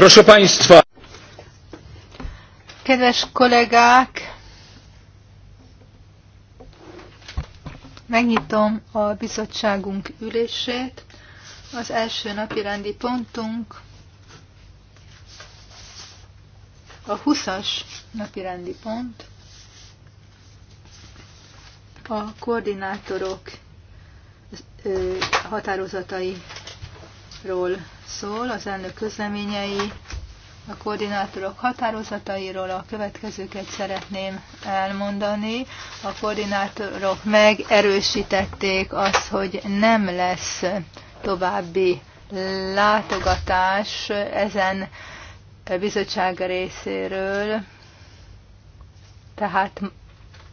Proszę Państwa. Kedves kollégák, megnyitom a bizottságunk ülését. Az első napi rendi pontunk a 20-as napi rendi pont a koordinátorok határozatairól szól az elnök közleményei, a koordinátorok határozatairól a következőket szeretném elmondani. A koordinátorok megerősítették azt, hogy nem lesz további látogatás ezen bizottság részéről, tehát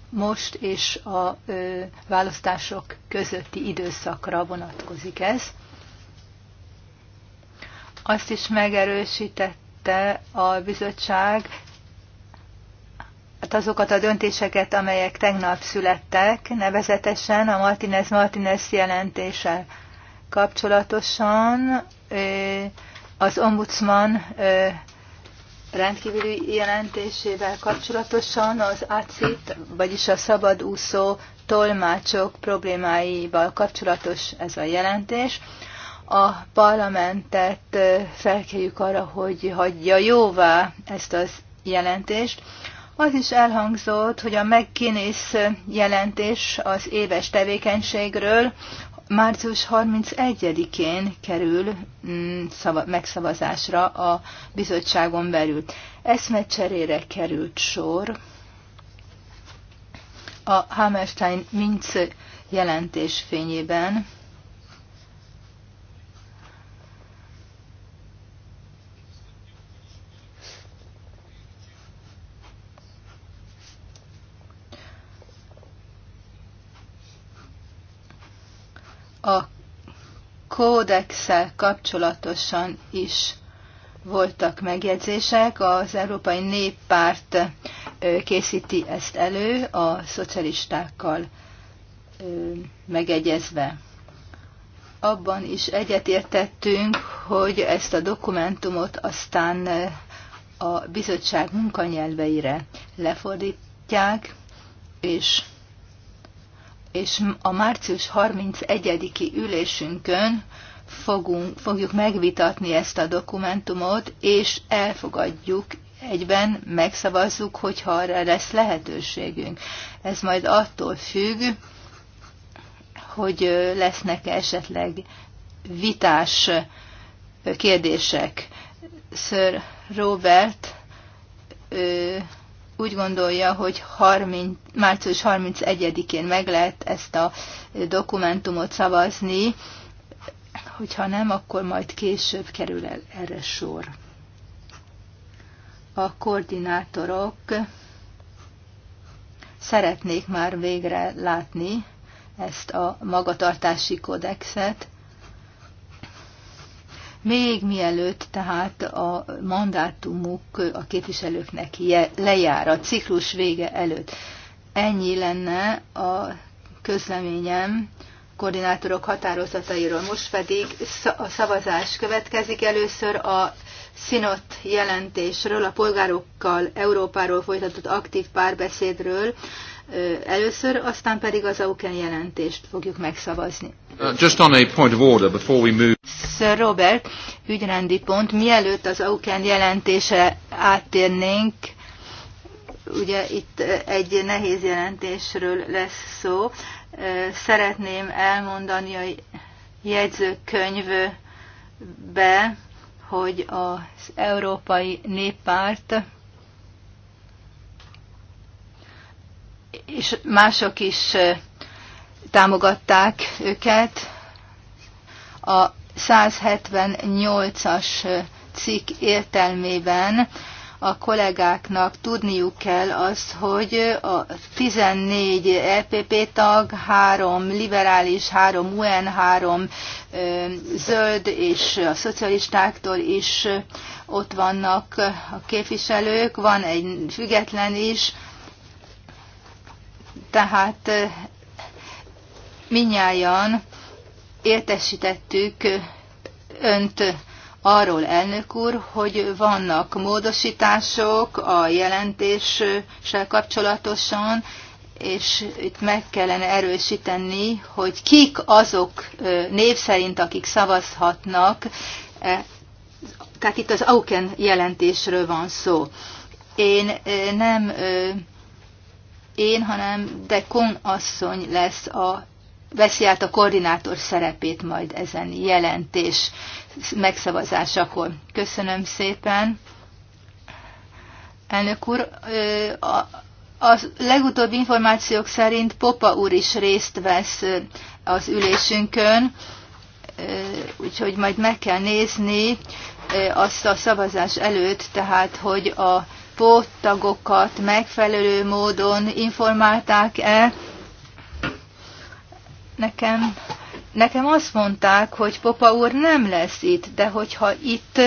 most és a választások közötti időszakra vonatkozik ez. Azt is megerősítette a bizottság, hát azokat a döntéseket, amelyek tegnap születtek, nevezetesen a Martinez-Martinez jelentése kapcsolatosan az ombudsman rendkívüli jelentésével kapcsolatosan az ACIT, vagyis a szabadúszó tolmácsok problémáival kapcsolatos ez a jelentés a parlamentet felkérjük arra, hogy hagyja jóvá ezt az jelentést. Az is elhangzott, hogy a megkinész jelentés az éves tevékenységről március 31-én kerül mm, megszavazásra a bizottságon belül. Eszmecserére került sor a Hammerstein Minc jelentés fényében a kódexsel kapcsolatosan is voltak megjegyzések. Az Európai Néppárt készíti ezt elő a szocialistákkal megegyezve. Abban is egyetértettünk, hogy ezt a dokumentumot aztán a bizottság munkanyelveire lefordítják, és és a március 31-i ülésünkön fogunk, fogjuk megvitatni ezt a dokumentumot, és elfogadjuk egyben, megszavazzuk, hogyha arra lesz lehetőségünk. Ez majd attól függ, hogy lesznek -e esetleg vitás kérdések. Sir Robert ő, úgy gondolja, hogy 30, március 31-én meg lehet ezt a dokumentumot szavazni, hogyha nem, akkor majd később kerül el erre sor. A koordinátorok szeretnék már végre látni ezt a magatartási kodexet, még mielőtt tehát a mandátumuk a képviselőknek lejár, a ciklus vége előtt. Ennyi lenne a közleményem koordinátorok határozatairól. Most pedig a szavazás következik először a Szinott jelentésről, a polgárokkal Európáról folytatott aktív párbeszédről, először, aztán pedig az AUKEN jelentést fogjuk megszavazni. Uh, just on a point of order before we move. Sir Robert, ügyrendi pont, mielőtt az AUKEN jelentése áttérnénk, ugye itt egy nehéz jelentésről lesz szó, szeretném elmondani a jegyzőkönyvbe, hogy az Európai Néppárt és mások is támogatták őket. A 178-as cikk értelmében a kollégáknak tudniuk kell azt, hogy a 14 EPP tag, 3 liberális, 3 UN, 3 zöld és a szocialistáktól is ott vannak a képviselők, van egy független is, tehát minnyáján értesítettük önt arról, elnök úr, hogy vannak módosítások a jelentéssel kapcsolatosan, és itt meg kellene erősíteni, hogy kik azok név szerint, akik szavazhatnak, e, tehát itt az Auken jelentésről van szó. Én nem én, hanem de Kon asszony lesz a veszi át a koordinátor szerepét majd ezen jelentés megszavazásakor. Köszönöm szépen. Elnök úr, a legutóbbi információk szerint Popa úr is részt vesz az ülésünkön, úgyhogy majd meg kell nézni azt a szavazás előtt, tehát hogy a póttagokat megfelelő módon informálták-e. Nekem, nekem azt mondták, hogy Popa úr nem lesz itt, de hogyha itt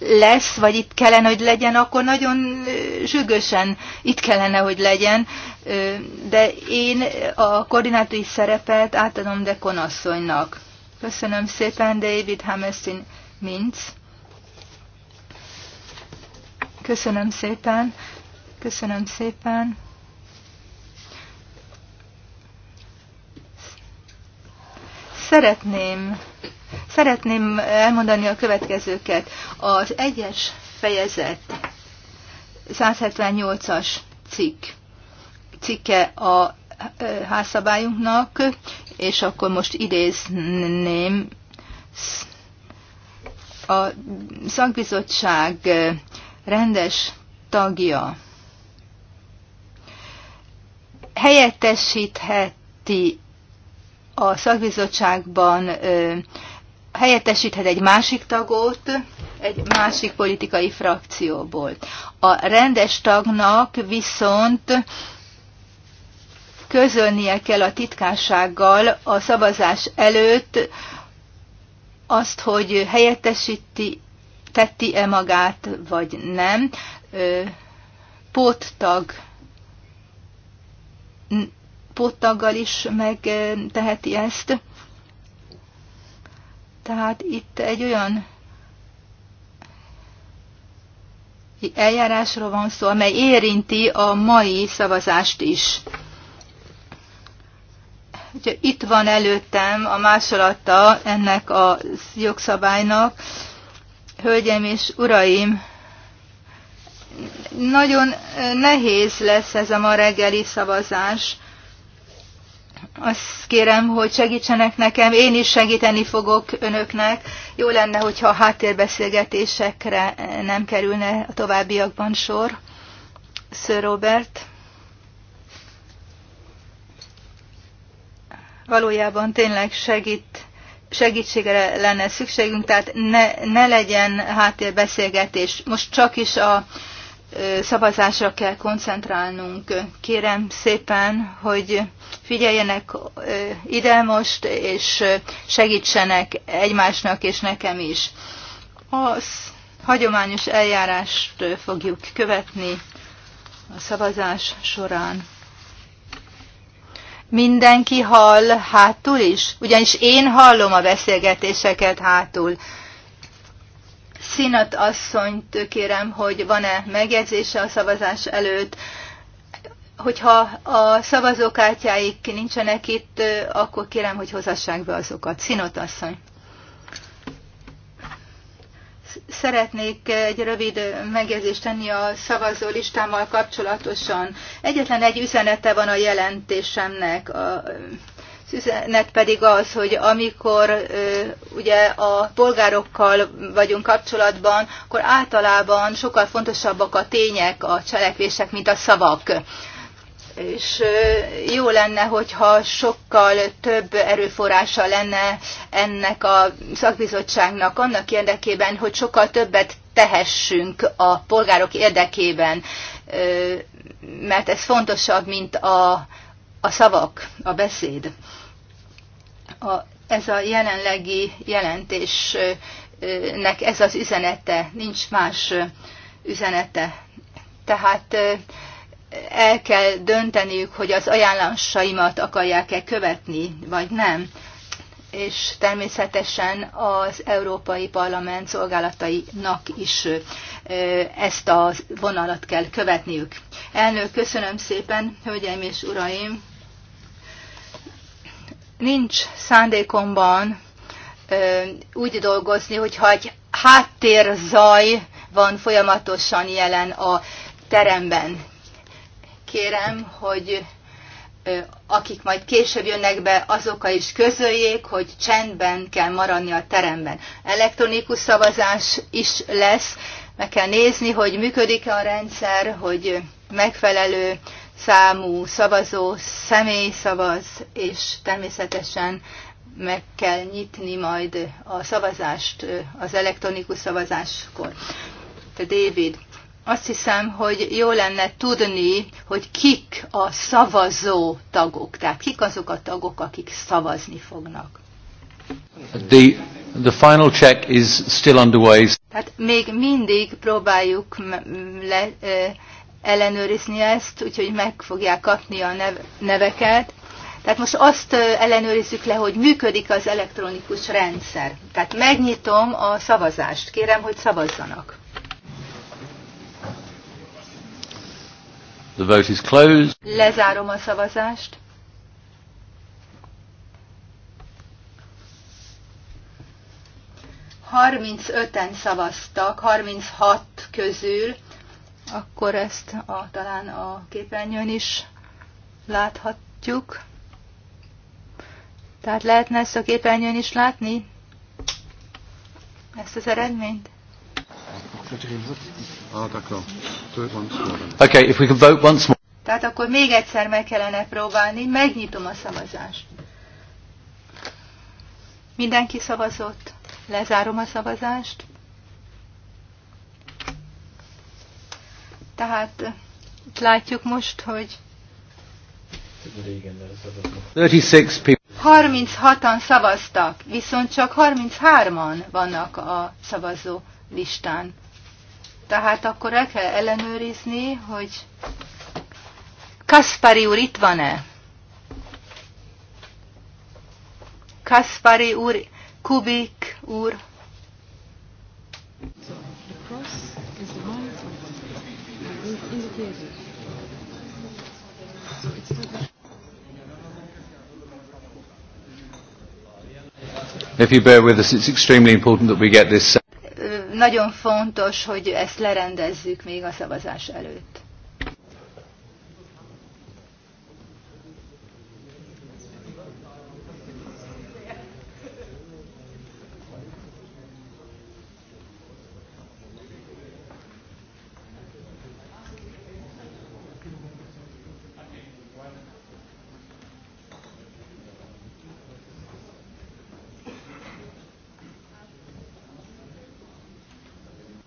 lesz, vagy itt kellene, hogy legyen, akkor nagyon zsügösen itt kellene, hogy legyen. De én a koordinátori szerepet átadom Dekon asszonynak. Köszönöm szépen, David Hamessin Mintz. Köszönöm szépen. Köszönöm szépen. Szeretném, szeretném elmondani a következőket. Az egyes fejezet 178-as cikk, cikke a házszabályunknak, és akkor most idézném a szakbizottság rendes tagja helyettesítheti a szakbizottságban, helyettesíthet egy másik tagot, egy másik politikai frakcióból. A rendes tagnak viszont közölnie kell a titkársággal a szavazás előtt azt, hogy helyettesíti megteti e magát, vagy nem. Póttag póttaggal is megteheti ezt. Tehát itt egy olyan eljárásról van szó, amely érinti a mai szavazást is. Ugye itt van előttem a másolata ennek a jogszabálynak, Hölgyeim és uraim, nagyon eh, nehéz lesz ez a ma reggeli szavazás. Azt kérem, hogy segítsenek nekem, én is segíteni fogok önöknek. Jó lenne, hogyha a háttérbeszélgetésekre eh, nem kerülne a továbbiakban sor. Sir Robert. Valójában tényleg segít segítségre lenne szükségünk, tehát ne, ne legyen háttérbeszélgetés. Most csak is a szavazásra kell koncentrálnunk. Kérem szépen, hogy figyeljenek ide most, és segítsenek egymásnak és nekem is. A hagyományos eljárást fogjuk követni a szavazás során mindenki hall hátul is? Ugyanis én hallom a beszélgetéseket hátul. Színat asszonyt kérem, hogy van-e megjegyzése a szavazás előtt. Hogyha a szavazókártyáik nincsenek itt, akkor kérem, hogy hozassák be azokat. Színot asszony szeretnék egy rövid megjegyzést tenni a szavazó listámmal kapcsolatosan. Egyetlen egy üzenete van a jelentésemnek. Az üzenet pedig az, hogy amikor ugye a polgárokkal vagyunk kapcsolatban, akkor általában sokkal fontosabbak a tények, a cselekvések, mint a szavak és jó lenne, hogyha sokkal több erőforrása lenne ennek a szakbizottságnak annak érdekében, hogy sokkal többet tehessünk a polgárok érdekében, mert ez fontosabb, mint a, a szavak, a beszéd. A, ez a jelenlegi jelentésnek ez az üzenete, nincs más üzenete. Tehát el kell dönteniük, hogy az ajánlásaimat akarják-e követni, vagy nem. És természetesen az Európai Parlament szolgálatainak is ezt a vonalat kell követniük. Elnök, köszönöm szépen, hölgyeim és uraim! Nincs szándékomban úgy dolgozni, hogyha egy háttérzaj van folyamatosan jelen a teremben kérem, hogy akik majd később jönnek be, azokkal is közöljék, hogy csendben kell maradni a teremben. Elektronikus szavazás is lesz, meg kell nézni, hogy működik-e a rendszer, hogy megfelelő számú szavazó személy szavaz, és természetesen meg kell nyitni majd a szavazást az elektronikus szavazáskor. Te David, azt hiszem, hogy jó lenne tudni, hogy kik a szavazó tagok, tehát kik azok a tagok, akik szavazni fognak. The, the final check is still underway. Tehát még mindig próbáljuk le, ellenőrizni ezt, úgyhogy meg fogják kapni a nev, neveket. Tehát most azt ellenőrizzük le, hogy működik az elektronikus rendszer. Tehát megnyitom a szavazást. Kérem, hogy szavazzanak. The vote is closed. Lezárom a szavazást. öten szavaztak, hat közül, akkor ezt a, talán a képernyőn is láthatjuk. Tehát lehetne ezt a képernyőn is látni? Ezt az eredményt? Ah, okay, if we can vote once more. Tehát akkor még egyszer meg kellene próbálni, megnyitom a szavazást. Mindenki szavazott, lezárom a szavazást. Tehát látjuk most, hogy 36-an szavaztak, viszont csak 33-an vannak a szavazó listán. Tehát akkor el kell ellenőrizni, hogy Kaspari úr itt van-e? Kaspari úr, Kubik úr. If you bear with us, it's extremely important that we get this nagyon fontos, hogy ezt lerendezzük még a szavazás előtt.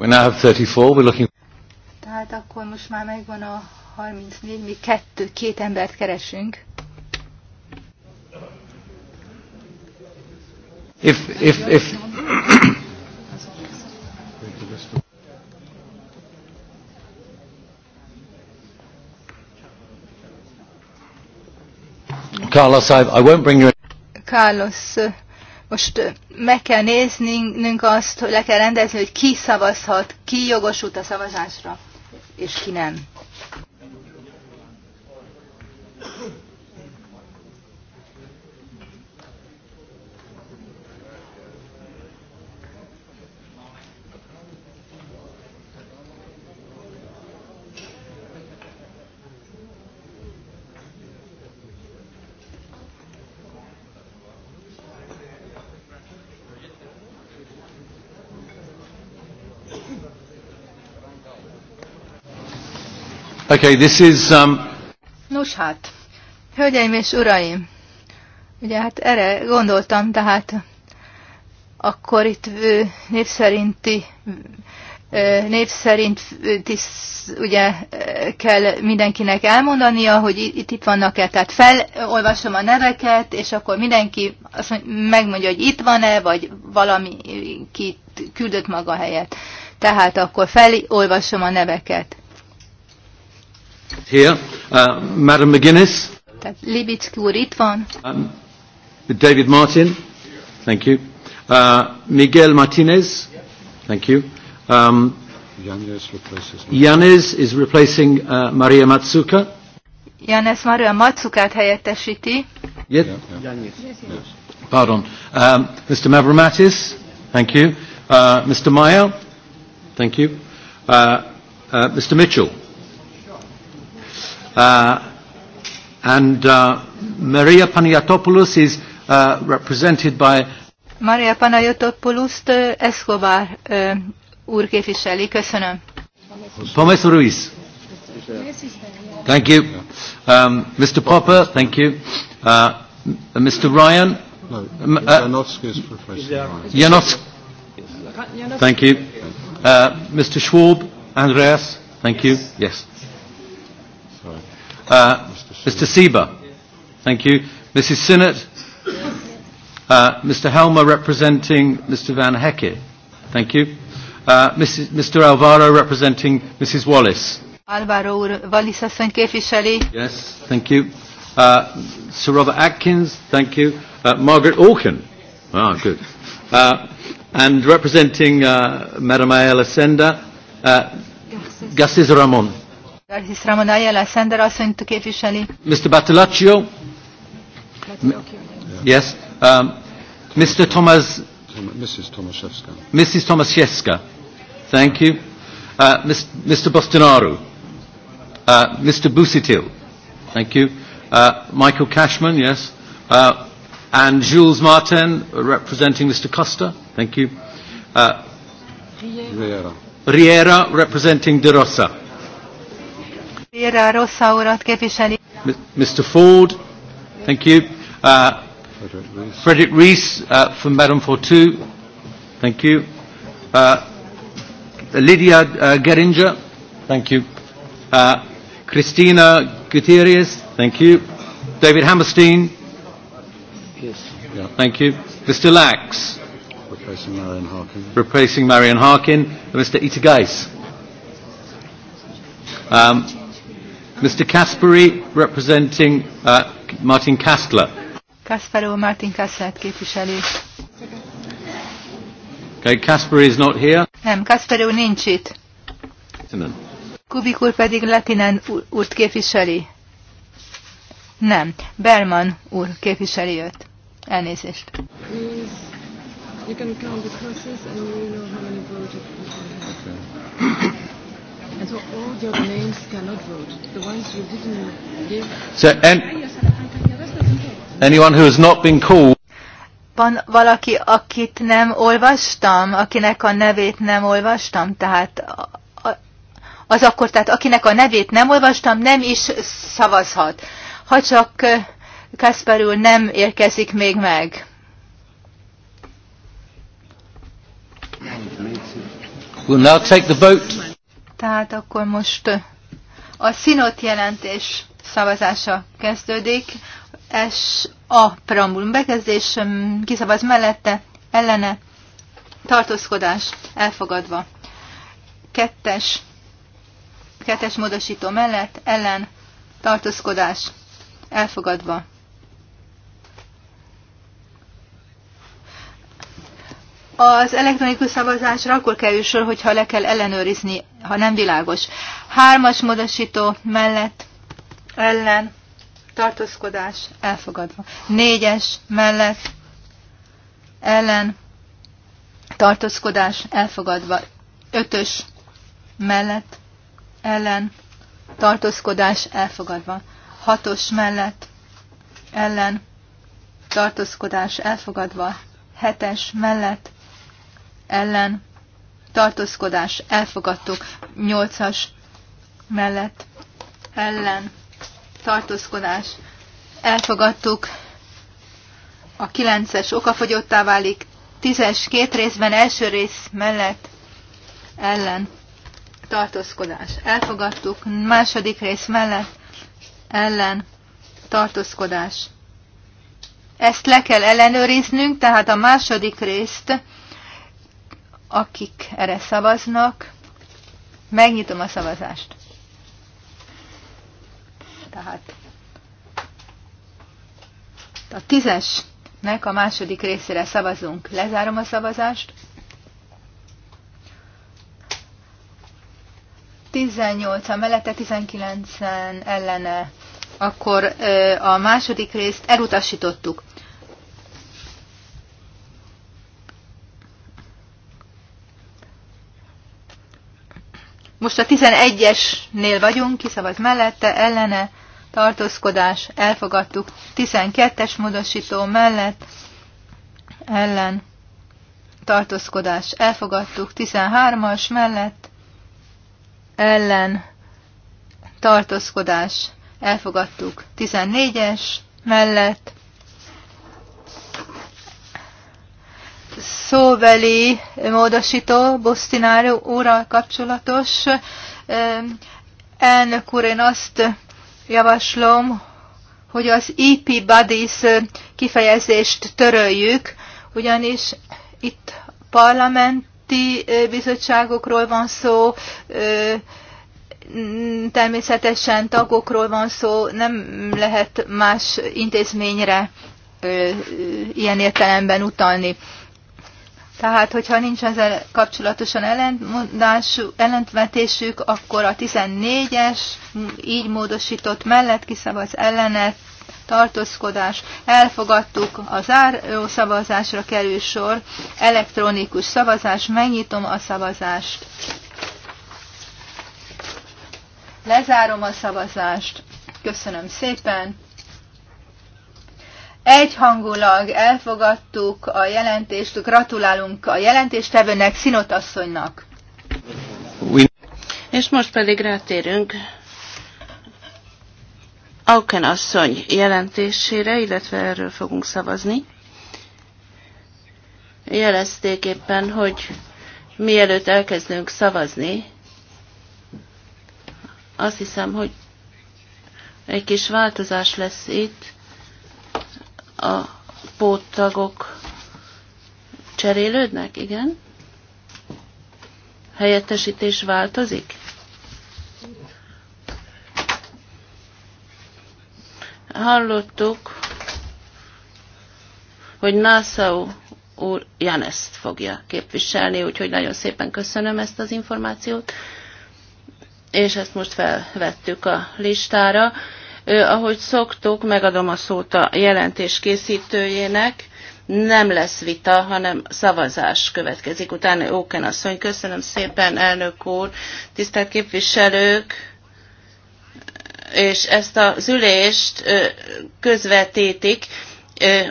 We now have 34, we're looking... Tehát akkor most már megvan a 34, mi kettő, két embert keresünk. If, if, if, Carlos, I, I won't bring you. Carlos, most meg kell néznünk azt, hogy le kell rendezni, hogy ki szavazhat, ki jogosult a szavazásra, és ki nem. Okay, this is, um... Nos hát, hölgyeim és uraim, ugye hát erre gondoltam, tehát akkor itt név szerinti név szerint ugye kell mindenkinek elmondania, hogy itt, itt vannak-e. Tehát felolvasom a neveket, és akkor mindenki azt megmondja, hogy itt van-e, vagy valami ki küldött maga helyet. Tehát akkor felolvasom a neveket. Here, uh, Madam McGuinness. Tehát Libicki úr itt van. Um, David Martin. Thank you. Uh, Miguel Martinez. Thank you. Um, Janes is replacing uh, Maria Matsuka. Janes Maria Matsukát helyettesíti. Yet? Yeah, yeah. Yes, Pardon. Um, Mr. Mavromatis. Thank you. Uh, Mr. Meyer. Thank you. Uh, uh, Mr. Mitchell. Uh, and uh, Maria Paniatopoulos is uh, represented by Maria Panayotopoulos-t uh, Escobar uh, úr képviseli. Köszönöm. Thomas Ruiz. Thank you. Um, Mr. Popper, thank you. Uh, Mr. Ryan. No, Janowski is replacing Janowski. Thank you. Uh, Mr. Schwab, Andreas, thank you. Yes. Uh, Mr. Sieber. Thank you. Mrs. Sinnott. Uh, Mr. Helmer representing Mr. Van Hecke. Thank you. Uh, Mrs. Mr. Alvaro representing Mrs. Wallace. Alvaro úr, Wallis asszony képviseli. Yes, thank you. Uh, Sir Robert Atkins, thank you. Uh, Margaret Orkin. Ah, good. Uh, and representing uh, Madam Ayala Senda, uh, Gassis Ramon. Sender képviseli. Mr. Battalaccio. Yes. Um, Mr. Thomas. Mrs. Tomaszewska. Mrs. Tomaszewska. Thank you. Uh, Mr. Bostinaru. Uh, Mr. Busitil. Thank you. Uh, Michael Cashman, yes. Uh, and Jules Martin, representing Mr. Costa. Thank you. Uh, Riera. Riera, representing De Rosa képviseli. Mr. Ford, thank you. Uh, Frederick Rees uh, from Madame Fortu, thank you. Uh, Lydia uh, Geringer, thank you. Uh, Christina Gutierrez, thank you. David Hammerstein, yes. thank you. Mr. Lax, replacing Marion Harkin. Replacing Marion Harkin, Mr. Itagais. Um, Mr. Kasperi, representing uh, Martin Kastler. Kasparó Martin Kasslert képviseli. Okay, Kasperi is not here. Nem, Kasparó nincs itt. Kubik úr pedig Latinen úrt képviseli. Nem, Berman úr képviseli őt. Elnézést. Please. You can count the crosses and you know how many voted. Okay. And so all your names cannot vote. The ones you didn't give. So, and anyone who has not been called. Van valaki, akit nem olvastam, akinek a nevét nem olvastam, tehát az akkor, tehát akinek a nevét nem olvastam, nem is szavazhat. Ha csak Kasper úr nem érkezik még meg. We'll now take the vote. Tehát akkor most a színot jelentés szavazása kezdődik. S a preambulum bekezdés kiszavaz mellette, ellene, tartózkodás elfogadva. Kettes, kettes módosító mellett, ellen, tartózkodás elfogadva. az elektronikus szavazásra akkor kerül sor, hogyha le kell ellenőrizni, ha nem világos. Hármas módosító mellett ellen tartózkodás elfogadva. Négyes mellett ellen tartózkodás elfogadva. Ötös mellett ellen tartózkodás elfogadva. Hatos mellett ellen tartózkodás elfogadva. Hetes mellett ellen tartózkodás elfogadtuk 8-as mellett ellen tartózkodás elfogadtuk a 9-es okafogyottá válik 10-es két részben első rész mellett ellen tartózkodás elfogadtuk második rész mellett ellen tartózkodás ezt le kell ellenőriznünk, tehát a második részt akik erre szavaznak. Megnyitom a szavazást. Tehát a tízesnek a második részére szavazunk. Lezárom a szavazást. 18 a mellette, 19 ellene. Akkor a második részt elutasítottuk. Most a 11-esnél vagyunk, kiszavaz mellette, ellene, tartózkodás, elfogadtuk. 12-es módosító mellett, ellen, tartózkodás, elfogadtuk. 13-as mellett, ellen, tartózkodás, elfogadtuk. 14-es mellett, szóbeli módosító Bosztináró úrral kapcsolatos. Elnök úr, én azt javaslom, hogy az EP Buddies kifejezést töröljük, ugyanis itt parlamenti eh, bizottságokról van szó, eh, természetesen tagokról van szó, nem lehet más intézményre eh, ilyen értelemben utalni. Tehát, hogyha nincs ezzel kapcsolatosan ellentmondás, ellentvetésük, akkor a 14-es így módosított mellett kiszavaz ellenet, tartózkodás. Elfogadtuk a záró szavazásra kerül sor. Elektronikus szavazás. Megnyitom a szavazást. Lezárom a szavazást. Köszönöm szépen. Egyhangulag elfogadtuk a jelentést, gratulálunk a jelentéstevőnek, Szinot asszonynak. És most pedig rátérünk Auken asszony jelentésére, illetve erről fogunk szavazni. Jelezték éppen, hogy mielőtt elkezdünk szavazni, azt hiszem, hogy egy kis változás lesz itt a póttagok cserélődnek, igen? Helyettesítés változik? Hallottuk, hogy Nassau úr Janeszt fogja képviselni, úgyhogy nagyon szépen köszönöm ezt az információt, és ezt most felvettük a listára. Ahogy szoktuk, megadom a szót a jelentés készítőjének. Nem lesz vita, hanem szavazás következik. Utána Óken asszony. Köszönöm szépen, elnök úr, tisztelt képviselők! és ezt az ülést közvetítik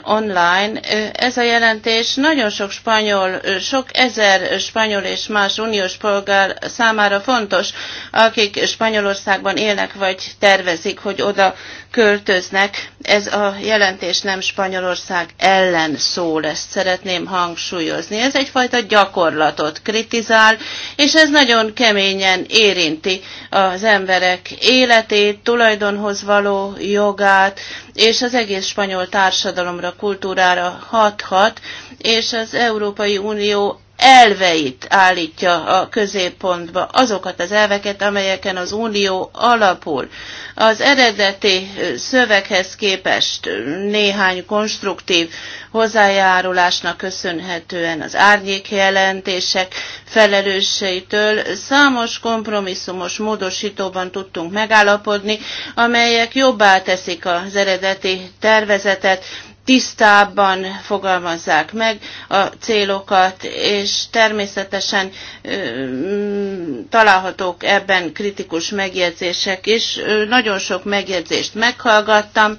online. Ez a jelentés nagyon sok spanyol, sok ezer spanyol és más uniós polgár számára fontos, akik Spanyolországban élnek vagy tervezik, hogy oda költöznek. Ez a jelentés nem Spanyolország ellen szól, ezt szeretném hangsúlyozni. Ez egyfajta gyakorlatot kritizál, és ez nagyon keményen érinti az emberek életét, tulajdonhoz való jogát, és az egész spanyol társadalomra, kultúrára hathat, és az Európai Unió elveit állítja a középpontba, azokat az elveket, amelyeken az Unió alapul. Az eredeti szöveghez képest néhány konstruktív hozzájárulásnak köszönhetően az árnyék jelentések felelősseitől számos kompromisszumos módosítóban tudtunk megállapodni, amelyek jobbá teszik az eredeti tervezetet, tisztábban fogalmazzák meg a célokat, és természetesen mm, találhatók ebben kritikus megjegyzések is. Nagyon sok megjegyzést meghallgattam,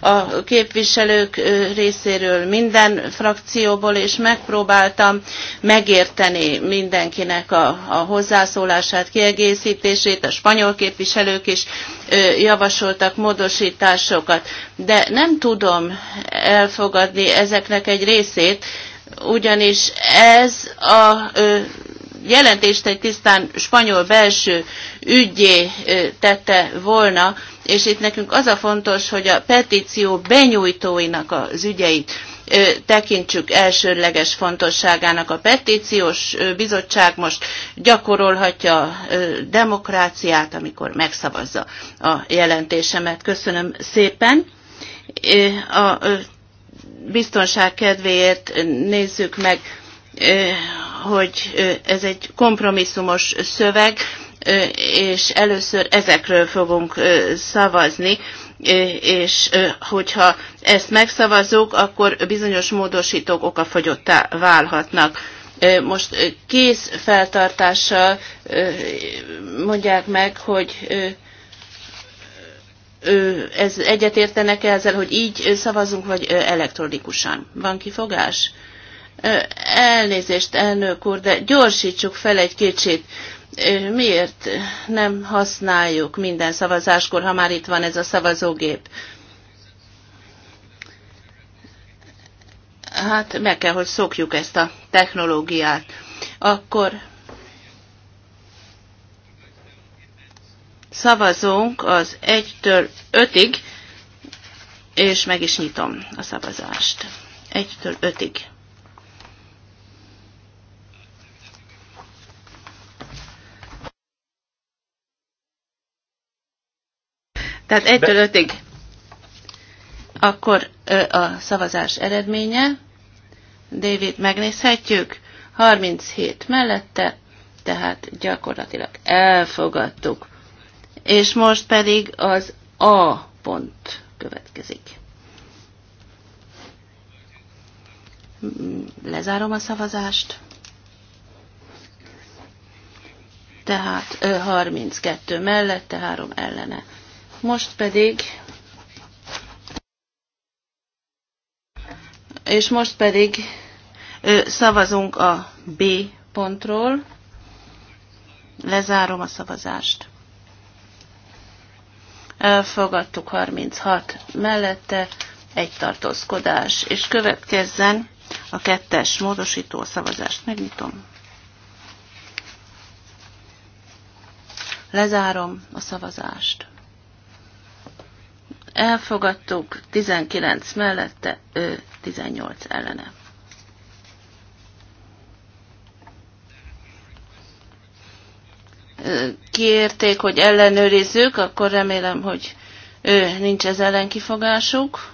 a képviselők részéről minden frakcióból, és megpróbáltam megérteni mindenkinek a, a hozzászólását, kiegészítését, a spanyol képviselők is javasoltak módosításokat, de nem tudom elfogadni ezeknek egy részét, ugyanis ez a jelentést egy tisztán spanyol belső ügyé tette volna, és itt nekünk az a fontos, hogy a petíció benyújtóinak az ügyeit tekintsük elsődleges fontosságának. A petíciós bizottság most gyakorolhatja a demokráciát, amikor megszavazza a jelentésemet. Köszönöm szépen. A biztonság kedvéért nézzük meg hogy ez egy kompromisszumos szöveg, és először ezekről fogunk szavazni, és hogyha ezt megszavazzuk, akkor bizonyos módosítók okafogyottá válhatnak. Most kész feltartással mondják meg, hogy ez egyetértenek -e ezzel, hogy így szavazunk, vagy elektronikusan. Van kifogás? fogás? Elnézést, elnök úr, de gyorsítsuk fel egy kicsit. Miért nem használjuk minden szavazáskor, ha már itt van ez a szavazógép? Hát meg kell, hogy szokjuk ezt a technológiát. Akkor szavazunk az 1-től 5-ig, és meg is nyitom a szavazást. 1-től 5-ig. Tehát 1-től 5-ig. Akkor a szavazás eredménye. David megnézhetjük. 37 mellette, tehát gyakorlatilag elfogadtuk. És most pedig az A pont következik. Lezárom a szavazást. Tehát 32 mellette, 3 ellene most pedig és most pedig ö, szavazunk a B pontról. Lezárom a szavazást. Elfogadtuk 36 mellette, egy tartózkodás, és következzen a kettes módosító szavazást. Megnyitom. Lezárom a szavazást elfogadtuk, 19 mellette, ő 18 ellene. Kiérték, hogy ellenőrizzük, akkor remélem, hogy ő nincs ez ellen kifogásuk.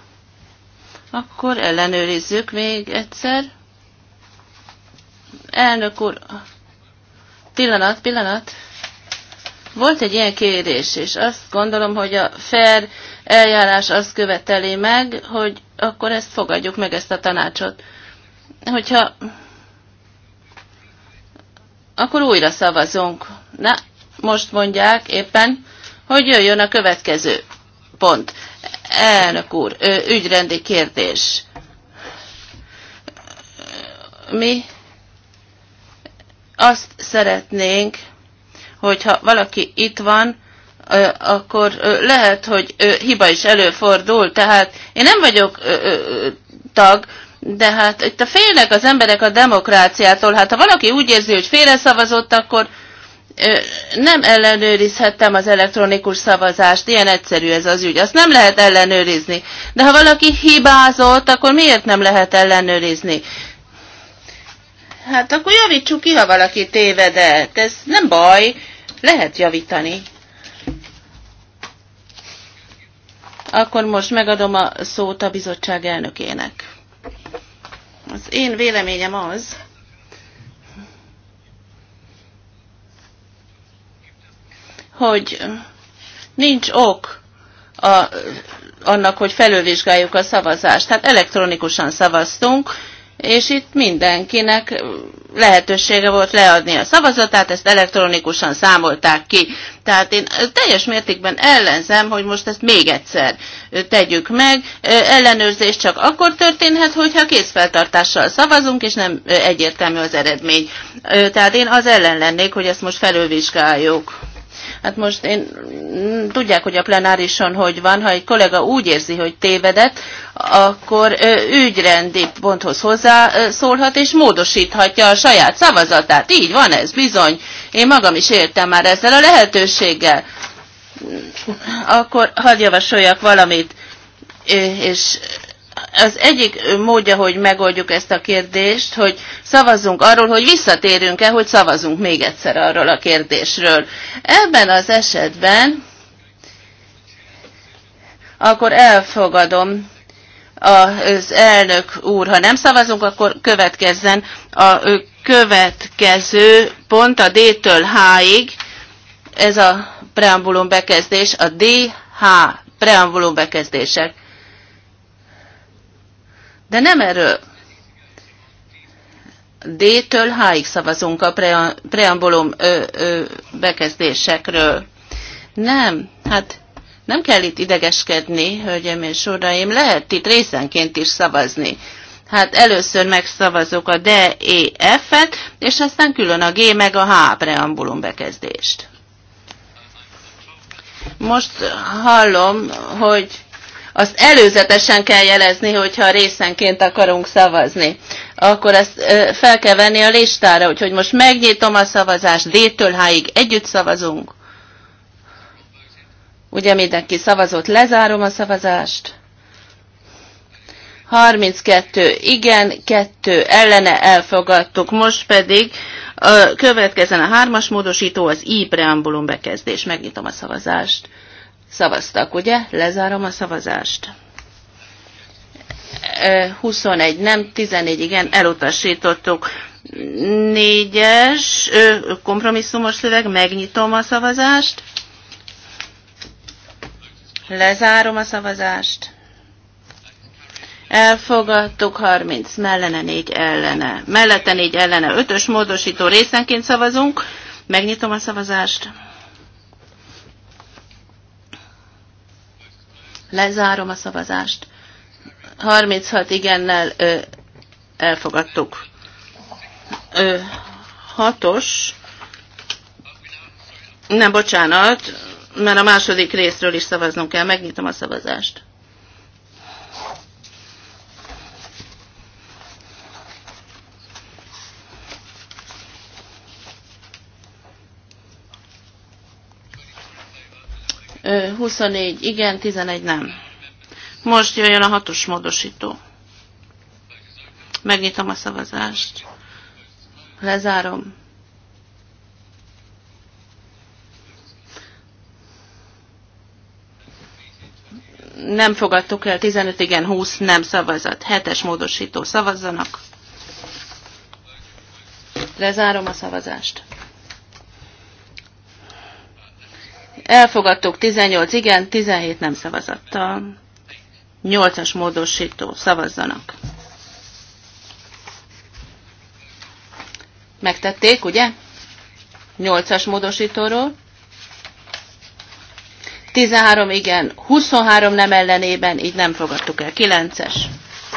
Akkor ellenőrizzük még egyszer. Elnök úr, pillanat, pillanat. Volt egy ilyen kérés, és azt gondolom, hogy a fair eljárás azt követeli meg, hogy akkor ezt fogadjuk meg, ezt a tanácsot. Hogyha akkor újra szavazunk. Na, most mondják éppen, hogy jöjjön a következő pont. Elnök úr, ügyrendi kérdés. Mi azt szeretnénk, hogyha valaki itt van, akkor lehet, hogy hiba is előfordul. Tehát én nem vagyok tag, de hát itt a félnek az emberek a demokráciától. Hát ha valaki úgy érzi, hogy félreszavazott, akkor nem ellenőrizhettem az elektronikus szavazást, ilyen egyszerű ez az ügy, azt nem lehet ellenőrizni. De ha valaki hibázott, akkor miért nem lehet ellenőrizni? Hát akkor javítsuk ki, ha valaki tévedett, ez nem baj, lehet javítani. Akkor most megadom a szót a bizottság elnökének. Az én véleményem az, hogy nincs ok a, annak, hogy felülvizsgáljuk a szavazást. Tehát elektronikusan szavaztunk, és itt mindenkinek lehetősége volt leadni a szavazatát, ezt elektronikusan számolták ki. Tehát én teljes mértékben ellenzem, hogy most ezt még egyszer tegyük meg. Ellenőrzés csak akkor történhet, hogyha készfeltartással szavazunk, és nem egyértelmű az eredmény. Tehát én az ellen lennék, hogy ezt most felülvizsgáljuk. Hát most én mm, tudják, hogy a plenárison hogy van, ha egy kollega úgy érzi, hogy tévedett, akkor ügyrendi ponthoz hozzászólhat, és módosíthatja a saját szavazatát. Így van ez, bizony. Én magam is értem már ezzel a lehetőséggel. Akkor hadd javasoljak valamit, és az egyik módja, hogy megoldjuk ezt a kérdést, hogy szavazzunk arról, hogy visszatérünk-e, hogy szavazunk még egyszer arról a kérdésről. Ebben az esetben akkor elfogadom az elnök úr, ha nem szavazunk, akkor következzen a következő pont a D-től H-ig, ez a preambulum bekezdés, a D-H preambulum bekezdések. De nem erről. D-től H-ig szavazunk a preambulum ö, ö, bekezdésekről. Nem, hát nem kell itt idegeskedni, hölgyem és uraim, lehet itt részenként is szavazni. Hát először megszavazok a D, E, F-et, és aztán külön a G meg a H preambulum bekezdést. Most hallom, hogy azt előzetesen kell jelezni, hogyha részenként akarunk szavazni. Akkor ezt fel kell venni a listára, úgyhogy most megnyitom a szavazást, D-től H-ig együtt szavazunk. Ugye mindenki szavazott, lezárom a szavazást. 32 igen, 2 ellene elfogadtuk. Most pedig a következen a hármas módosító az I preambulum bekezdés. Megnyitom a szavazást. Szavaztak, ugye? Lezárom a szavazást. 21 nem, 14 igen, elutasítottuk. Négyes kompromisszumos szöveg, megnyitom a szavazást. Lezárom a szavazást. Elfogadtuk 30 mellene, 4 ellene. Mellette 4 ellene, 5-ös módosító részenként szavazunk. Megnyitom a szavazást. Lezárom a szavazást. 36 igennel ö, elfogadtuk. Ö, hatos. Nem, bocsánat, mert a második részről is szavaznunk kell. Megnyitom a szavazást. 24 igen, 11 nem. Most jöjjön a hatos módosító. Megnyitom a szavazást. Lezárom. Nem fogadtuk el 15 igen, 20 nem szavazat. Hetes módosító szavazzanak. Lezárom a szavazást. Elfogadtuk 18 igen, 17 nem szavazattal. 8-as módosító, szavazzanak. Megtették, ugye? 8-as módosítóról. 13 igen, 23 nem ellenében, így nem fogadtuk el. 9-es.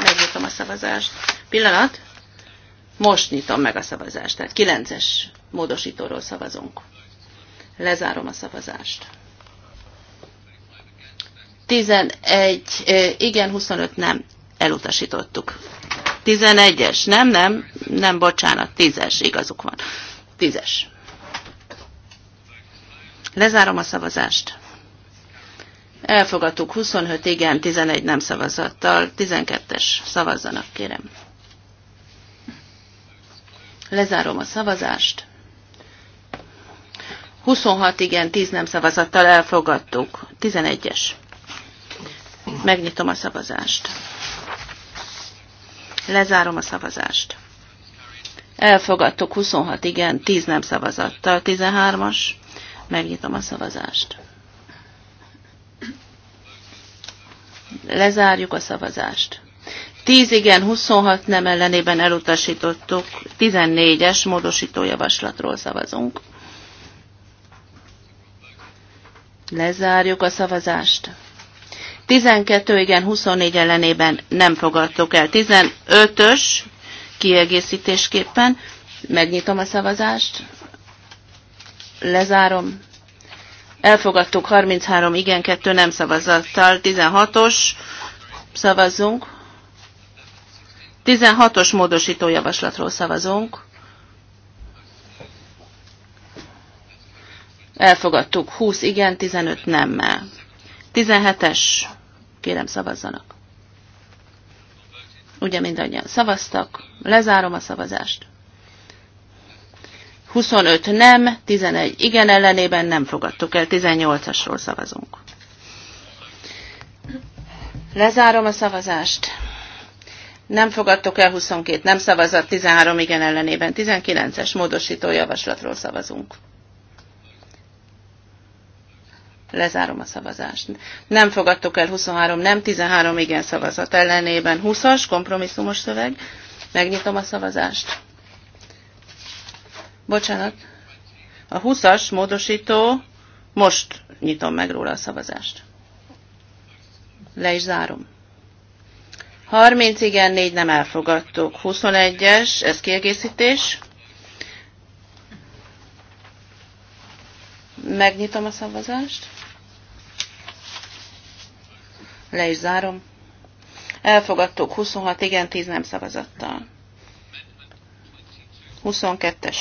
Megnyitom a szavazást. Pillanat. Most nyitom meg a szavazást. Tehát 9-es módosítóról szavazunk. Lezárom a szavazást. 11, igen, 25 nem, elutasítottuk. 11-es, nem, nem, nem, bocsánat, 10-es, igazuk van. 10-es. Lezárom a szavazást. Elfogadtuk 25 igen, 11 nem szavazattal, 12-es szavazzanak, kérem. Lezárom a szavazást. 26 igen, 10 nem szavazattal elfogadtuk. 11-es. Megnyitom a szavazást. Lezárom a szavazást. Elfogadtuk 26 igen, 10 nem szavazattal. 13-as. Megnyitom a szavazást. Lezárjuk a szavazást. 10 igen, 26 nem ellenében elutasítottuk. 14-es módosító javaslatról szavazunk. Lezárjuk a szavazást. 12 igen, 24 ellenében nem fogadtok el. 15-ös kiegészítésképpen megnyitom a szavazást. Lezárom. Elfogadtuk 33 igen, 2 nem szavazattal. 16-os szavazzunk. 16-os módosító javaslatról szavazunk. Elfogadtuk 20 igen, 15 nemmel. 17-es, kérem szavazzanak. Ugye mindannyian szavaztak, lezárom a szavazást. 25 nem, 11 igen ellenében nem fogadtuk el, 18-asról szavazunk. Lezárom a szavazást. Nem fogadtok el 22 nem szavazat, 13 igen ellenében, 19-es módosító javaslatról szavazunk. Lezárom a szavazást. Nem fogadtok el 23, nem 13 igen szavazat ellenében. 20-as kompromisszumos szöveg. Megnyitom a szavazást. Bocsánat. A 20-as módosító, most nyitom meg róla a szavazást. Le is zárom. 30 igen, 4 nem elfogadtuk. 21-es, ez kiegészítés. Megnyitom a szavazást. Le is zárom. Elfogadtuk 26 igen, 10 nem szavazattal. 22-es.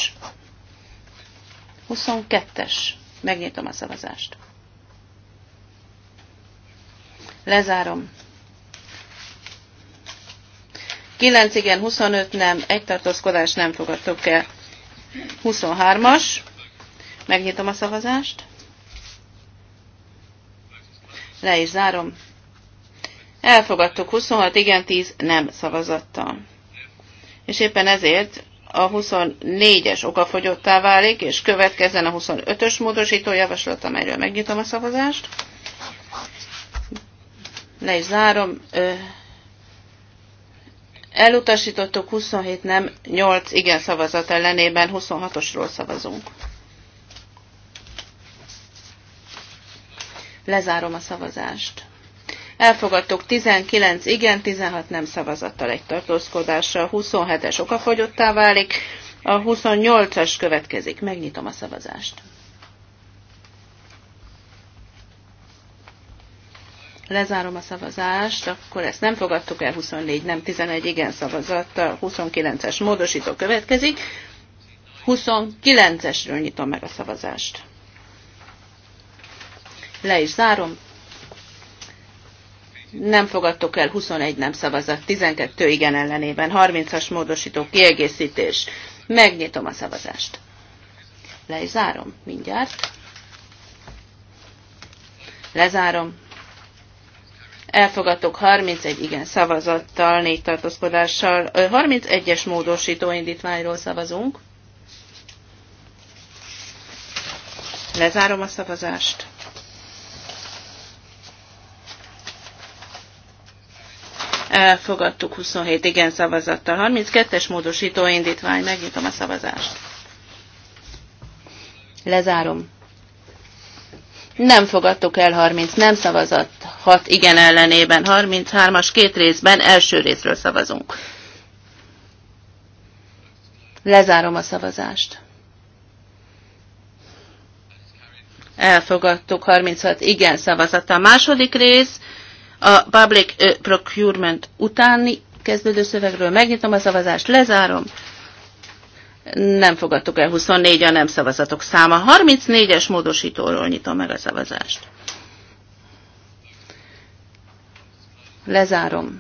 22-es. Megnyitom a szavazást. Lezárom. 9 igen, 25 nem, egy tartózkodás nem fogadtok el. 23-as. Megnyitom a szavazást. Le is zárom. Elfogadtuk 26 igen, 10 nem szavazattal. És éppen ezért a 24-es fogyottá válik, és következzen a 25-ös módosító javaslat, amelyről megnyitom a szavazást. Le is zárom. Elutasítottuk 27 nem, 8 igen szavazat ellenében, 26-osról szavazunk. Lezárom a szavazást elfogadtuk 19 igen, 16 nem szavazattal egy a 27-es okafogyottá válik, a 28-as következik. Megnyitom a szavazást. Lezárom a szavazást, akkor ezt nem fogadtuk el 24, nem 11 igen szavazattal, 29-es módosító következik. 29-esről nyitom meg a szavazást. Le is zárom, nem fogadtok el, 21 nem szavazat, 12 igen ellenében, 30-as módosító kiegészítés. Megnyitom a szavazást. Le is zárom mindjárt. Lezárom. Elfogadtok 31 igen szavazattal, négy tartózkodással. 31-es módosító indítványról szavazunk. Lezárom a szavazást. elfogadtuk 27 igen szavazattal. 32-es módosító indítvány, megnyitom a szavazást. Lezárom. Nem fogadtuk el 30 nem szavazat, 6 igen ellenében, 33-as két részben, első részről szavazunk. Lezárom a szavazást. Elfogadtuk 36 igen szavazat. A második rész a public procurement utáni kezdődő szövegről megnyitom a szavazást, lezárom. Nem fogadtuk el 24 a nem szavazatok száma. 34-es módosítóról nyitom meg a szavazást. Lezárom.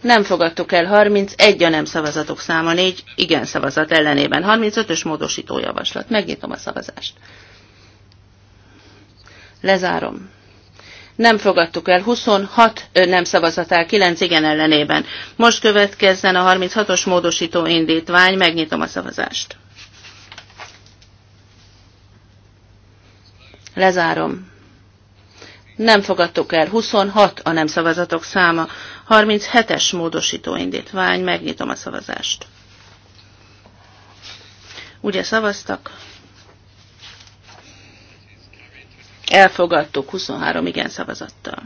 Nem fogadtuk el 31 a nem szavazatok száma, 4 igen szavazat ellenében. 35-ös módosító javaslat. Megnyitom a szavazást. Lezárom nem fogadtuk el, 26 nem szavazatál, 9 igen ellenében. Most következzen a 36-os módosító indítvány, megnyitom a szavazást. Lezárom. Nem fogadtuk el, 26 a nem szavazatok száma, 37-es módosító indítvány, megnyitom a szavazást. Ugye szavaztak? Elfogadtuk 23 igen szavazattal.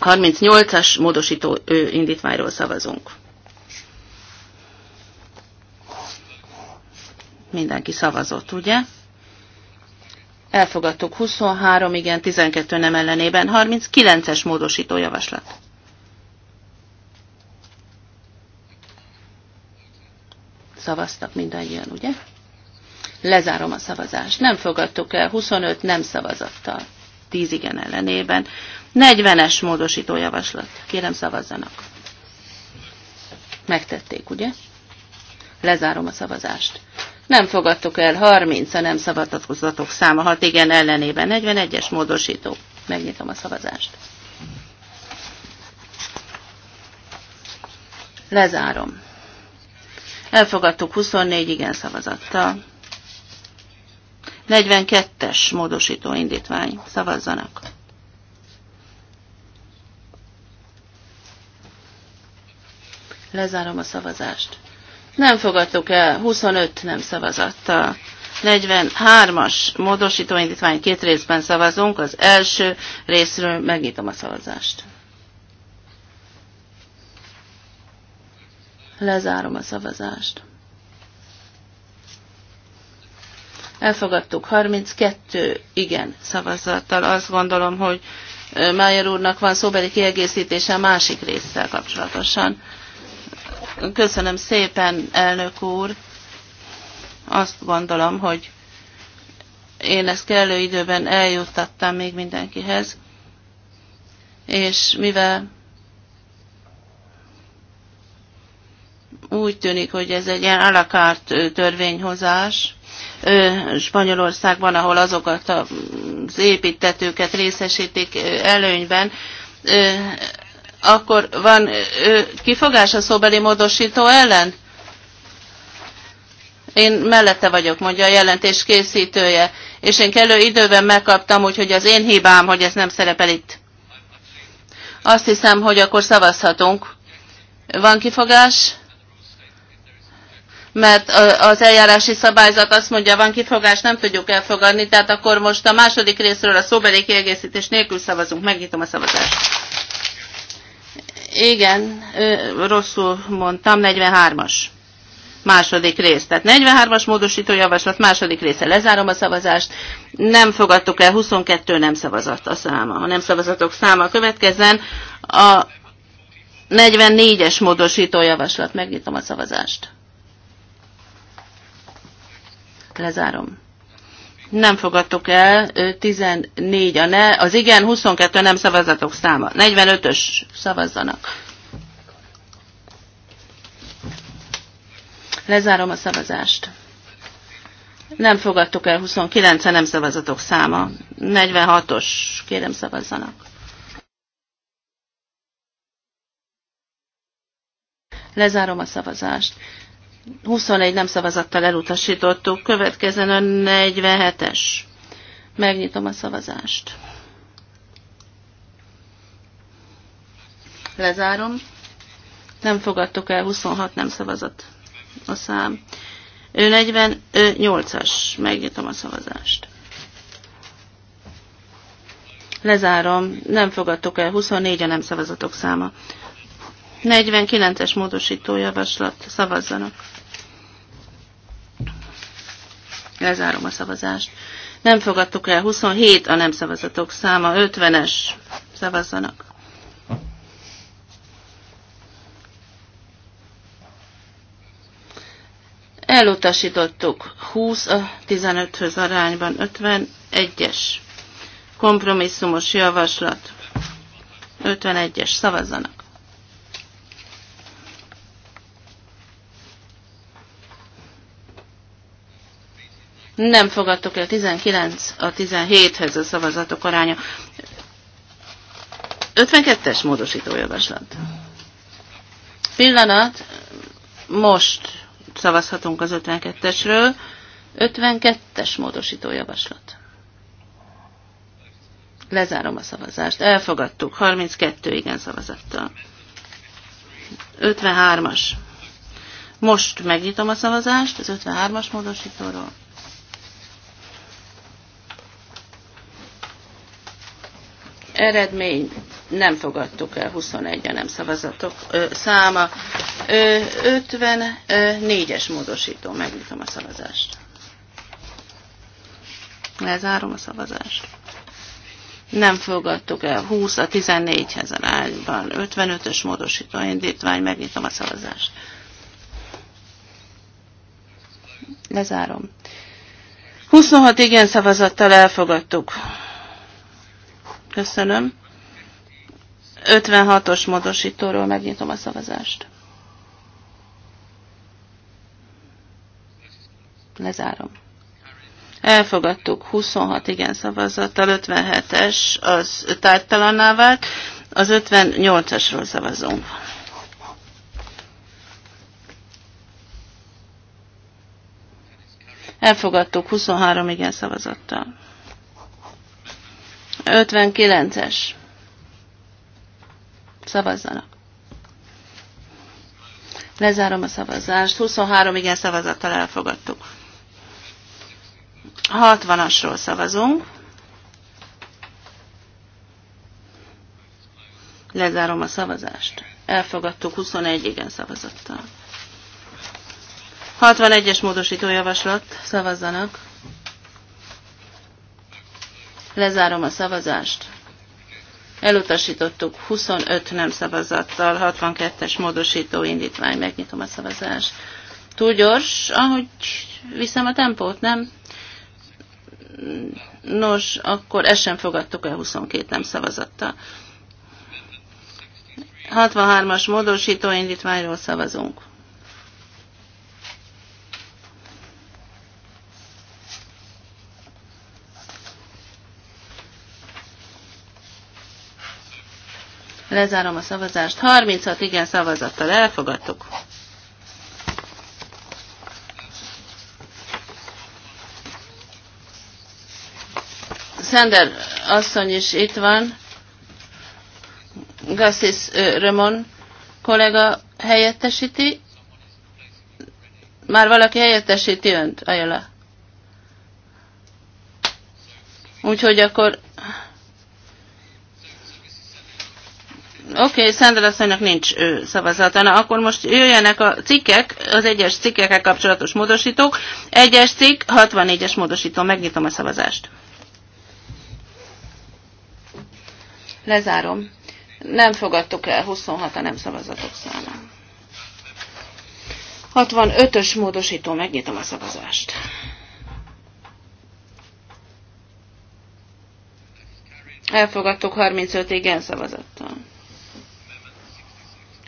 38-as módosító ő, indítványról szavazunk. Mindenki szavazott, ugye? Elfogadtuk 23, igen, 12 nem ellenében, 39-es módosító javaslat. Szavaztak mindannyian, ugye? Lezárom a szavazást. Nem fogadtuk el 25 nem szavazattal. 10 igen ellenében. 40-es módosító javaslat. Kérem szavazzanak. Megtették, ugye? Lezárom a szavazást. Nem fogadtuk el 30 a nem szavazatok száma 6 igen ellenében. 41-es módosító. Megnyitom a szavazást. Lezárom. Elfogadtuk 24 igen szavazattal. 42-es módosító indítvány. Szavazzanak. Lezárom a szavazást. Nem fogadtuk el 25 nem szavazattal. 43-as indítvány két részben szavazunk. Az első részről megnyitom a szavazást. Lezárom a szavazást. elfogadtuk 32 igen szavazattal. Azt gondolom, hogy Májer úrnak van szóbeli kiegészítése a másik résszel kapcsolatosan. Köszönöm szépen, elnök úr. Azt gondolom, hogy én ezt kellő időben eljuttattam még mindenkihez, és mivel úgy tűnik, hogy ez egy ilyen alakárt törvényhozás, Spanyolországban, ahol azokat az építetőket részesítik előnyben, akkor van kifogás a szóbeli módosító ellen? Én mellette vagyok, mondja a jelentés készítője, és én kellő időben megkaptam, úgyhogy az én hibám, hogy ez nem szerepel itt. Azt hiszem, hogy akkor szavazhatunk. Van kifogás? mert az eljárási szabályzat azt mondja, van kifogás, nem tudjuk elfogadni, tehát akkor most a második részről a szóbeli kiegészítés nélkül szavazunk. Megnyitom a szavazást. Igen, rosszul mondtam, 43-as. Második rész. Tehát 43-as módosító javaslat második része. Lezárom a szavazást. Nem fogadtuk el, 22 nem szavazott a száma. A nem szavazatok száma következzen. A 44-es módosító javaslat. Megnyitom a szavazást lezárom. Nem fogadtok el, 14 a ne, az igen, 22 nem szavazatok száma. 45-ös szavazzanak. Lezárom a szavazást. Nem fogadtok el 29 -e nem szavazatok száma. 46-os, kérem szavazzanak. Lezárom a szavazást. 21 nem szavazattal elutasítottuk. Következzen a 47-es. Megnyitom a szavazást. Lezárom. Nem fogadtuk el 26 nem szavazat a szám. Ő 48-as. Megnyitom a szavazást. Lezárom. Nem fogadtuk el 24 a nem szavazatok száma. 49-es módosító javaslat. Szavazzanak. Lezárom a szavazást. Nem fogadtuk el 27 a nem szavazatok száma, 50-es szavazzanak. Elutasítottuk 20 a 15-höz arányban 51-es kompromisszumos javaslat 51-es szavazzanak. nem fogadtok el 19 a 17-hez a szavazatok aránya. 52-es módosítójavaslat. Pillanat, most szavazhatunk az 52-esről. 52-es módosítójavaslat. Lezárom a szavazást. Elfogadtuk. 32 igen szavazattal. 53-as. Most megnyitom a szavazást az 53-as módosítóról. eredmény nem fogadtuk el 21 a nem szavazatok ö, száma. Ö, 54-es módosító, megnyitom a szavazást. Lezárom a szavazást. Nem fogadtuk el 20 a 14 ezer ágyban. 55-ös módosító indítvány, megnyitom a szavazást. Lezárom. 26 igen szavazattal elfogadtuk. Köszönöm. 56-os módosítóról megnyitom a szavazást. Lezárom. Elfogadtuk 26 igen szavazattal, 57-es az tártalanná vált, az 58-asról szavazunk. Elfogadtuk 23 igen szavazattal. 59-es. Szavazzanak. Lezárom a szavazást. 23 igen szavazattal elfogadtuk. 60-asról szavazunk. Lezárom a szavazást. Elfogadtuk 21 igen szavazattal. 61-es módosító javaslat. Szavazzanak. Lezárom a szavazást. Elutasítottuk 25 nem szavazattal, 62-es módosító indítvány, megnyitom a szavazást. Túl gyors, ahogy viszem a tempót, nem? Nos, akkor ezt sem fogadtuk el 22 nem szavazattal. 63-as módosító indítványról szavazunk. Lezárom a szavazást. 36 igen szavazattal elfogadtuk. Szender asszony is itt van. Gassis Römon kollega helyettesíti. Már valaki helyettesíti önt, Ajala. Úgyhogy akkor Oké, okay, Szendel asszonynak nincs ő, szavazata. Na, akkor most jöjjenek a cikkek, az egyes cikkekkel kapcsolatos módosítók. Egyes cikk, 64-es módosító. Megnyitom a szavazást. Lezárom. Nem fogadtuk el 26 a nem szavazatok számán. 65-ös módosító, megnyitom a szavazást. Elfogadtuk 35 igen szavazattal.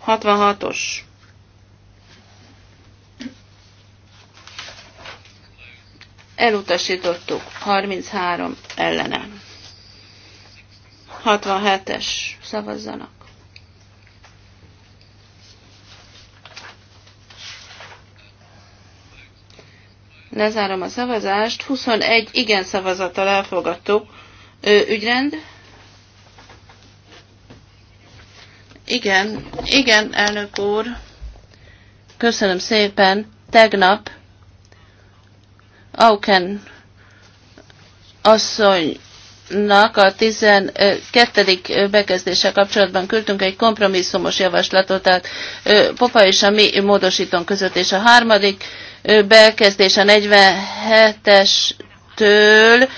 66-os. Elutasítottuk. 33 ellene. 67-es. Szavazzanak. Lezárom a szavazást. 21 igen szavazattal elfogadtuk. Ő ügyrend. Igen, igen, elnök úr. Köszönöm szépen. Tegnap Auken asszonynak a 12. bekezdése kapcsolatban küldtünk egy kompromisszumos javaslatot, tehát Popa és a mi módosítónk között, és a harmadik bekezdés a 47-es től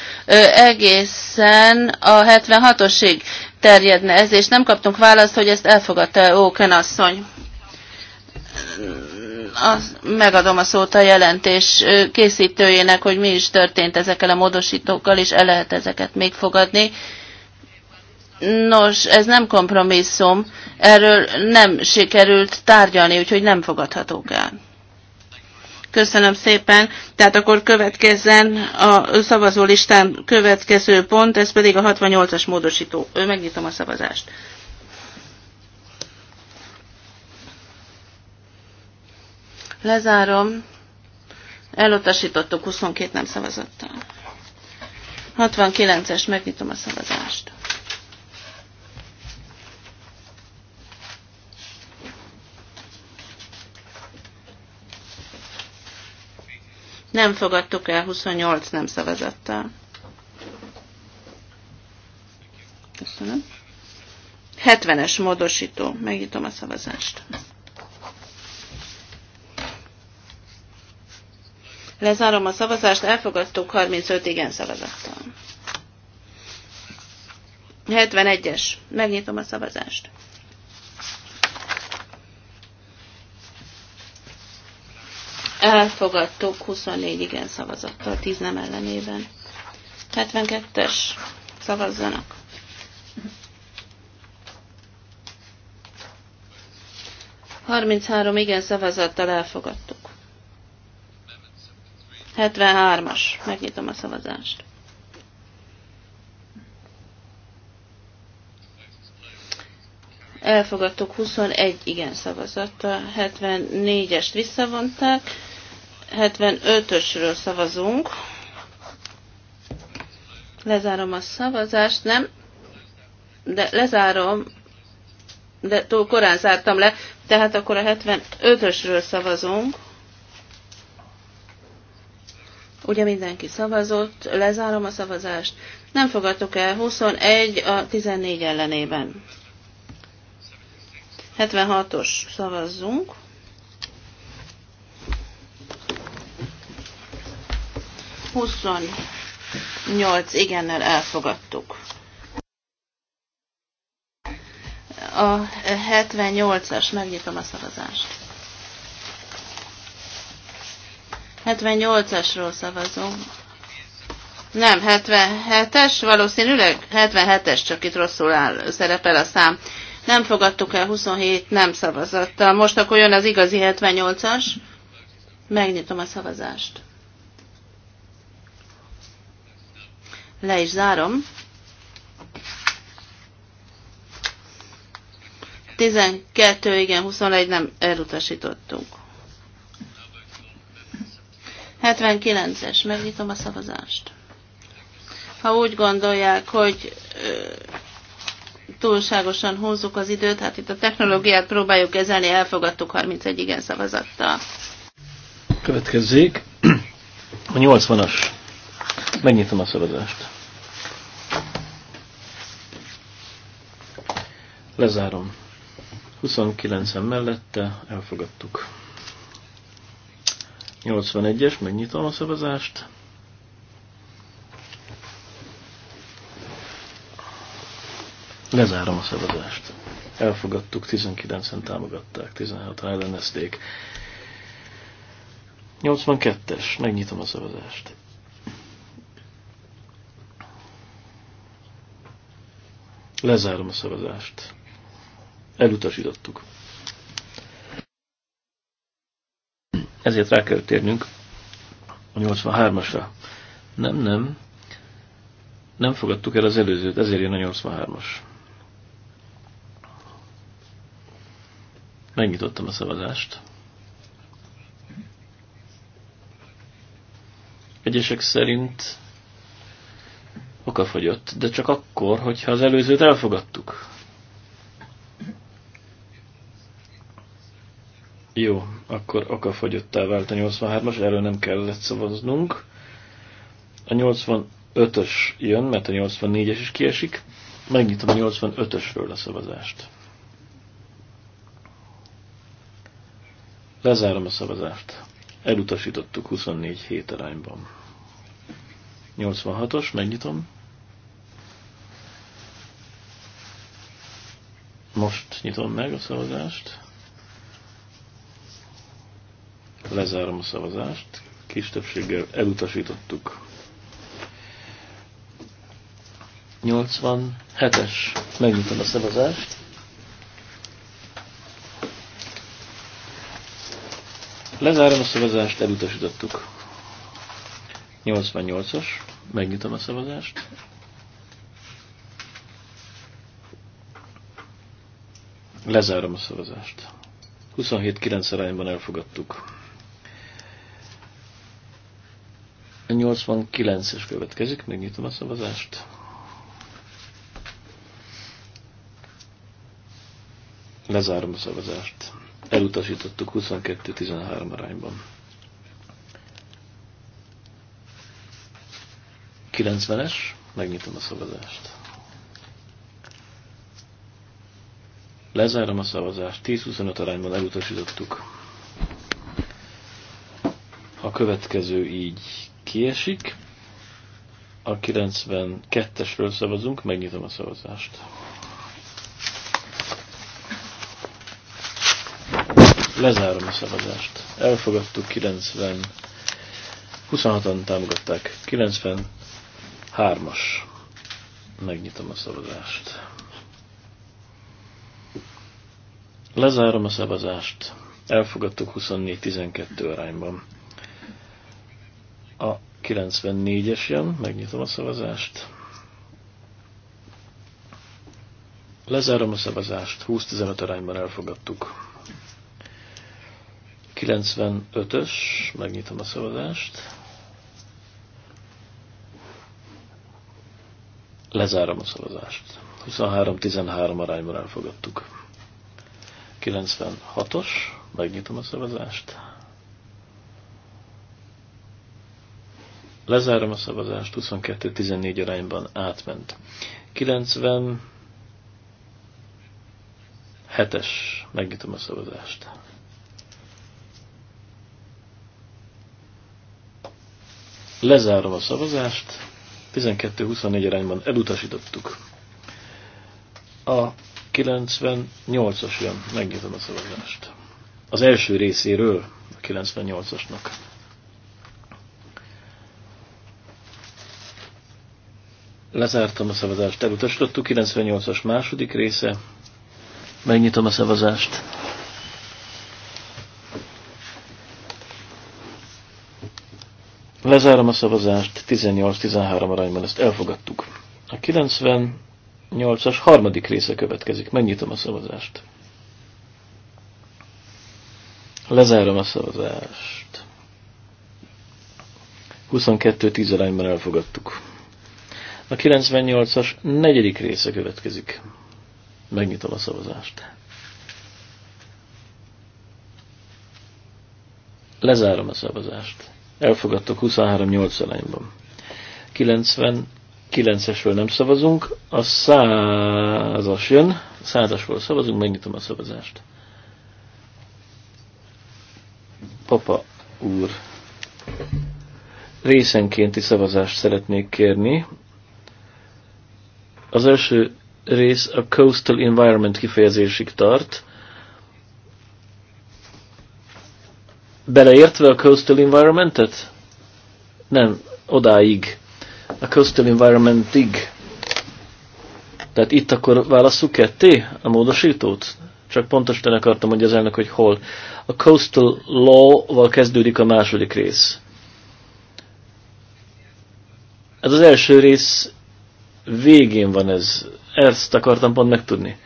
egészen a 76-osig terjedne ez, és nem kaptunk választ, hogy ezt elfogadta Óken asszony. Az, megadom a szót a jelentés készítőjének, hogy mi is történt ezekkel a módosítókkal, és el lehet ezeket még fogadni. Nos, ez nem kompromisszum, erről nem sikerült tárgyalni, úgyhogy nem fogadhatók el. Köszönöm szépen. Tehát akkor következzen a szavazólistán következő pont, ez pedig a 68-as módosító. Ő megnyitom a szavazást. Lezárom. Elutasítottuk 22 nem szavazattal. 69-es, megnyitom a szavazást. Nem fogadtuk el 28 nem szavazattal. Köszönöm. 70-es módosító. Megnyitom a szavazást. Lezárom a szavazást, elfogadtuk 35 igen szavazattal. 71-es. Megnyitom a szavazást. Elfogadtuk 24 igen szavazattal, 10 nem ellenében. 72-es szavazzanak. Harminchárom igen szavazattal elfogadtuk. 73-as. Megnyitom a szavazást. elfogadtuk 21 igen szavazattal, 74-est visszavonták, 75-ösről szavazunk. Lezárom a szavazást, nem? De lezárom, de túl korán zártam le, tehát akkor a 75-ösről szavazunk. Ugye mindenki szavazott, lezárom a szavazást. Nem fogadtuk el 21 a 14 ellenében. 76-os szavazzunk. 28 igennel elfogadtuk. A 78-as, megnyitom a szavazást. 78-asról szavazom. Nem, 77-es, valószínűleg 77-es, csak itt rosszul áll, szerepel a szám. Nem fogadtuk el 27 nem szavazattal. Most akkor jön az igazi 78-as. Megnyitom a szavazást. Le is zárom. 12, igen, 21 nem elutasítottunk. 79-es, megnyitom a szavazást. Ha úgy gondolják, hogy ö, túlságosan húzzuk az időt, hát itt a technológiát próbáljuk kezelni, elfogadtuk 31 igen szavazattal. Következzék a 80-as. Megnyitom a szavazást. Lezárom. 29-en mellette elfogadtuk. 81-es, megnyitom a szavazást. Lezárom a szavazást. Elfogadtuk, 19-en támogatták, 16 ra ellenezték. 82-es, megnyitom a szavazást. Lezárom a szavazást elutasítottuk. Ezért rá kell térnünk a 83-asra. Nem, nem. Nem fogadtuk el az előzőt, ezért jön a 83-as. Megnyitottam a szavazást. Egyesek szerint okafogyott, de csak akkor, hogyha az előzőt elfogadtuk. Jó, akkor okafogyottá vált a 83-as, erről nem kellett szavaznunk. A 85-ös jön, mert a 84-es is kiesik. Megnyitom a 85-ösről a szavazást. Lezárom a szavazást. Elutasítottuk 24 hét arányban. 86-os, megnyitom. Most nyitom meg a szavazást. Lezárom a szavazást. Kis többséggel elutasítottuk. 87-es. Megnyitom a szavazást. Lezárom a szavazást, elutasítottuk. 88-as. Megnyitom a szavazást. Lezárom a szavazást. 27-9 arányban elfogadtuk. 89-es következik, megnyitom a szavazást. Lezárom a szavazást. Elutasítottuk 22-13 arányban. 90-es, megnyitom a szavazást. Lezárom a szavazást, 10-25 arányban elutasítottuk. A következő így kiesik. A 92-esről szavazunk, megnyitom a szavazást. Lezárom a szavazást. Elfogadtuk 90. 26-an támogatták. 93-as. Megnyitom a szavazást. Lezárom a szavazást. Elfogadtuk 24-12 arányban. 94-es jön, megnyitom a szavazást. Lezárom a szavazást, 20-15 arányban elfogadtuk. 95-ös, megnyitom a szavazást. Lezárom a szavazást. 23-13 arányban elfogadtuk. 96-os, megnyitom a szavazást. Lezárom a szavazást, 22-14 arányban átment. 90 hetes, megnyitom a szavazást. Lezárom a szavazást, 12-24 arányban elutasítottuk. A 98-as jön, megnyitom a szavazást. Az első részéről a 98-asnak. Lezártam a szavazást, elutasítottuk. 98-as második része. Megnyitom a szavazást. Lezárom a szavazást, 18-13 arányban ezt elfogadtuk. A 98-as harmadik része következik. Megnyitom a szavazást. Lezárom a szavazást. 22-10 arányban elfogadtuk. A 98-as negyedik része következik. Megnyitom a szavazást. Lezárom a szavazást. Elfogadtok 23-8 arányban. 99-esről nem szavazunk, a 100-as jön, 100-asról szavazunk, megnyitom a szavazást. Papa úr, részenkénti szavazást szeretnék kérni az első rész a coastal environment kifejezésig tart, beleértve a coastal environmentet? Nem, odáig. A coastal environmentig. Tehát itt akkor válasszuk ketté a módosítót? Csak pontosan akartam, hogy az elnök, hogy hol. A coastal law-val kezdődik a második rész. Ez az első rész végén van ez. Ezt akartam pont megtudni.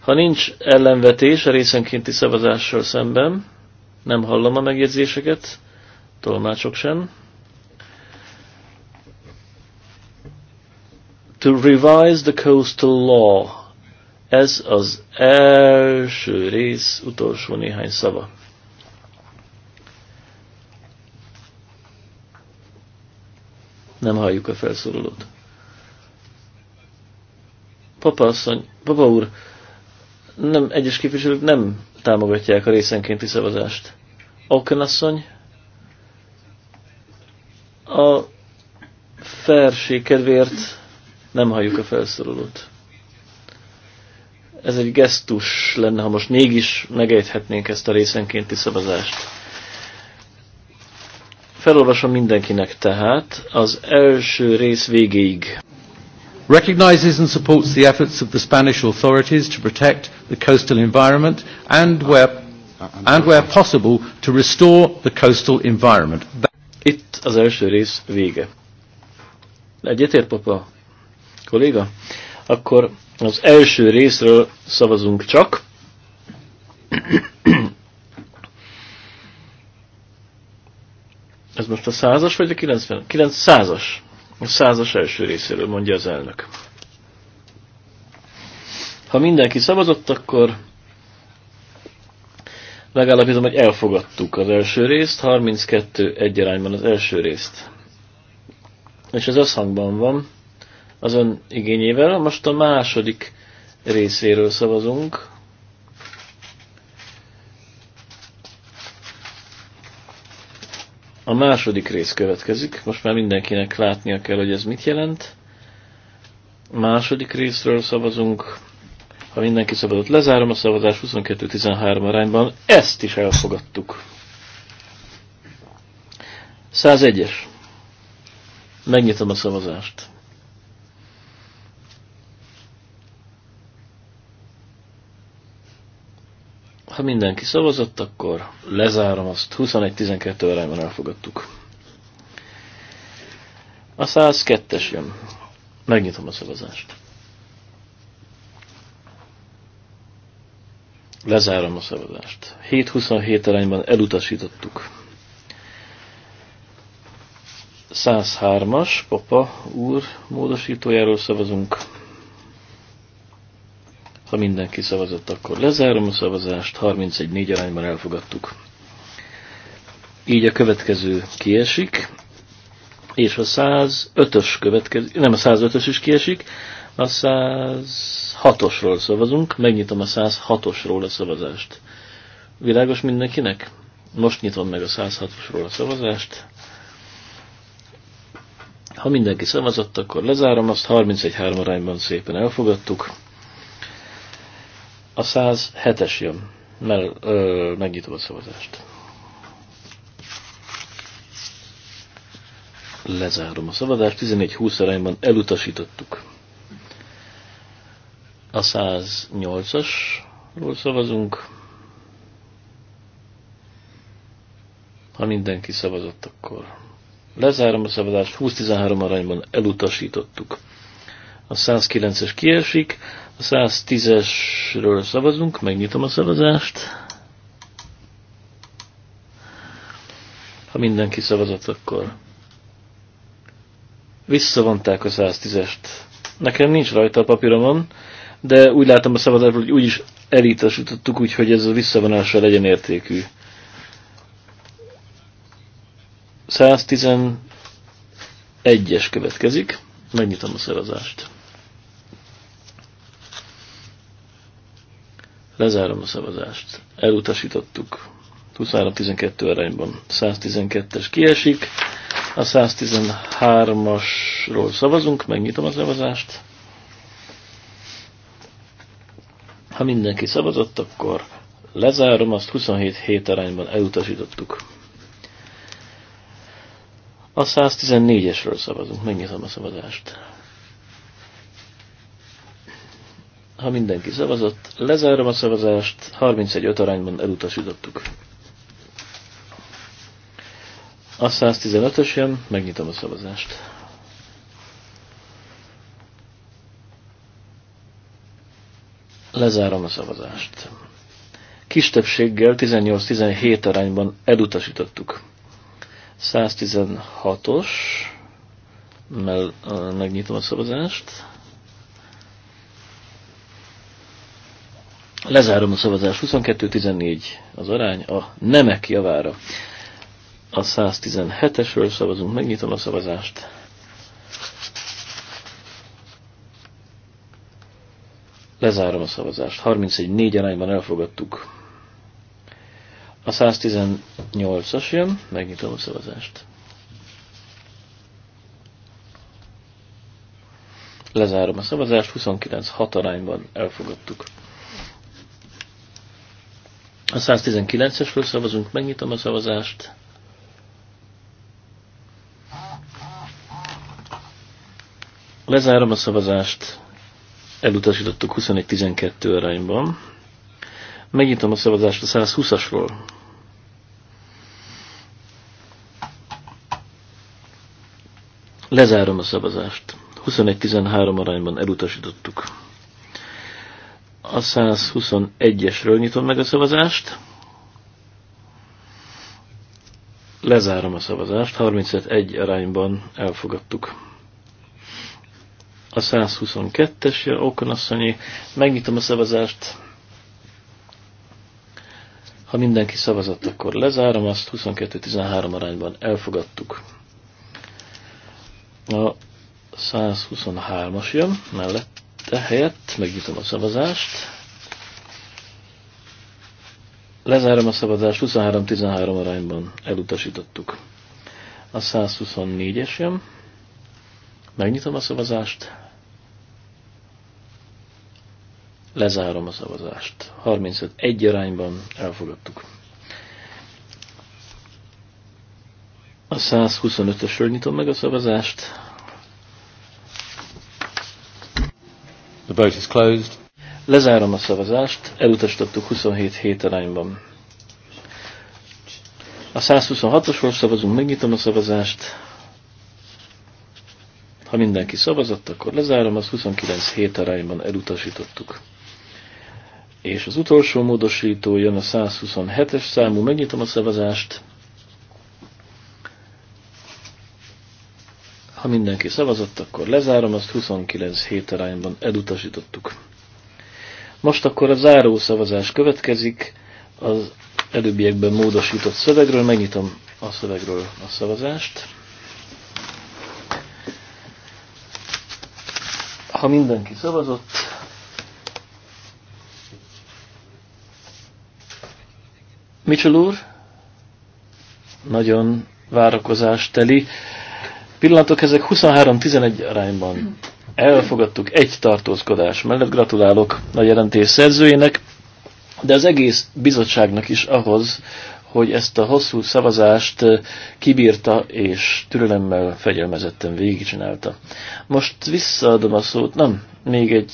Ha nincs ellenvetés a részenkénti szavazással szemben, nem hallom a megjegyzéseket, tolmácsok sem. To revise the coastal law. Ez az első rész, utolsó néhány szava. Nem halljuk a felszólalót. Papa asszony, Papa úr, nem, egyes képviselők nem támogatják a részenkénti szavazást. Auken asszony, a felség kedvéért nem halljuk a felszorulót. Ez egy gesztus lenne, ha most mégis megejthetnénk ezt a részenkénti szavazást. Felolvasom mindenkinek tehát az első rész végéig recognises and supports the efforts of the Spanish authorities to protect the coastal environment and where, and where possible to restore the coastal environment. Itt az első rész vége. Egyetért, papa? Kolléga? Akkor az első részről szavazunk csak. Ez most a százas vagy a 90? 900-as. A százas első részéről mondja az elnök. Ha mindenki szavazott, akkor megállapítom, hogy elfogadtuk az első részt, 32 egyarányban az első részt. És ez összhangban van az ön igényével. Most a második részéről szavazunk. A második rész következik, most már mindenkinek látnia kell, hogy ez mit jelent. A második részről szavazunk, ha mindenki szavazott, lezárom a szavazás 22-13 arányban, ezt is elfogadtuk. 101-es. Megnyitom a szavazást. Ha mindenki szavazott, akkor lezárom azt. 21-12 arányban elfogadtuk. A 102-es jön. Megnyitom a szavazást. Lezárom a szavazást. 7-27 arányban elutasítottuk. 103-as, papa úr módosítójáról szavazunk. Ha mindenki szavazott, akkor lezárom a szavazást. 31-4 arányban elfogadtuk. Így a következő kiesik, és a 105-ös következő, nem a 105-ös is kiesik, a 106-osról szavazunk. Megnyitom a 106-osról a szavazást. Világos mindenkinek? Most nyitom meg a 106-osról a szavazást. Ha mindenki szavazott, akkor lezárom azt. 31-3 arányban szépen elfogadtuk. A 107-es jön. mert ö, megnyitom a szavazást. Lezárom a szavazást. 14-20 arányban elutasítottuk. A 108-asról szavazunk. Ha mindenki szavazott, akkor lezárom a szavazást. 20-13 arányban elutasítottuk. A 109-es kiesik. 110-esről szavazunk, megnyitom a szavazást. Ha mindenki szavazott, akkor visszavonták a 110-est. Nekem nincs rajta a papíromon, de úgy látom a szavazásból, hogy úgyis elítasítottuk, úgyhogy ez a visszavonással legyen értékű. 111-es következik. Megnyitom a szavazást. Lezárom a szavazást. Elutasítottuk. 23-12 arányban. 112-es kiesik. A 113-asról szavazunk. Megnyitom a szavazást. Ha mindenki szavazott, akkor lezárom, azt 27 7 arányban elutasítottuk. A 114-esről szavazunk, megnyitom a szavazást. Ha mindenki szavazott, lezárom a szavazást, 31-5 arányban elutasítottuk. A 115-ös jön, megnyitom a szavazást. Lezárom a szavazást. Kis többséggel 18-17 arányban elutasítottuk. 116-os, mell megnyitom a szavazást. Lezárom a szavazást. 22-14 az arány a nemek javára. A 117-esről szavazunk. Megnyitom a szavazást. Lezárom a szavazást. 31-4 arányban elfogadtuk. A 118-as jön, megnyitom a szavazást. Lezárom a szavazást, 29-6 arányban elfogadtuk. A 119-esről szavazunk, megnyitom a szavazást. Lezárom a szavazást, elutasítottuk 21-12 arányban. Megnyitom a szavazást a 120-asról. Lezárom a szavazást. 21-13 arányban elutasítottuk. A 121-esről nyitom meg a szavazást. Lezárom a szavazást. 31 arányban elfogadtuk. A 122-es Okonasszonyi. Megnyitom a szavazást. Ha mindenki szavazott, akkor lezárom azt. 22-13 arányban elfogadtuk. A 123-as jön mellett tehet megnyitom a szavazást. Lezárom a szavazást, 23-13 arányban elutasítottuk. A 124-es jön. Megnyitom a szavazást. Lezárom a szavazást. 35 egy arányban elfogadtuk. A 125-ösről nyitom meg a szavazást. The vote is closed. Lezárom a szavazást, elutasítottuk 27 hét arányban. A 126-osról szavazunk, megnyitom a szavazást. Ha mindenki szavazott, akkor lezárom, az 29 hét arányban elutasítottuk. És az utolsó módosító jön a 127-es számú, megnyitom a szavazást. Ha mindenki szavazott, akkor lezárom, azt 29 hét arányban elutasítottuk. Most akkor a záró szavazás következik, az előbbiekben módosított szövegről, megnyitom a szövegről a szavazást. Ha mindenki szavazott, Mitchell úr, nagyon várakozás teli pillanatok ezek 23-11 arányban. Elfogadtuk egy tartózkodás mellett. Gratulálok a jelentés szerzőjének, de az egész bizottságnak is ahhoz, hogy ezt a hosszú szavazást kibírta és türelemmel fegyelmezetten végigcsinálta. Most visszaadom a szót, nem, még egy...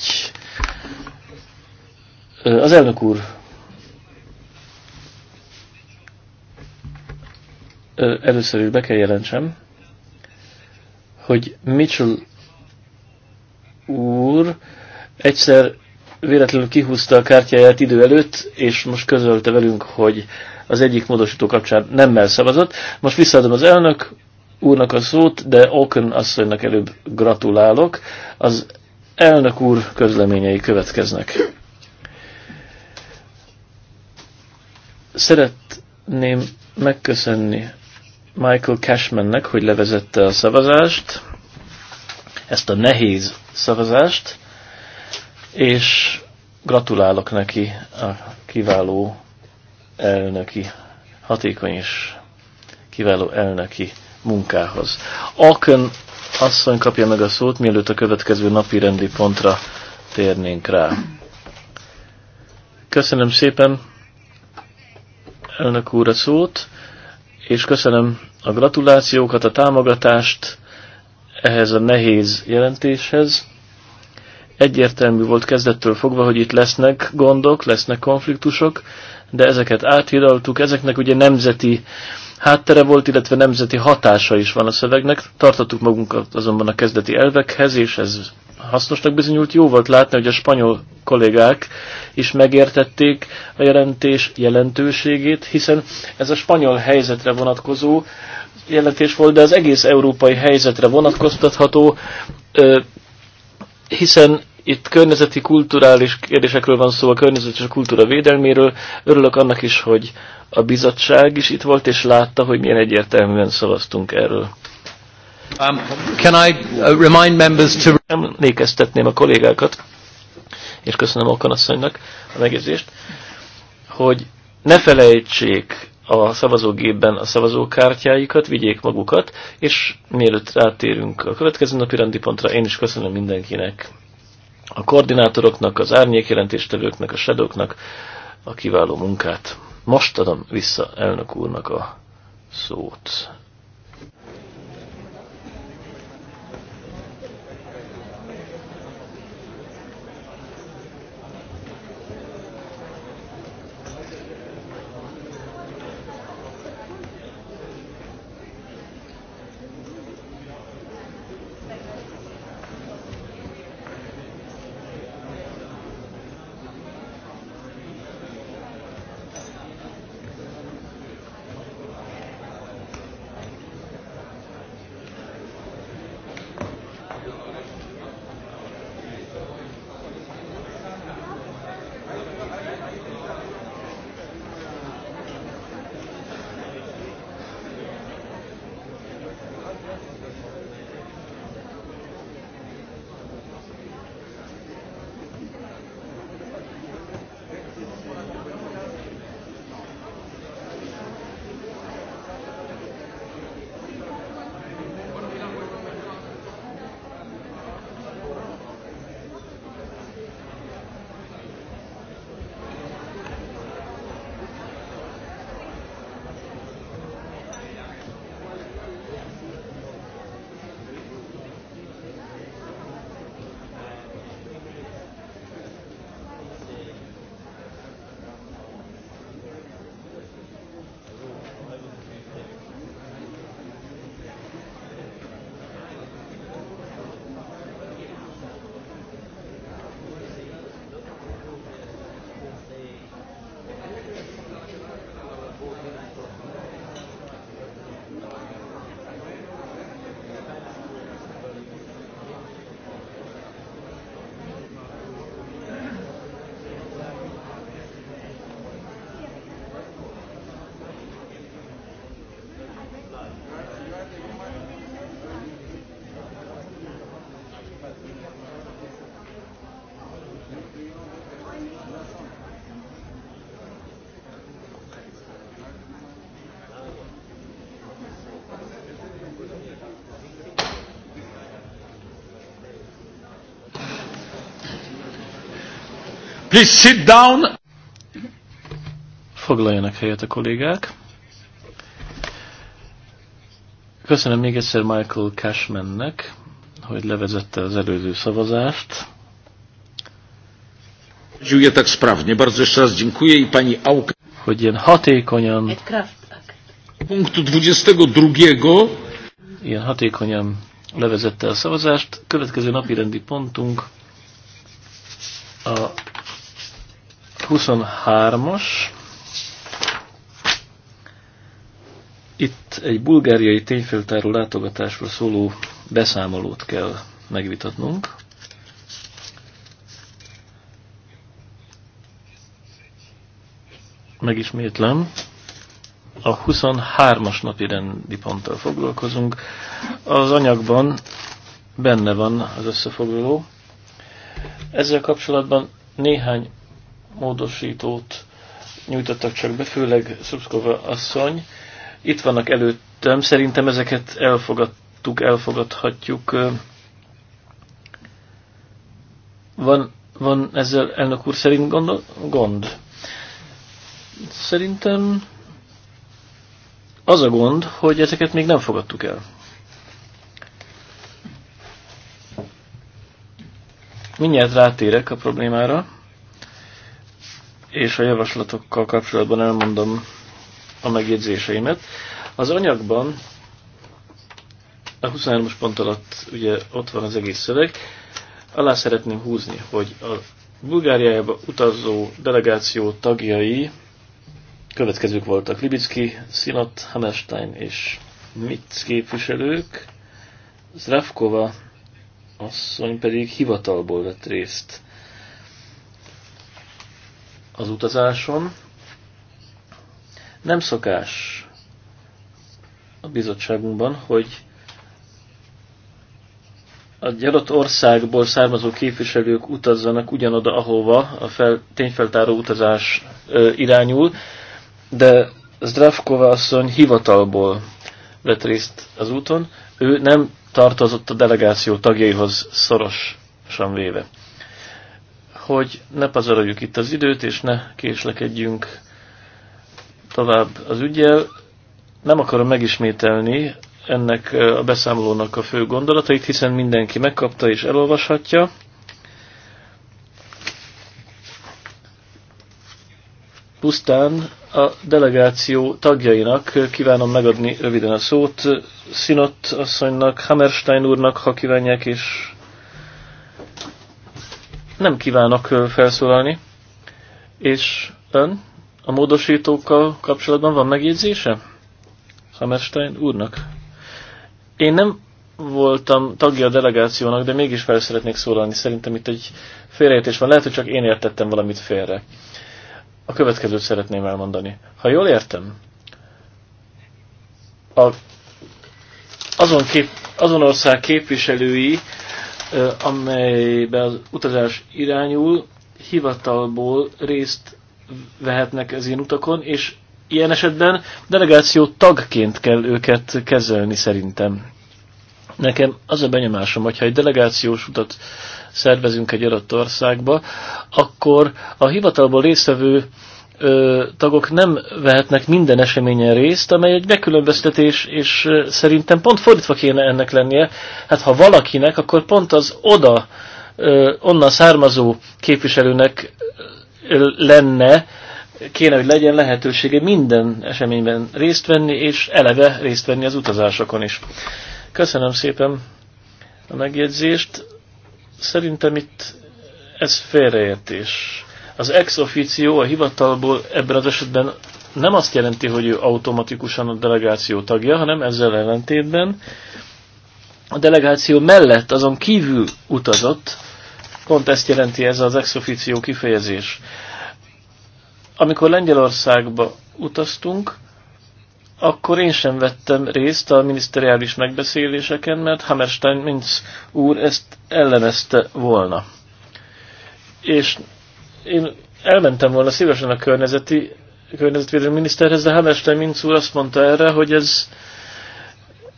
Az elnök úr először is be kell jelentsem, hogy Mitchell úr egyszer véletlenül kihúzta a kártyáját idő előtt, és most közölte velünk, hogy az egyik módosító kapcsán nem szavazott. Most visszaadom az elnök úrnak a szót, de Oaken asszonynak előbb gratulálok. Az elnök úr közleményei következnek. Szeretném megköszönni Michael Cashmannek, hogy levezette a szavazást, ezt a nehéz szavazást, és gratulálok neki a kiváló elnöki, hatékony és kiváló elnöki munkához. Alkön asszony kapja meg a szót, mielőtt a következő napi rendi pontra térnénk rá. Köszönöm szépen, elnök úr a szót és köszönöm a gratulációkat, a támogatást ehhez a nehéz jelentéshez. Egyértelmű volt kezdettől fogva, hogy itt lesznek gondok, lesznek konfliktusok, de ezeket áthidaltuk, ezeknek ugye nemzeti háttere volt, illetve nemzeti hatása is van a szövegnek. Tartottuk magunkat azonban a kezdeti elvekhez, és ez hasznosnak bizonyult. Jó volt látni, hogy a spanyol kollégák is megértették a jelentés jelentőségét, hiszen ez a spanyol helyzetre vonatkozó jelentés volt, de az egész európai helyzetre vonatkoztatható, hiszen itt környezeti, kulturális kérdésekről van szó, a környezet és a kultúra védelméről. Örülök annak is, hogy a bizottság is itt volt, és látta, hogy milyen egyértelműen szavaztunk erről. Um, can I uh, remind members to... Emlékeztetném a kollégákat, és köszönöm a kanasszonynak a megjegyzést, hogy ne felejtsék a szavazógépben a szavazókártyáikat, vigyék magukat, és mielőtt rátérünk a következő napi rendi pontra, én is köszönöm mindenkinek, a koordinátoroknak, az árnyékjelentéstevőknek, a sedoknak a kiváló munkát. Most adom vissza elnök úrnak a szót. Please sit down. Foglaljanak helyet a kollégák. Köszönöm még egyszer Michael Cashmannek, hogy levezette az előző szavazást. tak sprawnie. Bardzo jeszcze raz dziękuję i pani Auka. Hogy ilyen hatékonyan. Punktu 22. Ilyen hatékonyan levezette a szavazást. Következő napi rendi pontunk 23-as. Itt egy bulgáriai tényfeltáró látogatásról szóló beszámolót kell megvitatnunk. Megismétlem, a 23-as napi rendi ponttal foglalkozunk. Az anyagban benne van az összefoglaló. Ezzel kapcsolatban néhány módosítót nyújtottak csak be, főleg Szubszkova asszony. Itt vannak előttem, szerintem ezeket elfogadtuk, elfogadhatjuk. Van, van ezzel elnök úr szerint gond? gond? Szerintem az a gond, hogy ezeket még nem fogadtuk el. Mindjárt rátérek a problémára és a javaslatokkal kapcsolatban elmondom a megjegyzéseimet. Az anyagban a 23-as pont alatt ugye ott van az egész szöveg. Alá szeretném húzni, hogy a Bulgáriába utazó delegáció tagjai következők voltak. Libicki, Szinat, Hammerstein és Mitz képviselők, Zdravkova asszony pedig hivatalból vett részt az utazáson. Nem szokás a bizottságunkban, hogy a gyarott országból származó képviselők utazzanak ugyanoda, ahova a fel, tényfeltáró utazás ö, irányul, de Zdravkova asszony hivatalból vett részt az úton, ő nem tartozott a delegáció tagjaihoz szorosan véve hogy ne pazaroljuk itt az időt, és ne késlekedjünk tovább az ügyel. Nem akarom megismételni ennek a beszámolónak a fő gondolatait, hiszen mindenki megkapta és elolvashatja. Pusztán a delegáció tagjainak kívánom megadni röviden a szót, Sinott asszonynak, Hammerstein úrnak, ha kívánják, és nem kívánnak felszólalni. És ön a módosítókkal kapcsolatban van megjegyzése? Hammerstein úrnak. Én nem voltam tagja a delegációnak, de mégis fel szeretnék szólalni. Szerintem itt egy félreértés van. Lehet, hogy csak én értettem valamit félre. A következőt szeretném elmondani. Ha jól értem, a, azon, kép, azon ország képviselői, amelybe az utazás irányul, hivatalból részt vehetnek az ilyen utakon, és ilyen esetben delegáció tagként kell őket kezelni szerintem. Nekem az a benyomásom, hogy ha egy delegációs utat szervezünk egy adott országba, akkor a hivatalból résztvevő ö, tagok nem vehetnek minden eseményen részt, amely egy megkülönböztetés, és ö, szerintem pont fordítva kéne ennek lennie. Hát ha valakinek, akkor pont az oda, ö, onnan származó képviselőnek ö, lenne, kéne, hogy legyen lehetősége minden eseményben részt venni, és eleve részt venni az utazásokon is. Köszönöm szépen a megjegyzést. Szerintem itt ez félreértés az ex officio a hivatalból ebben az esetben nem azt jelenti, hogy ő automatikusan a delegáció tagja, hanem ezzel ellentétben a delegáció mellett azon kívül utazott, pont ezt jelenti ez az ex officio kifejezés. Amikor Lengyelországba utaztunk, akkor én sem vettem részt a miniszteriális megbeszéléseken, mert Hammerstein Minz úr ezt ellenezte volna. És én elmentem volna szívesen a környezeti, a környezetvédelmi miniszterhez, de Hámes Minc úr azt mondta erre, hogy ez,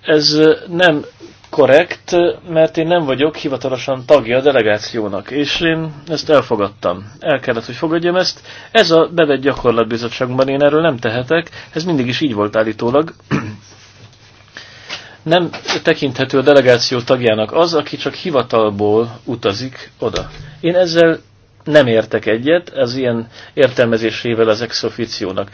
ez nem korrekt, mert én nem vagyok hivatalosan tagja a delegációnak, és én ezt elfogadtam. El kellett, hogy fogadjam ezt. Ez a bevett gyakorlatbizottságban én erről nem tehetek, ez mindig is így volt állítólag. nem tekinthető a delegáció tagjának az, aki csak hivatalból utazik oda. Én ezzel nem értek egyet ez ilyen értelmezésével az ex officiónak.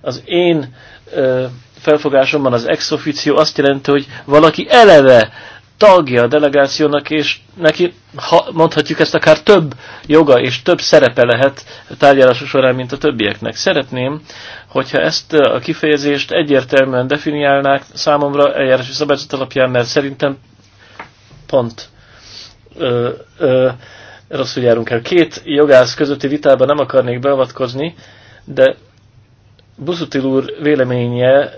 Az én ö, felfogásomban az ex officio azt jelenti, hogy valaki eleve tagja a delegációnak, és neki, ha mondhatjuk ezt, akár több joga és több szerepe lehet tárgyalása során, mint a többieknek. Szeretném, hogyha ezt a kifejezést egyértelműen definiálnák számomra eljárási szabályzat alapján, mert szerintem pont ö, ö, rosszul járunk el. Két jogász közötti vitába nem akarnék beavatkozni, de Buzutil úr véleménye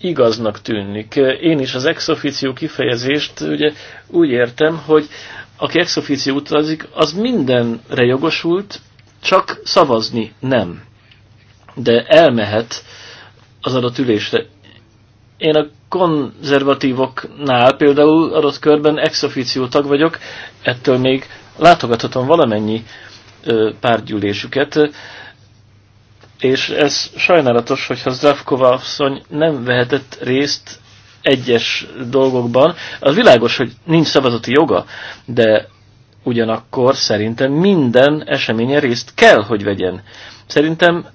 igaznak tűnik. Én is az ex officio kifejezést ugye úgy értem, hogy aki ex officio utazik, az mindenre jogosult, csak szavazni nem. De elmehet az adott ülésre. Én a konzervatívoknál például adott körben ex officio tag vagyok, ettől még látogathatom valamennyi párgyűlésüket, és ez sajnálatos, hogy Zdravkova asszony nem vehetett részt egyes dolgokban. Az világos, hogy nincs szavazati joga, de ugyanakkor szerintem minden eseményen részt kell, hogy vegyen. Szerintem,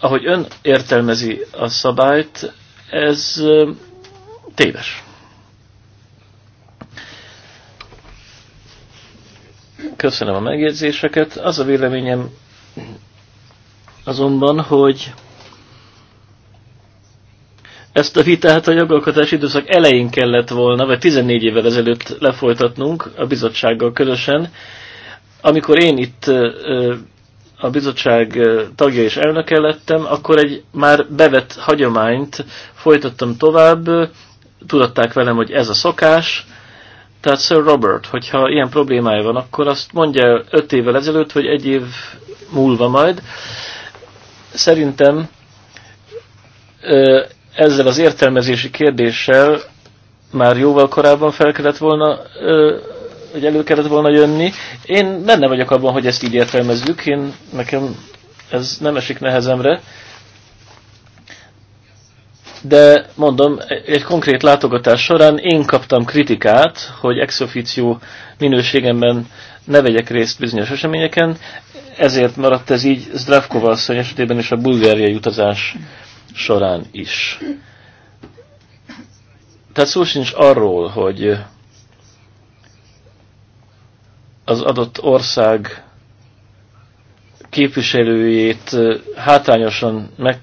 ahogy ön értelmezi a szabályt, ez téves. Köszönöm a megjegyzéseket. Az a véleményem azonban, hogy ezt a vitát a jogalkotási időszak elején kellett volna, vagy 14 évvel ezelőtt lefolytatnunk a bizottsággal közösen, amikor én itt a bizottság tagja és elnöke lettem, akkor egy már bevett hagyományt folytattam tovább, tudatták velem, hogy ez a szokás, tehát Sir Robert, hogyha ilyen problémája van, akkor azt mondja öt évvel ezelőtt, vagy egy év múlva majd. Szerintem ezzel az értelmezési kérdéssel már jóval korábban fel kellett volna, hogy elő kellett volna jönni. Én benne vagyok abban, hogy ezt így értelmezzük, én nekem ez nem esik nehezemre de mondom, egy konkrét látogatás során én kaptam kritikát, hogy ex officio minőségemben ne vegyek részt bizonyos eseményeken, ezért maradt ez így Zdravkova asszony esetében és a bulgáriai utazás során is. Tehát szó sincs arról, hogy az adott ország képviselőjét hátrányosan meg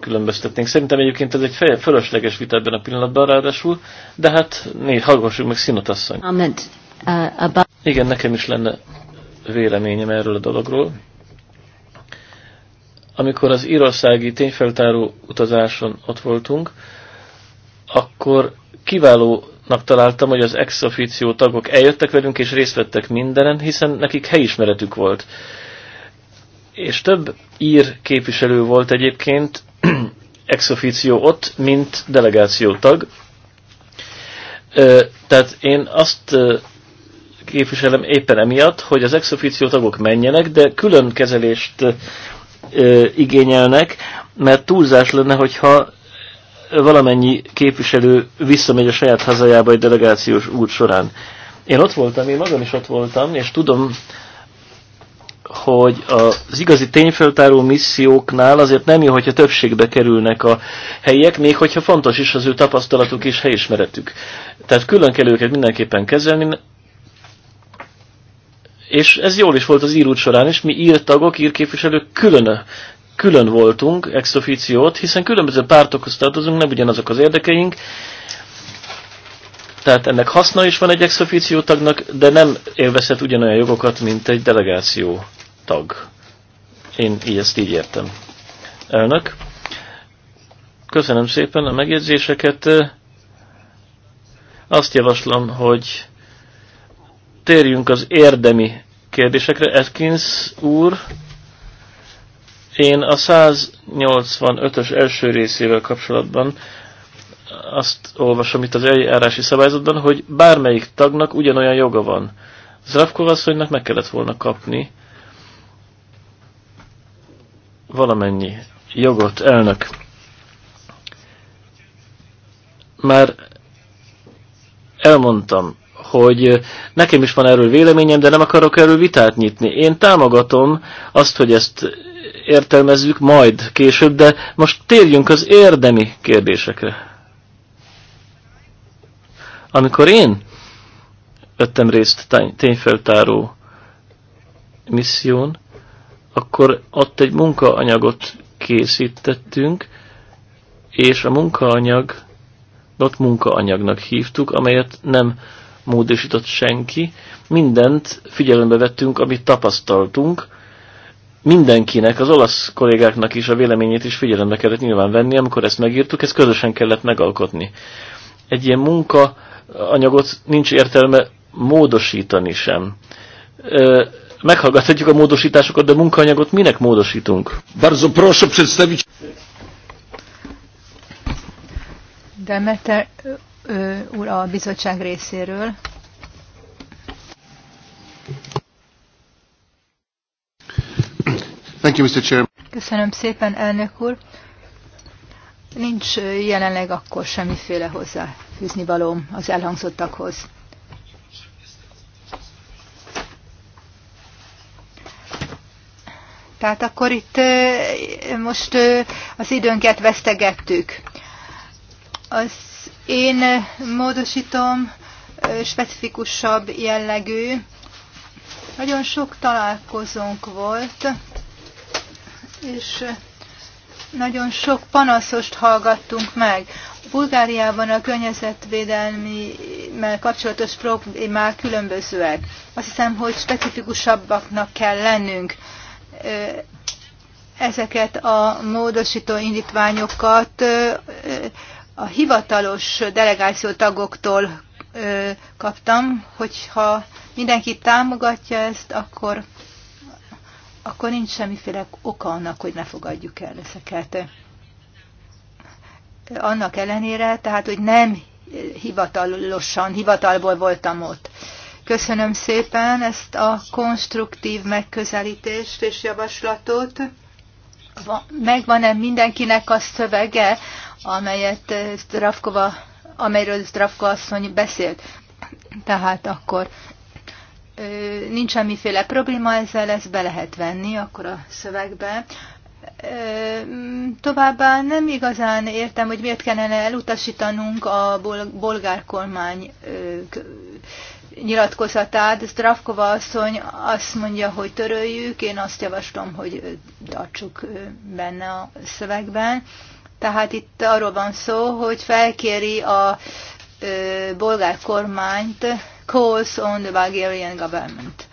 különböztetnénk. Szerintem egyébként ez egy fölösleges vita ebben a pillanatban ráadásul, de hát négy, hallgassuk meg Szinot asszony. Uh, Igen, nekem is lenne véleményem erről a dologról. Amikor az írországi tényfeltáró utazáson ott voltunk, akkor kiválónak találtam, hogy az ex officio tagok eljöttek velünk és részt vettek mindenen, hiszen nekik helyismeretük volt. És több ír képviselő volt egyébként, ex officio ott, mint delegáció tag. Tehát én azt képviselem éppen emiatt, hogy az ex officio tagok menjenek, de külön kezelést igényelnek, mert túlzás lenne, hogyha valamennyi képviselő visszamegy a saját hazájába egy delegációs út során. Én ott voltam, én magam is ott voltam, és tudom, hogy az igazi tényfeltáró misszióknál azért nem jó, hogyha többségbe kerülnek a helyiek, még hogyha fontos is az ő tapasztalatuk és helyismeretük. Tehát külön kell őket mindenképpen kezelni, és ez jól is volt az írút során is, mi írtagok, írképviselők külön, külön voltunk ex officiót, hiszen különböző pártokhoz tartozunk, nem ugyanazok az érdekeink, tehát ennek haszna is van egy ex tagnak, de nem élvezhet ugyanolyan jogokat, mint egy delegáció tag. Én így ezt így értem. Elnök, köszönöm szépen a megjegyzéseket. Azt javaslom, hogy térjünk az érdemi kérdésekre. Atkins úr, én a 185-ös első részével kapcsolatban azt olvasom itt az eljárási szabályzatban, hogy bármelyik tagnak ugyanolyan joga van. Zravkov asszonynak meg kellett volna kapni valamennyi jogot, elnök. Már elmondtam, hogy nekem is van erről véleményem, de nem akarok erről vitát nyitni. Én támogatom azt, hogy ezt értelmezzük majd később, de most térjünk az érdemi kérdésekre. Amikor én vettem részt tényfeltáró misszión, akkor ott egy munkaanyagot készítettünk, és a munkaanyagot munkaanyagnak hívtuk, amelyet nem módosított senki. Mindent figyelembe vettünk, amit tapasztaltunk. Mindenkinek, az olasz kollégáknak is a véleményét is figyelembe kellett nyilván venni, amikor ezt megírtuk, ezt közösen kellett megalkotni. Egy ilyen munkaanyagot nincs értelme módosítani sem meghallgathatjuk a módosításokat, de munkaanyagot minek módosítunk? Bardzo proszę przedstawić... Demeter úr a bizottság részéről. Thank you, Mr. Chair. Köszönöm szépen, elnök úr. Nincs jelenleg akkor semmiféle hozzáfűzni valóm az elhangzottakhoz. Tehát akkor itt most az időnket vesztegettük. Az én módosítom specifikusabb jellegű. Nagyon sok találkozónk volt, és nagyon sok panaszost hallgattunk meg. Bulgáriában a környezetvédelmi kapcsolatos problémák különbözőek. Azt hiszem, hogy specifikusabbaknak kell lennünk ezeket a módosító indítványokat a hivatalos delegáció tagoktól kaptam, hogyha mindenki támogatja ezt, akkor, akkor nincs semmiféle oka annak, hogy ne fogadjuk el ezeket. Annak ellenére, tehát, hogy nem hivatalosan, hivatalból voltam ott. Köszönöm szépen ezt a konstruktív megközelítést és javaslatot. Megvan-e mindenkinek a szövege, amelyet eh, Zdravkova, amelyről Zdravko asszony beszélt? Tehát akkor eh, nincs semmiféle probléma ezzel, ezt be lehet venni akkor a szövegbe. Eh, továbbá nem igazán értem, hogy miért kellene elutasítanunk a bolgár kormány nyilatkozatát Zdravkova asszony azt mondja, hogy töröljük, én azt javaslom, hogy tartsuk benne a szövegben. Tehát itt arról van szó, hogy felkéri a ö, bolgár kormányt calls on the Bulgarian government.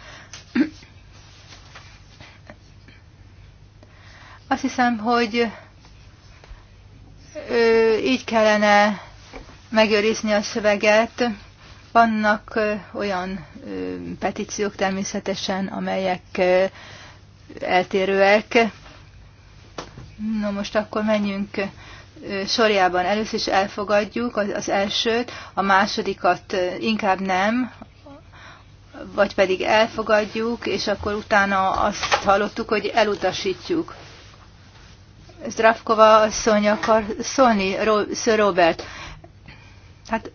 Azt hiszem, hogy ö, így kellene megőrizni a szöveget. Vannak olyan petíciók természetesen, amelyek eltérőek. Na most akkor menjünk sorjában. Először is elfogadjuk az elsőt, a másodikat inkább nem, vagy pedig elfogadjuk, és akkor utána azt hallottuk, hogy elutasítjuk. Zdravkova asszony akar szólni, Sir Robert. Hát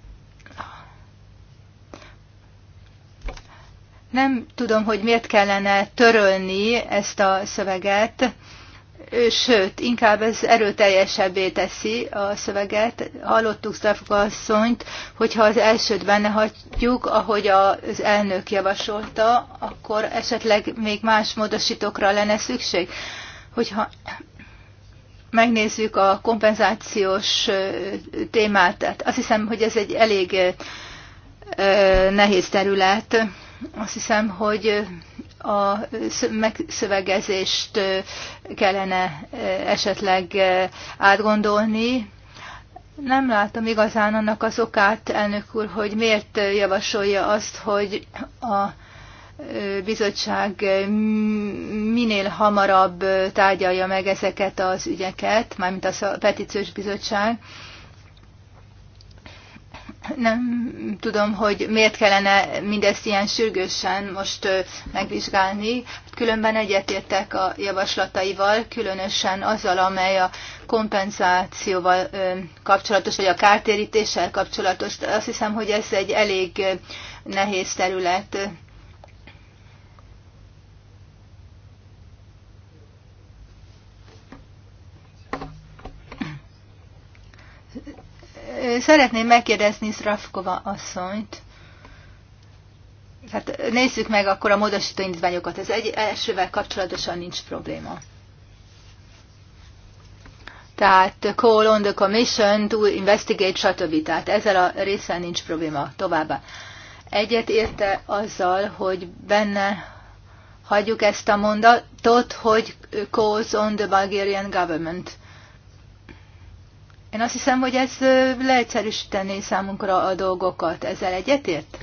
Nem tudom, hogy miért kellene törölni ezt a szöveget, sőt, inkább ez erőteljesebbé teszi a szöveget. Hallottuk Szafka asszonyt, hogyha az elsőt benne hagyjuk, ahogy az elnök javasolta, akkor esetleg még más módosítókra lenne szükség. Hogyha megnézzük a kompenzációs témát, tehát azt hiszem, hogy ez egy elég nehéz terület, azt hiszem, hogy a megszövegezést kellene esetleg átgondolni. Nem látom igazán annak az okát, elnök úr, hogy miért javasolja azt, hogy a bizottság minél hamarabb tárgyalja meg ezeket az ügyeket, mármint a petíciós bizottság nem tudom, hogy miért kellene mindezt ilyen sürgősen most megvizsgálni. Különben egyetértek a javaslataival, különösen azzal, amely a kompenzációval kapcsolatos, vagy a kártérítéssel kapcsolatos. Azt hiszem, hogy ez egy elég nehéz terület szeretném megkérdezni Szrafkova asszonyt. Hát nézzük meg akkor a módosító indítványokat. Ez egy elsővel kapcsolatosan nincs probléma. Tehát call on the commission to investigate, stb. Tehát ezzel a részsel nincs probléma továbbá. Egyet érte azzal, hogy benne hagyjuk ezt a mondatot, hogy calls on the Bulgarian government. Én azt hiszem, hogy ez leegyszerűsíteni számunkra a dolgokat. Ezzel egyetért?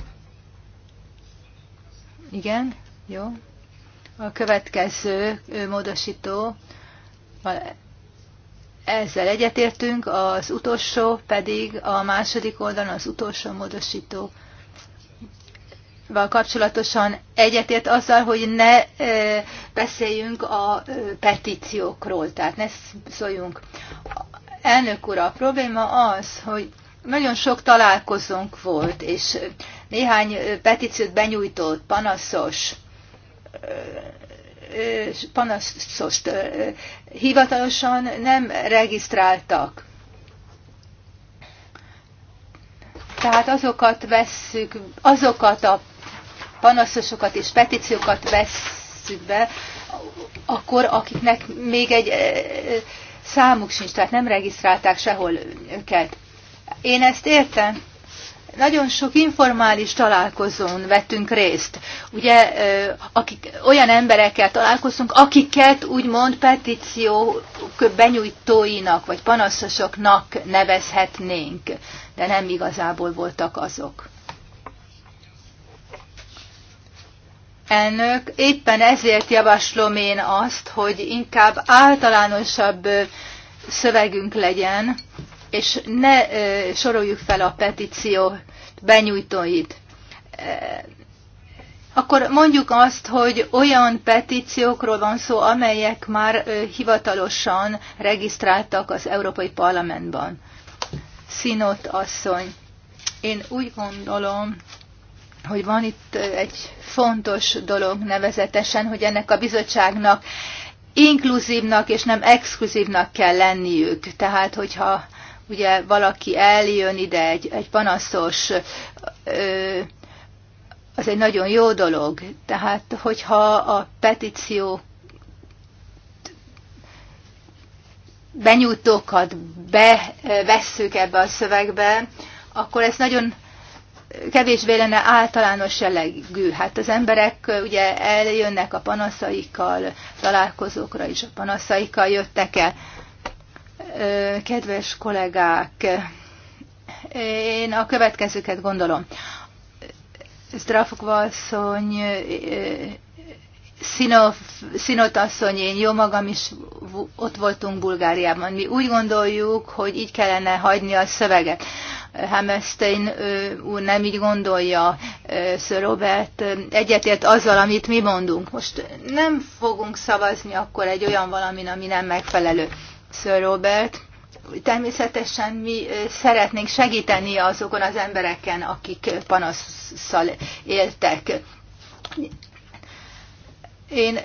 Igen? Jó. A következő módosító, ezzel egyetértünk, az utolsó pedig a második oldalon az utolsó módosító kapcsolatosan egyetért azzal, hogy ne beszéljünk a petíciókról, tehát ne szóljunk Elnök úr, a probléma az, hogy nagyon sok találkozónk volt, és néhány petíciót benyújtott panaszos panaszost hivatalosan nem regisztráltak. Tehát azokat vesszük, azokat a panaszosokat és petíciókat vesszük be, akkor akiknek még egy számuk sincs, tehát nem regisztrálták sehol őket. Én ezt értem. Nagyon sok informális találkozón vettünk részt. Ugye akik, olyan emberekkel találkoztunk, akiket úgymond petíció benyújtóinak vagy panaszosoknak nevezhetnénk, de nem igazából voltak azok. elnök. Éppen ezért javaslom én azt, hogy inkább általánosabb szövegünk legyen, és ne soroljuk fel a petíció benyújtóit. Akkor mondjuk azt, hogy olyan petíciókról van szó, amelyek már hivatalosan regisztráltak az Európai Parlamentban. Színot asszony. Én úgy gondolom, hogy van itt egy fontos dolog nevezetesen, hogy ennek a bizottságnak inkluzívnak és nem exkluzívnak kell lenniük. Tehát, hogyha ugye valaki eljön ide, egy, egy panaszos, ö, az egy nagyon jó dolog. Tehát, hogyha a petíció benyújtókat bevesszük ebbe a szövegbe, akkor ez nagyon kevésbé lenne általános jellegű. Hát az emberek ugye eljönnek a panaszaikkal, találkozókra is a panaszaikkal jöttek el. Kedves kollégák, én a következőket gondolom. Strafkvalszony, Szinot én jó magam is ott voltunk Bulgáriában. Mi úgy gondoljuk, hogy így kellene hagyni a szöveget. Hammerstein úr nem így gondolja, Sir Robert egyetért azzal, amit mi mondunk. Most nem fogunk szavazni akkor egy olyan valamin, ami nem megfelelő. Sir Robert, természetesen mi szeretnénk segíteni azokon az embereken, akik panaszszal éltek. Én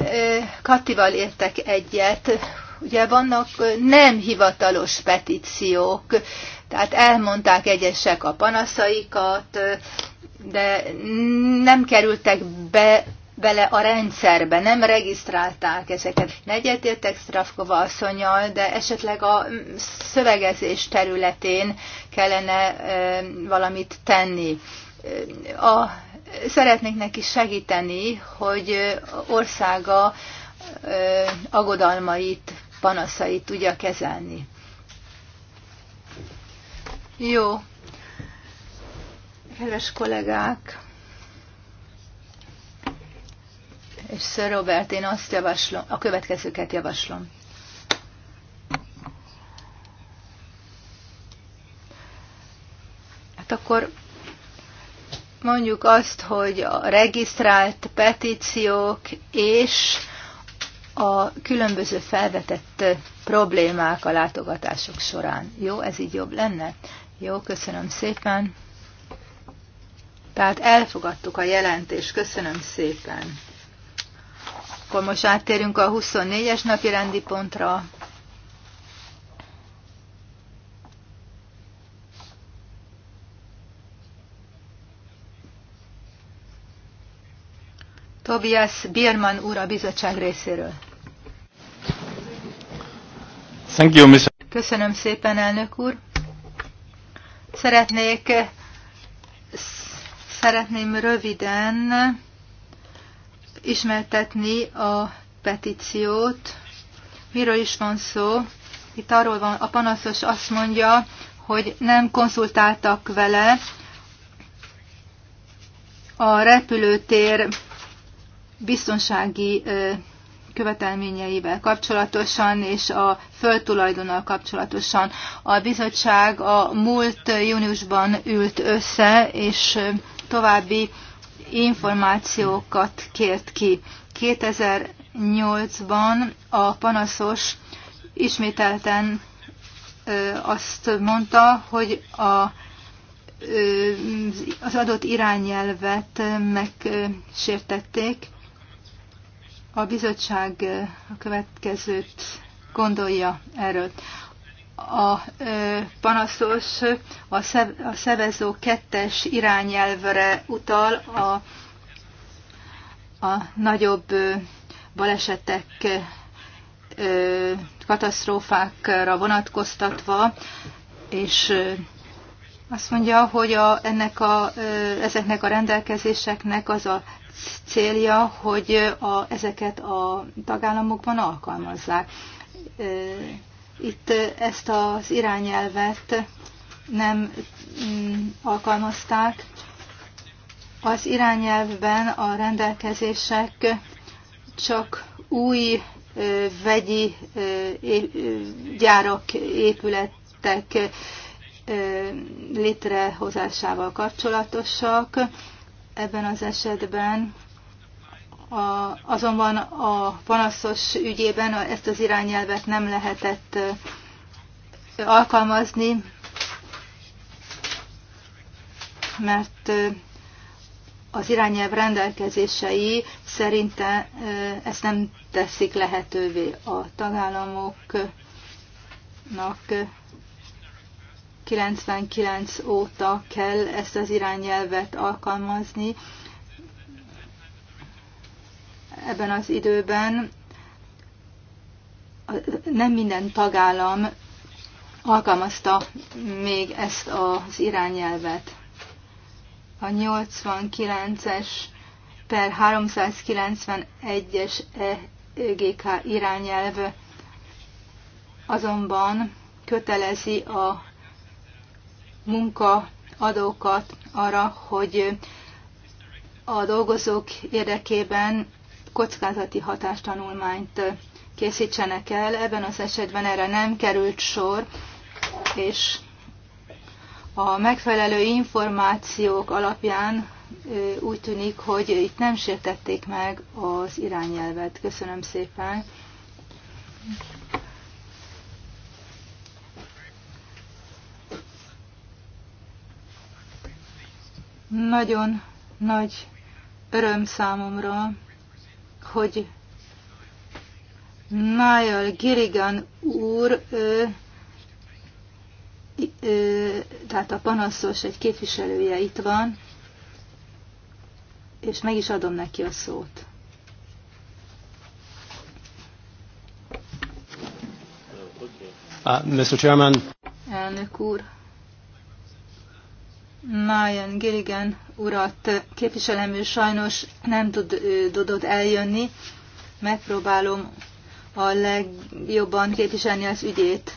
Kattival értek egyet, ugye vannak nem hivatalos petíciók, tehát elmondták egyesek a panaszaikat, de nem kerültek be bele a rendszerbe, nem regisztrálták ezeket. Negyetértek Strafkova asszonyal, de esetleg a szövegezés területén kellene valamit tenni. A, szeretnék neki segíteni, hogy országa agodalmait panaszait tudja kezelni. Jó. Kedves kollégák, és Sir Robert, én azt javaslom, a következőket javaslom. Hát akkor mondjuk azt, hogy a regisztrált petíciók és a különböző felvetett problémák a látogatások során. Jó, ez így jobb lenne? Jó, köszönöm szépen. Tehát elfogadtuk a jelentést, köszönöm szépen. Akkor most áttérünk a 24-es napi rendi pontra. Tobias Bierman úr a bizottság részéről. Thank you, Mr. Köszönöm szépen, elnök úr. Szeretnék, szeretném röviden ismertetni a petíciót. Miről is van szó? Itt arról van, a panaszos azt mondja, hogy nem konzultáltak vele a repülőtér biztonsági követelményeivel kapcsolatosan és a földtulajdonnal kapcsolatosan. A bizottság a múlt júniusban ült össze, és további információkat kért ki. 2008-ban a panaszos ismételten azt mondta, hogy a az adott irányelvet megsértették, a bizottság a következőt gondolja erről. A panaszos a szevezó kettes irányelvre utal a, a nagyobb balesetek katasztrófákra vonatkoztatva, és azt mondja, hogy a, ennek a, ezeknek a rendelkezéseknek az a célja, hogy a, ezeket a tagállamokban alkalmazzák. Itt ezt az irányelvet nem mm, alkalmazták. Az irányelvben a rendelkezések csak új vegyi gyárak, épületek létrehozásával kapcsolatosak. Ebben az esetben a, azonban a panaszos ügyében ezt az irányelvet nem lehetett alkalmazni, mert az irányelv rendelkezései szerinte ezt nem teszik lehetővé a tagállamoknak 99 óta kell ezt az irányelvet alkalmazni. Ebben az időben nem minden tagállam alkalmazta még ezt az irányelvet. A 89-es per 391-es EGK irányelv azonban kötelezi a munkaadókat arra, hogy a dolgozók érdekében kockázati hatástanulmányt készítsenek el. Ebben az esetben erre nem került sor, és a megfelelő információk alapján úgy tűnik, hogy itt nem sértették meg az irányelvet. Köszönöm szépen. Nagyon nagy öröm számomra, hogy Nájal Girigan úr, ö, ö, tehát a panaszos egy képviselője itt van, és meg is adom neki a szót. Uh, Mr. Chairman. Elnök úr. Májen Gilligan urat képviselem, ő sajnos nem tud, tudott eljönni. Megpróbálom a legjobban képviselni az ügyét.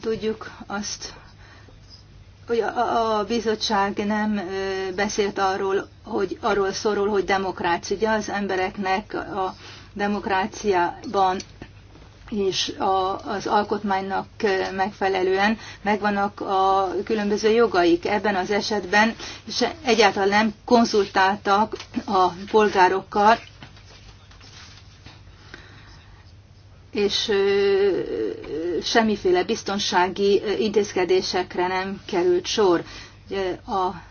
Tudjuk azt, hogy a, a bizottság nem beszélt arról, hogy arról szorul, hogy demokrácia, ugye az embereknek a demokráciában és a, az alkotmánynak megfelelően megvannak a különböző jogaik. Ebben az esetben és egyáltalán nem konzultáltak a polgárokkal, és semmiféle biztonsági intézkedésekre nem került sor. A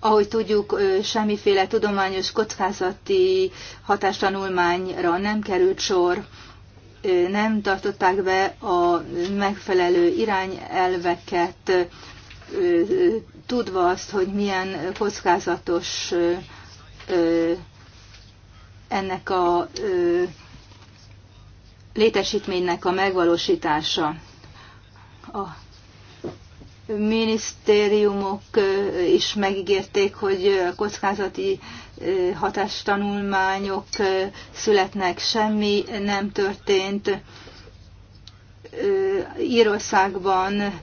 ahogy tudjuk, semmiféle tudományos kockázati hatástanulmányra nem került sor, nem tartották be a megfelelő irányelveket, tudva azt, hogy milyen kockázatos ennek a létesítménynek a megvalósítása. A minisztériumok is megígérték, hogy kockázati hatástanulmányok születnek, semmi nem történt. Írországban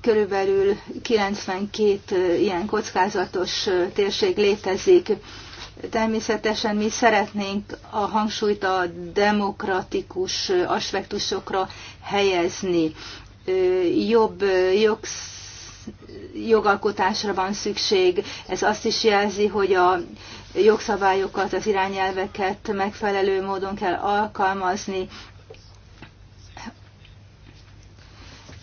körülbelül 92 ilyen kockázatos térség létezik. Természetesen mi szeretnénk a hangsúlyt a demokratikus aspektusokra helyezni jobb jogsz jogalkotásra van szükség. Ez azt is jelzi, hogy a jogszabályokat, az irányelveket megfelelő módon kell alkalmazni.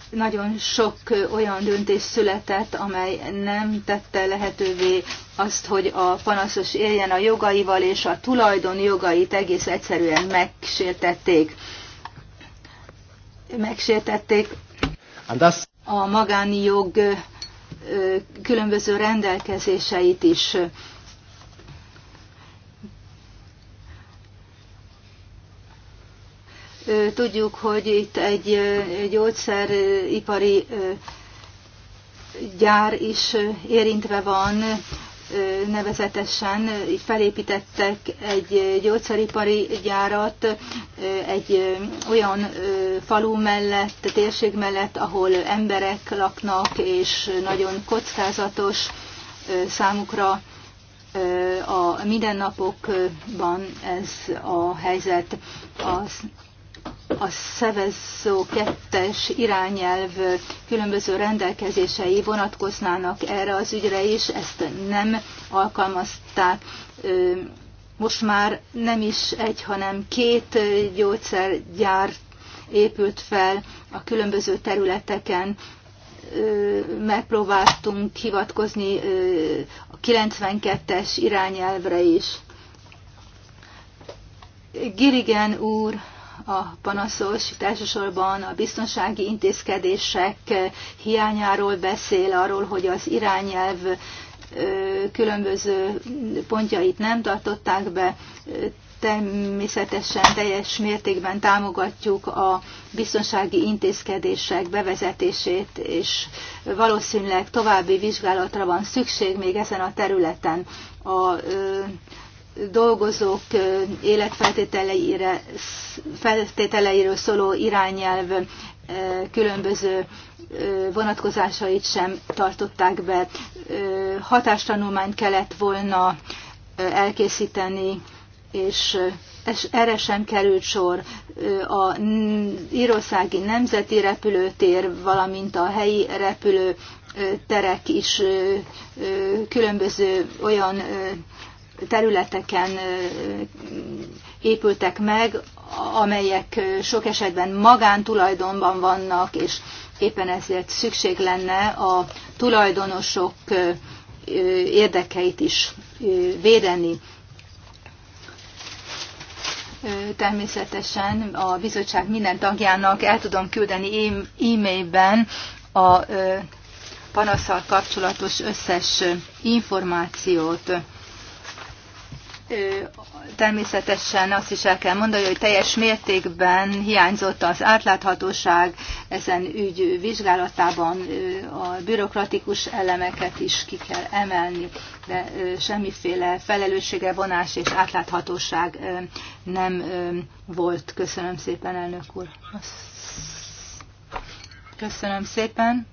Nagyon sok olyan döntés született, amely nem tette lehetővé azt, hogy a panaszos éljen a jogaival, és a tulajdon jogait egész egyszerűen megsértették. Megsértették a jog különböző rendelkezéseit is. Tudjuk, hogy itt egy gyógyszeripari gyár is érintve van, nevezetesen felépítettek egy gyógyszeripari gyárat egy olyan falu mellett, térség mellett, ahol emberek laknak, és nagyon kockázatos számukra a mindennapokban ez a helyzet. Az a szevezszó kettes irányelv különböző rendelkezései vonatkoznának erre az ügyre is, ezt nem alkalmazták. Most már nem is egy, hanem két gyógyszergyár épült fel a különböző területeken. Megpróbáltunk hivatkozni a 92-es irányelvre is. Girigen úr a panaszos elsősorban a biztonsági intézkedések hiányáról beszél, arról, hogy az irányelv különböző pontjait nem tartották be. Természetesen teljes mértékben támogatjuk a biztonsági intézkedések bevezetését, és valószínűleg további vizsgálatra van szükség még ezen a területen. A dolgozók életfeltételeire, feltételeiről szóló irányelv különböző vonatkozásait sem tartották be. Hatástanulmányt kellett volna elkészíteni, és erre sem került sor. A írószági Nemzeti Repülőtér, valamint a helyi repülőterek is különböző olyan területeken épültek meg, amelyek sok esetben magántulajdonban vannak, és éppen ezért szükség lenne a tulajdonosok érdekeit is védeni. Természetesen a bizottság minden tagjának el tudom küldeni e-, e-mailben a panaszsal kapcsolatos összes információt. Természetesen azt is el kell mondani, hogy teljes mértékben hiányzott az átláthatóság ezen ügy vizsgálatában, a bürokratikus elemeket is ki kell emelni, de semmiféle felelőssége vonás és átláthatóság nem volt. Köszönöm szépen, elnök úr. Köszönöm szépen.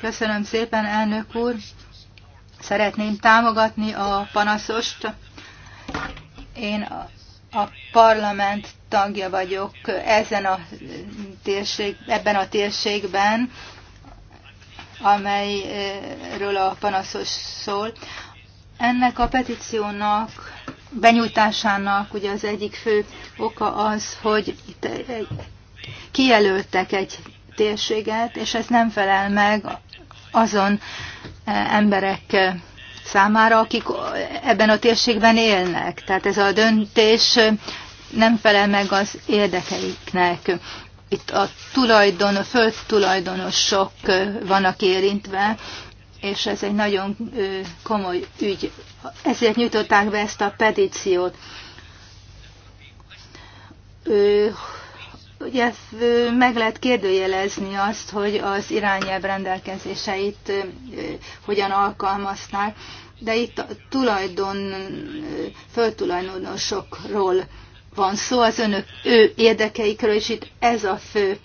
Köszönöm szépen, elnök úr szeretném támogatni a panaszost. Én a parlament tagja vagyok ezen a térség, ebben a térségben, amelyről a panaszos szól. Ennek a petíciónak benyújtásának ugye az egyik fő oka az, hogy itt kijelöltek egy térséget, és ez nem felel meg azon emberek számára, akik ebben a térségben élnek. Tehát ez a döntés nem felel meg az érdekeiknek. Itt a tulajdon, a földtulajdonosok vannak érintve, és ez egy nagyon komoly ügy. Ezért nyújtották be ezt a petíciót Ugye meg lehet kérdőjelezni azt, hogy az irányelv rendelkezéseit hogyan alkalmazták, de itt a tulajdon, föltulajdonosokról van szó, az önök ő érdekeikről, és itt ez a fő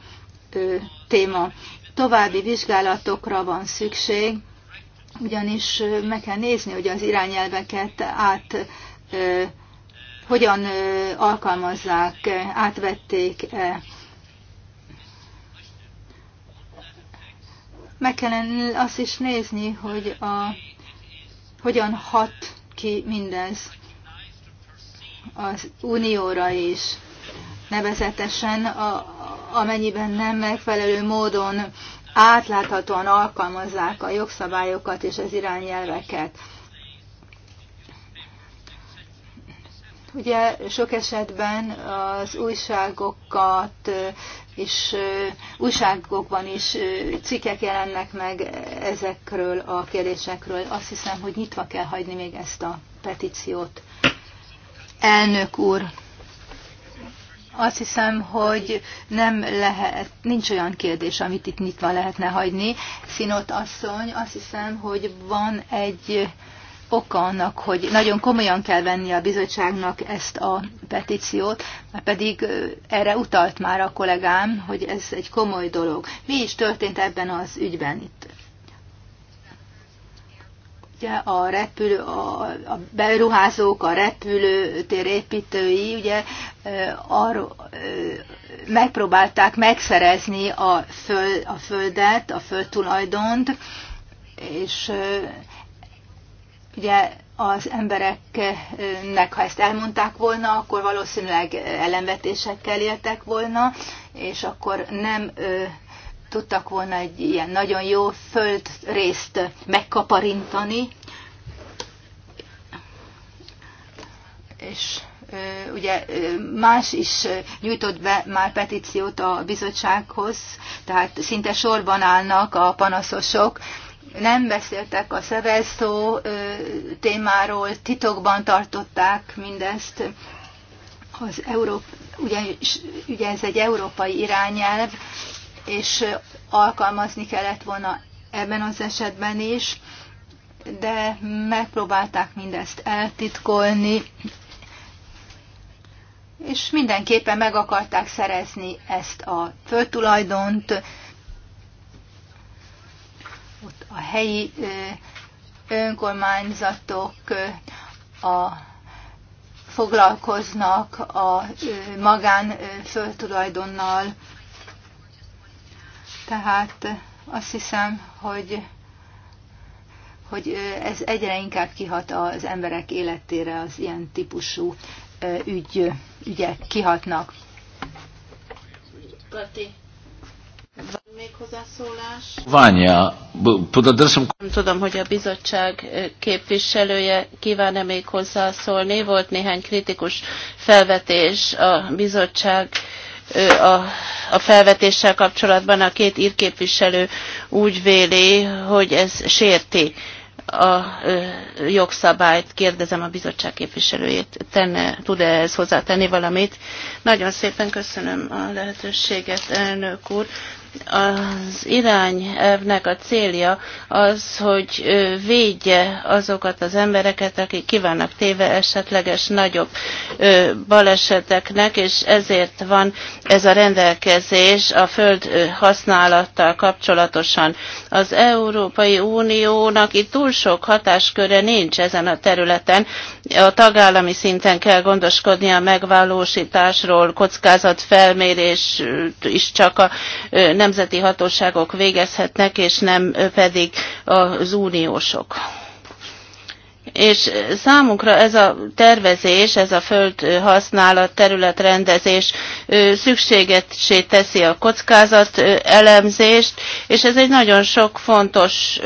ő, téma. További vizsgálatokra van szükség, ugyanis meg kell nézni, hogy az irányelveket át ö, hogyan alkalmazzák, átvették -e. Meg kellene azt is nézni, hogy a, hogyan hat ki mindez az unióra is. Nevezetesen, a, amennyiben nem megfelelő módon átláthatóan alkalmazzák a jogszabályokat és az irányelveket. Ugye sok esetben az újságokat és újságokban is cikkek jelennek meg ezekről a kérdésekről. Azt hiszem, hogy nyitva kell hagyni még ezt a petíciót. Elnök úr, azt hiszem, hogy nem lehet, nincs olyan kérdés, amit itt nyitva lehetne hagyni. Szinott asszony, azt hiszem, hogy van egy oka annak, hogy nagyon komolyan kell venni a bizottságnak ezt a petíciót, mert pedig erre utalt már a kollégám, hogy ez egy komoly dolog. Mi is történt ebben az ügyben itt? Ugye a repülő, a, a beruházók, a repülőtér építői ugye arra, megpróbálták megszerezni a, föl, a földet, a földtulajdont, és Ugye az embereknek, ha ezt elmondták volna, akkor valószínűleg ellenvetésekkel éltek volna, és akkor nem ö, tudtak volna egy ilyen nagyon jó földrészt megkaparintani, és ugye más is nyújtott be már petíciót a bizottsághoz, tehát szinte sorban állnak a panaszosok, nem beszéltek a Szevezszó témáról, titokban tartották mindezt. Az Európ, ugye, ugye ez egy európai irányelv, és alkalmazni kellett volna ebben az esetben is, de megpróbálták mindezt eltitkolni, és mindenképpen meg akarták szerezni ezt a föltulajdont a helyi önkormányzatok a, foglalkoznak a magánföldtulajdonnal. Tehát azt hiszem, hogy, hogy ez egyre inkább kihat az emberek életére, az ilyen típusú ügy, ügyek kihatnak. Kati. Van még hozzászólás? Vanya, Nem tudom, hogy a bizottság eh, képviselője kíván-e még hozzászólni. Volt néhány kritikus felvetés a bizottság eh, a, a felvetéssel kapcsolatban a két írképviselő úgy véli, hogy ez sérti a eh, jogszabályt. Kérdezem a bizottság képviselőjét, tenne, tud-e ez hozzátenni valamit? Nagyon szépen köszönöm a lehetőséget, elnök úr az irányelvnek a célja az, hogy védje azokat az embereket, akik kívánnak téve esetleges nagyobb baleseteknek, és ezért van ez a rendelkezés a föld használattal kapcsolatosan. Az Európai Uniónak itt túl sok hatásköre nincs ezen a területen. A tagállami szinten kell gondoskodni a megvalósításról, kockázatfelmérés is csak a nem nemzeti hatóságok végezhetnek, és nem pedig az uniósok és számunkra ez a tervezés, ez a földhasználat, területrendezés szükségesé teszi a kockázat elemzést, és ez egy nagyon sok fontos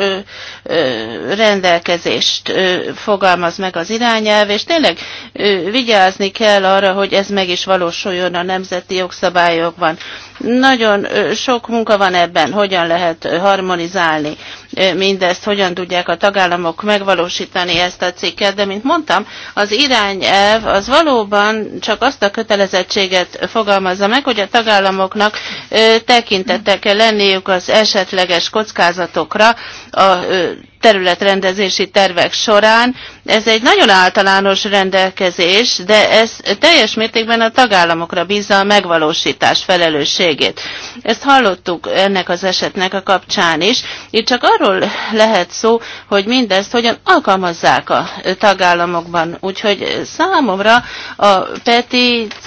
rendelkezést fogalmaz meg az irányelv, és tényleg vigyázni kell arra, hogy ez meg is valósuljon a nemzeti jogszabályokban. Nagyon sok munka van ebben, hogyan lehet harmonizálni mindezt, hogyan tudják a tagállamok megvalósítani ezt a cikket, de mint mondtam, az irányelv az valóban csak azt a kötelezettséget fogalmazza meg, hogy a tagállamoknak tekintettel kell lenniük az esetleges kockázatokra a területrendezési tervek során, ez egy nagyon általános rendelkezés, de ez teljes mértékben a tagállamokra bízza a megvalósítás felelősségét. Ezt hallottuk ennek az esetnek a kapcsán is. Itt csak arról lehet szó, hogy mindezt hogyan alkalmazzák a tagállamokban. Úgyhogy számomra a petíció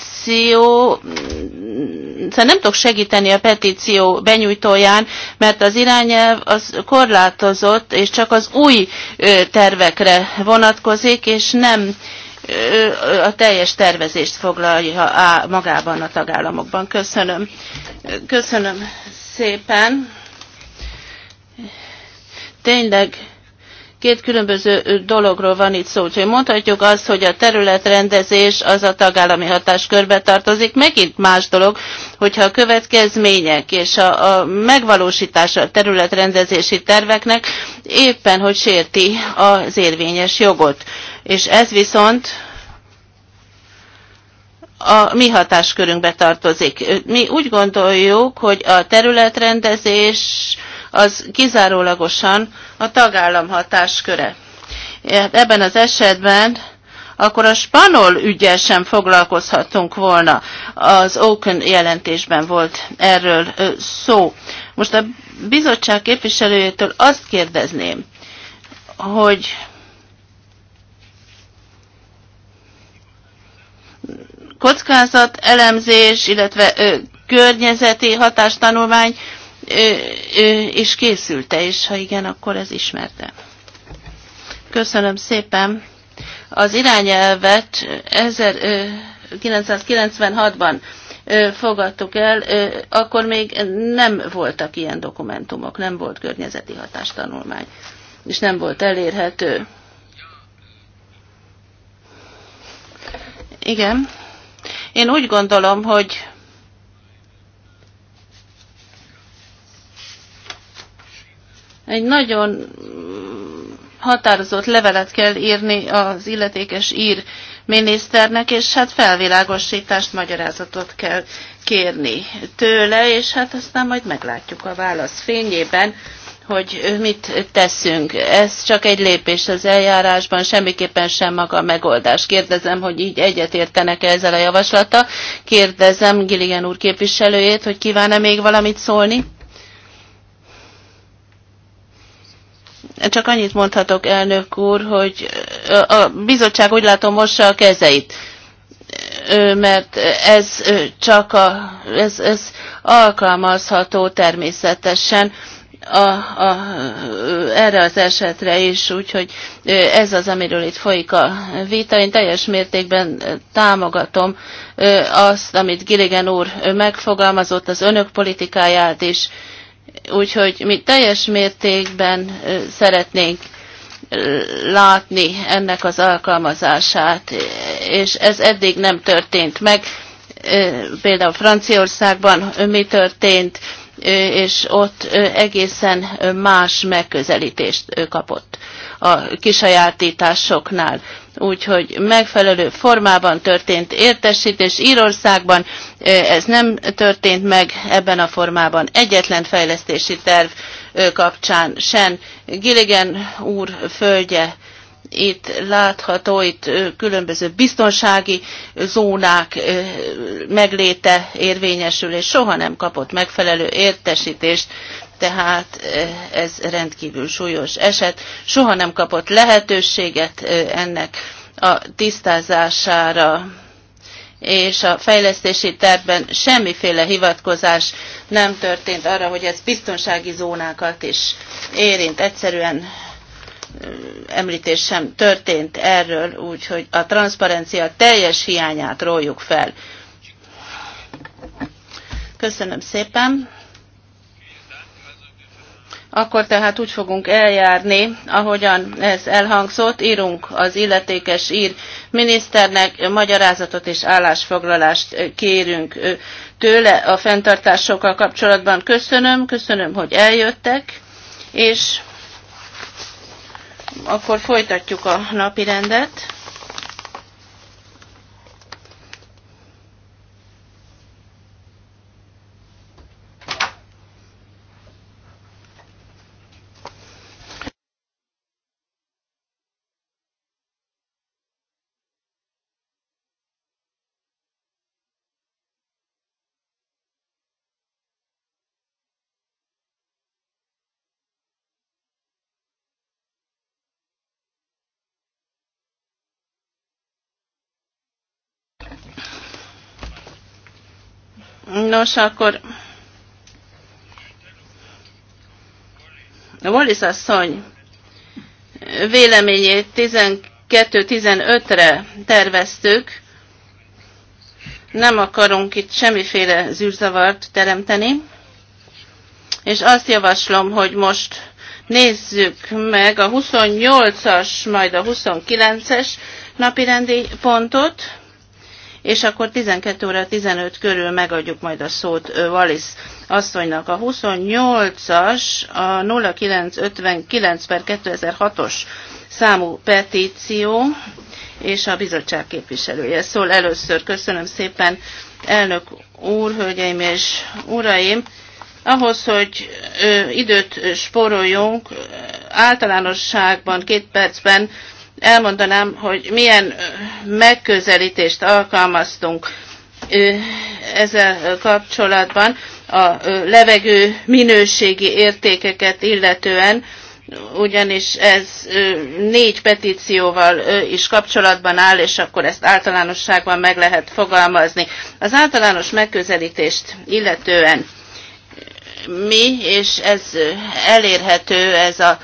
szóval nem tudok segíteni a petíció benyújtóján, mert az irányelv az korlátozott, és csak az új tervekre vonatkozik, vonatkozik, és nem a teljes tervezést foglalja magában a tagállamokban. Köszönöm. Köszönöm szépen. Tényleg Két különböző dologról van itt szó, úgyhogy mondhatjuk azt, hogy a területrendezés az a tagállami hatáskörbe tartozik. Megint más dolog, hogyha a következmények és a, a megvalósítása a területrendezési terveknek éppen, hogy sérti az érvényes jogot. És ez viszont a mi hatáskörünkbe tartozik. Mi úgy gondoljuk, hogy a területrendezés az kizárólagosan a tagállam hatásköre. Ebben az esetben akkor a spanol ügyel sem foglalkozhatunk volna. Az Oaken jelentésben volt erről szó. Most a bizottság képviselőjétől azt kérdezném, hogy kockázat elemzés, illetve környezeti hatástanulmány és készülte, és ha igen, akkor ez ismerte. Köszönöm szépen. Az irányelvet 1996-ban fogadtuk el, akkor még nem voltak ilyen dokumentumok, nem volt környezeti hatástanulmány, és nem volt elérhető. Igen. Én úgy gondolom, hogy Egy nagyon határozott levelet kell írni az illetékes ír miniszternek, és hát felvilágosítást, magyarázatot kell kérni tőle, és hát aztán majd meglátjuk a válasz fényében, hogy mit teszünk. Ez csak egy lépés az eljárásban, semmiképpen sem maga a megoldás. Kérdezem, hogy így egyetértenek-e ezzel a javaslata. Kérdezem Gilligan úr képviselőjét, hogy kíván-e még valamit szólni. Csak annyit mondhatok, elnök úr, hogy a bizottság úgy látom mossa a kezeit mert ez csak a, ez, ez alkalmazható természetesen a, a, erre az esetre is, úgyhogy ez az, amiről itt folyik a vita. Én teljes mértékben támogatom azt, amit Gilligan úr megfogalmazott, az önök politikáját is, Úgyhogy mi teljes mértékben szeretnénk látni ennek az alkalmazását, és ez eddig nem történt meg. Például Franciaországban mi történt, és ott egészen más megközelítést kapott a kisajátításoknál úgyhogy megfelelő formában történt értesítés. Írországban ez nem történt meg ebben a formában egyetlen fejlesztési terv kapcsán sem. Gilligan úr földje itt látható, itt különböző biztonsági zónák megléte érvényesül, és soha nem kapott megfelelő értesítést tehát eh, ez rendkívül súlyos eset. Soha nem kapott lehetőséget eh, ennek a tisztázására és a fejlesztési tervben semmiféle hivatkozás nem történt arra, hogy ez biztonsági zónákat is érint. Egyszerűen eh, említés sem történt erről, úgyhogy a transzparencia teljes hiányát róljuk fel. Köszönöm szépen akkor tehát úgy fogunk eljárni, ahogyan ez elhangzott, írunk az illetékes ír miniszternek, magyarázatot és állásfoglalást kérünk tőle a fenntartásokkal kapcsolatban. Köszönöm, köszönöm, hogy eljöttek, és akkor folytatjuk a napi rendet. Nos, akkor Wallis asszony véleményét 12-15-re terveztük. Nem akarunk itt semmiféle zűrzavart teremteni, és azt javaslom, hogy most nézzük meg a 28-as, majd a 29-es napirendi pontot és akkor 12 óra 15 körül megadjuk majd a szót Valisz asszonynak. A 28-as, a 0959 per 2006-os számú petíció, és a bizottság képviselője. Szól először, köszönöm szépen, elnök úr, hölgyeim és uraim, ahhoz, hogy ö, időt sporoljunk, általánosságban két percben elmondanám, hogy milyen megközelítést alkalmaztunk ezzel kapcsolatban a levegő minőségi értékeket illetően, ugyanis ez négy petícióval is kapcsolatban áll, és akkor ezt általánosságban meg lehet fogalmazni. Az általános megközelítést illetően mi, és ez elérhető, ez a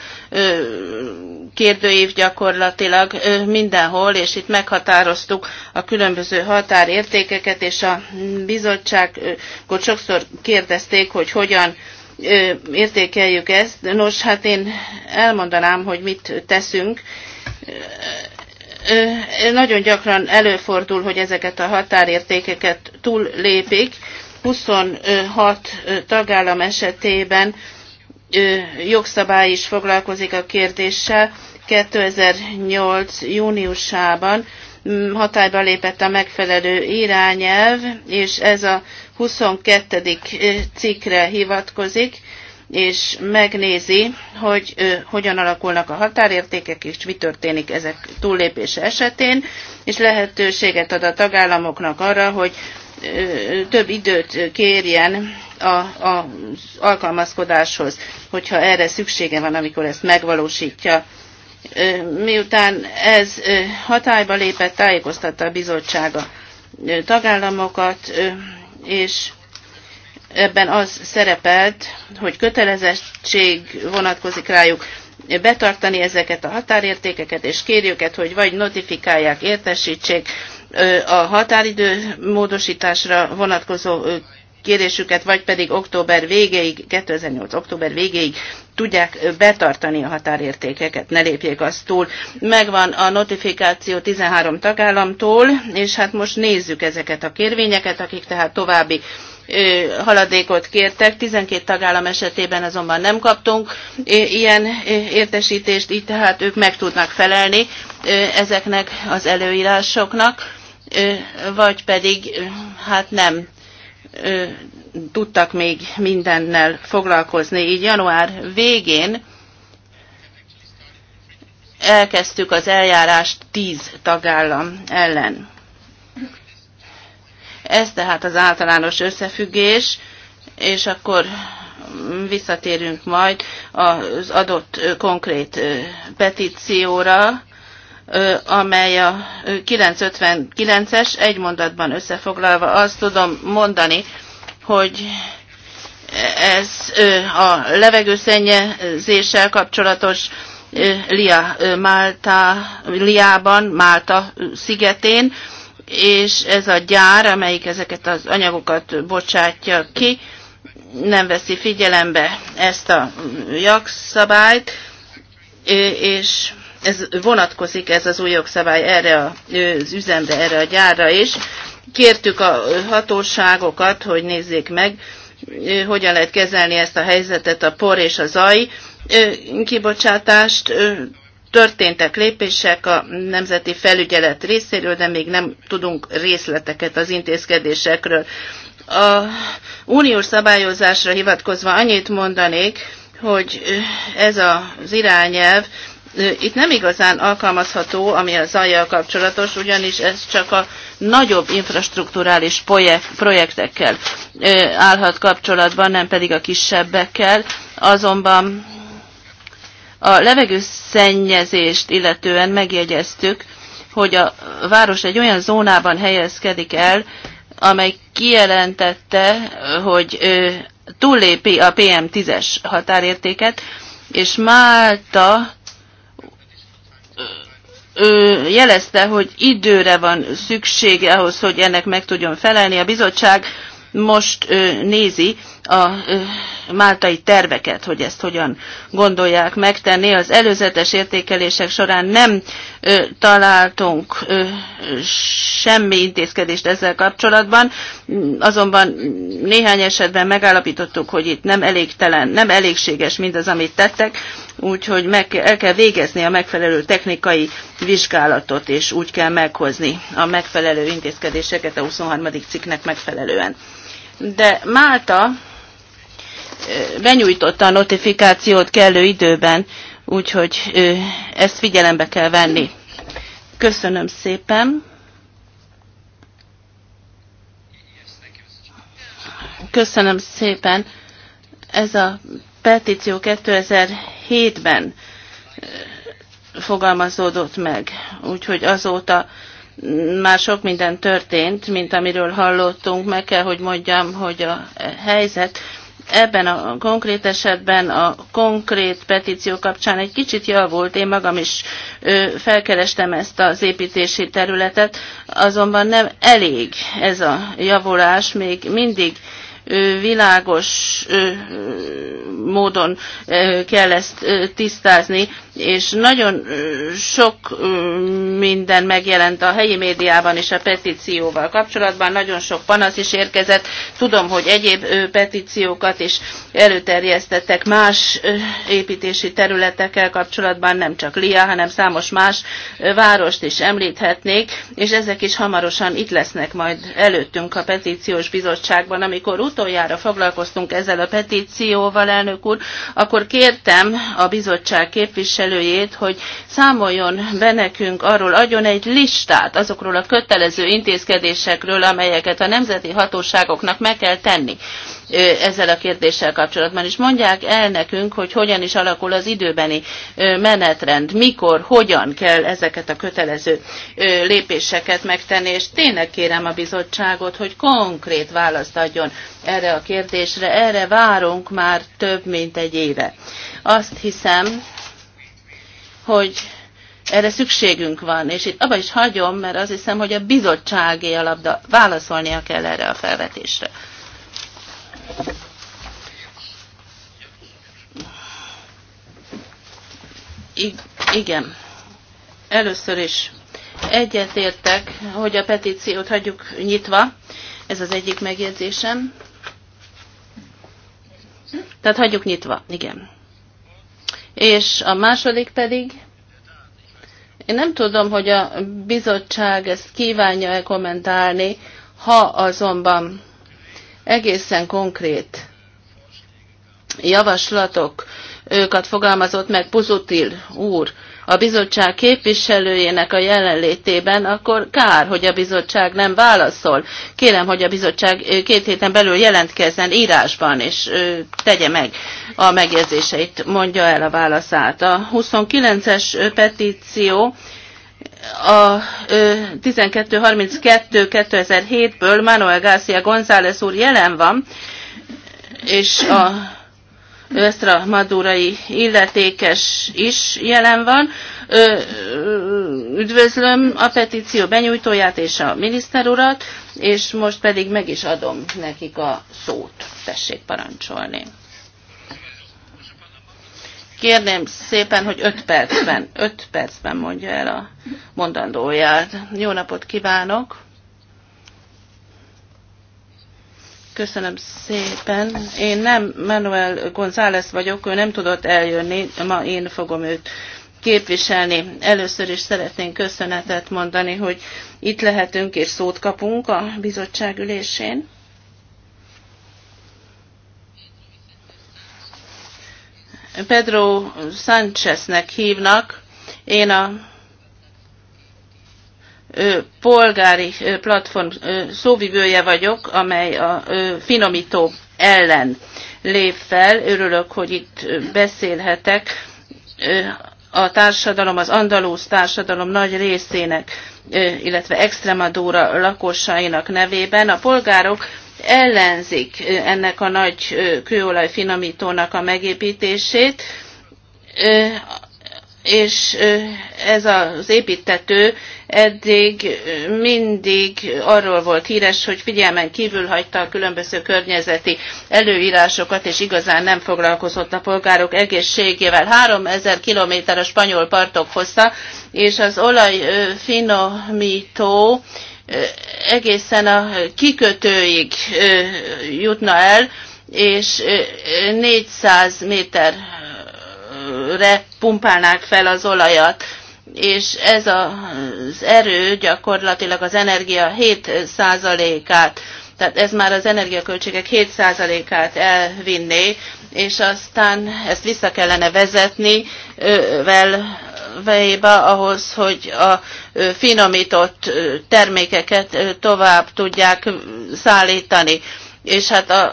kérdőív gyakorlatilag mindenhol, és itt meghatároztuk a különböző határértékeket, és a bizottságot sokszor kérdezték, hogy hogyan értékeljük ezt. Nos, hát én elmondanám, hogy mit teszünk nagyon gyakran előfordul, hogy ezeket a határértékeket túllépik. 26 tagállam esetében jogszabály is foglalkozik a kérdéssel. 2008. júniusában mm, hatályba lépett a megfelelő irányelv, és ez a 22. cikkre hivatkozik, és megnézi, hogy hogyan alakulnak a határértékek, és mi történik ezek túllépése esetén, és lehetőséget ad a tagállamoknak arra, hogy több időt kérjen a, a, az alkalmazkodáshoz, hogyha erre szüksége van, amikor ezt megvalósítja. Miután ez hatályba lépett, tájékoztatta a bizottsága tagállamokat, és ebben az szerepelt, hogy kötelezettség vonatkozik rájuk betartani ezeket a határértékeket, és kérjüket, hogy vagy notifikálják, értesítsék a határidő módosításra vonatkozó kérésüket, vagy pedig október végéig, 2008. október végéig tudják betartani a határértékeket, ne lépjék azt túl. Megvan a notifikáció 13 tagállamtól, és hát most nézzük ezeket a kérvényeket, akik tehát további haladékot kértek, 12 tagállam esetében azonban nem kaptunk ilyen értesítést, így tehát ők meg tudnak felelni ezeknek az előírásoknak, vagy pedig hát nem tudtak még mindennel foglalkozni. Így január végén elkezdtük az eljárást tíz tagállam ellen. Ez tehát az általános összefüggés, és akkor visszatérünk majd az adott konkrét petícióra, amely a 959-es, egy mondatban összefoglalva azt tudom mondani, hogy ez a levegőszennyezéssel kapcsolatos Lia, Málta, Liában, Málta szigetén, és ez a gyár, amelyik ezeket az anyagokat bocsátja ki, nem veszi figyelembe ezt a jogszabályt, és ez vonatkozik ez az új jogszabály erre az üzemre, erre a gyárra is. Kértük a hatóságokat, hogy nézzék meg, hogyan lehet kezelni ezt a helyzetet, a por és a zaj kibocsátást. Történtek lépések a Nemzeti Felügyelet részéről, de még nem tudunk részleteket az intézkedésekről. A uniós szabályozásra hivatkozva annyit mondanék, hogy ez az irányelv itt nem igazán alkalmazható, ami a zajjal kapcsolatos, ugyanis ez csak a nagyobb infrastruktúrális projektekkel állhat kapcsolatban, nem pedig a kisebbekkel. Azonban a levegőszennyezést illetően megjegyeztük, hogy a város egy olyan zónában helyezkedik el, amely kijelentette, hogy túllépi a PM10-es határértéket, és Málta jelezte, hogy időre van szüksége ahhoz, hogy ennek meg tudjon felelni. A bizottság most nézi, a máltai terveket, hogy ezt hogyan gondolják megtenni. Az előzetes értékelések során nem ö, találtunk ö, semmi intézkedést ezzel kapcsolatban, azonban néhány esetben megállapítottuk, hogy itt nem elégtelen, nem elégséges mindaz, amit tettek, úgyhogy meg, el kell végezni a megfelelő technikai vizsgálatot, és úgy kell meghozni a megfelelő intézkedéseket a 23. cikknek megfelelően. De Málta benyújtotta a notifikációt kellő időben, úgyhogy ezt figyelembe kell venni. Köszönöm szépen. Köszönöm szépen. Ez a petíció 2007-ben fogalmazódott meg, úgyhogy azóta már sok minden történt, mint amiről hallottunk. Meg kell, hogy mondjam, hogy a e, helyzet ebben a konkrét esetben a konkrét petíció kapcsán egy kicsit javult, én magam is felkerestem ezt az építési területet, azonban nem elég ez a javulás, még mindig világos módon kell ezt tisztázni, és nagyon sok minden megjelent a helyi médiában és a petícióval kapcsolatban, nagyon sok panasz is érkezett. Tudom, hogy egyéb petíciókat is előterjesztettek más építési területekkel kapcsolatban, nem csak Lia, hanem számos más várost is említhetnék, és ezek is hamarosan itt lesznek majd előttünk a petíciós bizottságban. Amikor utoljára foglalkoztunk ezzel a petícióval, elnök úr, akkor kértem a bizottság képviselőt, képviselőjét, hogy számoljon be nekünk arról, adjon egy listát azokról a kötelező intézkedésekről, amelyeket a nemzeti hatóságoknak meg kell tenni ezzel a kérdéssel kapcsolatban, és mondják el nekünk, hogy hogyan is alakul az időbeni menetrend, mikor, hogyan kell ezeket a kötelező lépéseket megtenni, és tényleg kérem a bizottságot, hogy konkrét választ adjon erre a kérdésre, erre várunk már több mint egy éve. Azt hiszem, hogy erre szükségünk van, és itt abba is hagyom, mert azt hiszem, hogy a bizottsági alapda válaszolnia kell erre a felvetésre. I igen. Először is egyetértek, hogy a petíciót hagyjuk nyitva. Ez az egyik megjegyzésem. Tehát hagyjuk nyitva, igen. És a második pedig, én nem tudom, hogy a bizottság ezt kívánja-e kommentálni, ha azonban egészen konkrét javaslatokat fogalmazott meg Puzutil úr a bizottság képviselőjének a jelenlétében, akkor kár, hogy a bizottság nem válaszol. Kérem, hogy a bizottság két héten belül jelentkezzen írásban, és tegye meg a megjegyzéseit, mondja el a válaszát. A 29-es petíció a 1232-2007-ből Manuel García González úr jelen van, és a Östra Madurai illetékes is jelen van. Üdvözlöm a petíció benyújtóját és a miniszter urat, és most pedig meg is adom nekik a szót. Tessék parancsolni. Kérném szépen, hogy 5 percben, 5 percben mondja el a mondandóját. Jó napot kívánok! Köszönöm szépen. Én nem Manuel González vagyok, ő nem tudott eljönni, ma én fogom őt képviselni. Először is szeretnénk köszönetet mondani, hogy itt lehetünk és szót kapunk a bizottság ülésén. Pedro Sáncheznek hívnak. Én a polgári platform szóvivője vagyok, amely a finomító ellen lép fel. Örülök, hogy itt beszélhetek. A társadalom, az andalúz társadalom nagy részének, illetve Extremadura lakosainak nevében. A polgárok ellenzik ennek a nagy kőolaj finomítónak a megépítését és ez az építető eddig mindig arról volt híres, hogy figyelmen kívül hagyta a különböző környezeti előírásokat, és igazán nem foglalkozott a polgárok egészségével. 3000 kilométer a spanyol partok hossza, és az olaj finomító egészen a kikötőig jutna el, és 400 méter pumpálnák fel az olajat, és ez az erő gyakorlatilag az energia 7%-át, tehát ez már az energiaköltségek 7%-át elvinné, és aztán ezt vissza kellene vezetni vel vejébe ahhoz, hogy a finomított termékeket tovább tudják szállítani és hát a,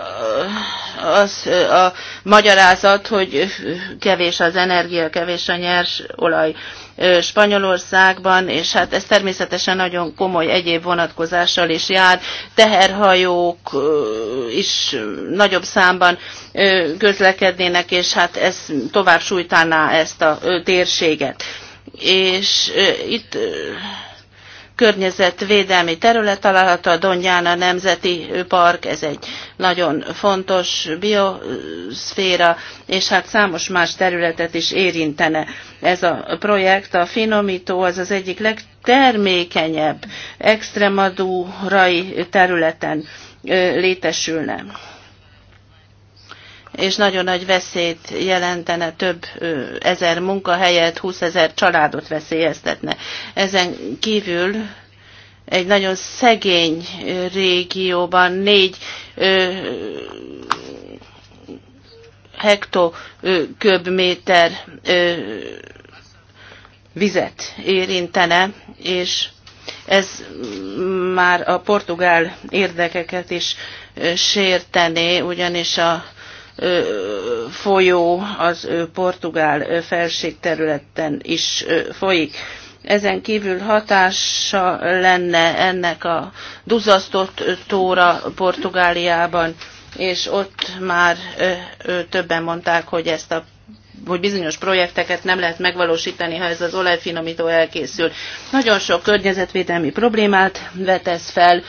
az a magyarázat, hogy kevés az energia, kevés a nyers olaj Spanyolországban, és hát ez természetesen nagyon komoly egyéb vonatkozással is jár. Teherhajók is nagyobb számban közlekednének, és hát ez tovább sújtaná ezt a térséget. És itt környezetvédelmi terület található a Donjána Nemzeti Park, ez egy nagyon fontos bioszféra, és hát számos más területet is érintene ez a projekt. A finomító az az egyik legtermékenyebb extremadúrai területen létesülne és nagyon nagy veszélyt jelentene több ezer munkahelyet, 20 ezer családot veszélyeztetne. Ezen kívül egy nagyon szegény régióban négy ö, hektoköbméter vizet érintene, és ez már a portugál érdekeket is sértené, ugyanis a folyó az portugál felség is folyik. Ezen kívül hatása lenne ennek a duzasztott tóra Portugáliában, és ott már többen mondták, hogy ezt a hogy bizonyos projekteket nem lehet megvalósítani, ha ez az olajfinomító elkészül. Nagyon sok környezetvédelmi problémát vetesz fel,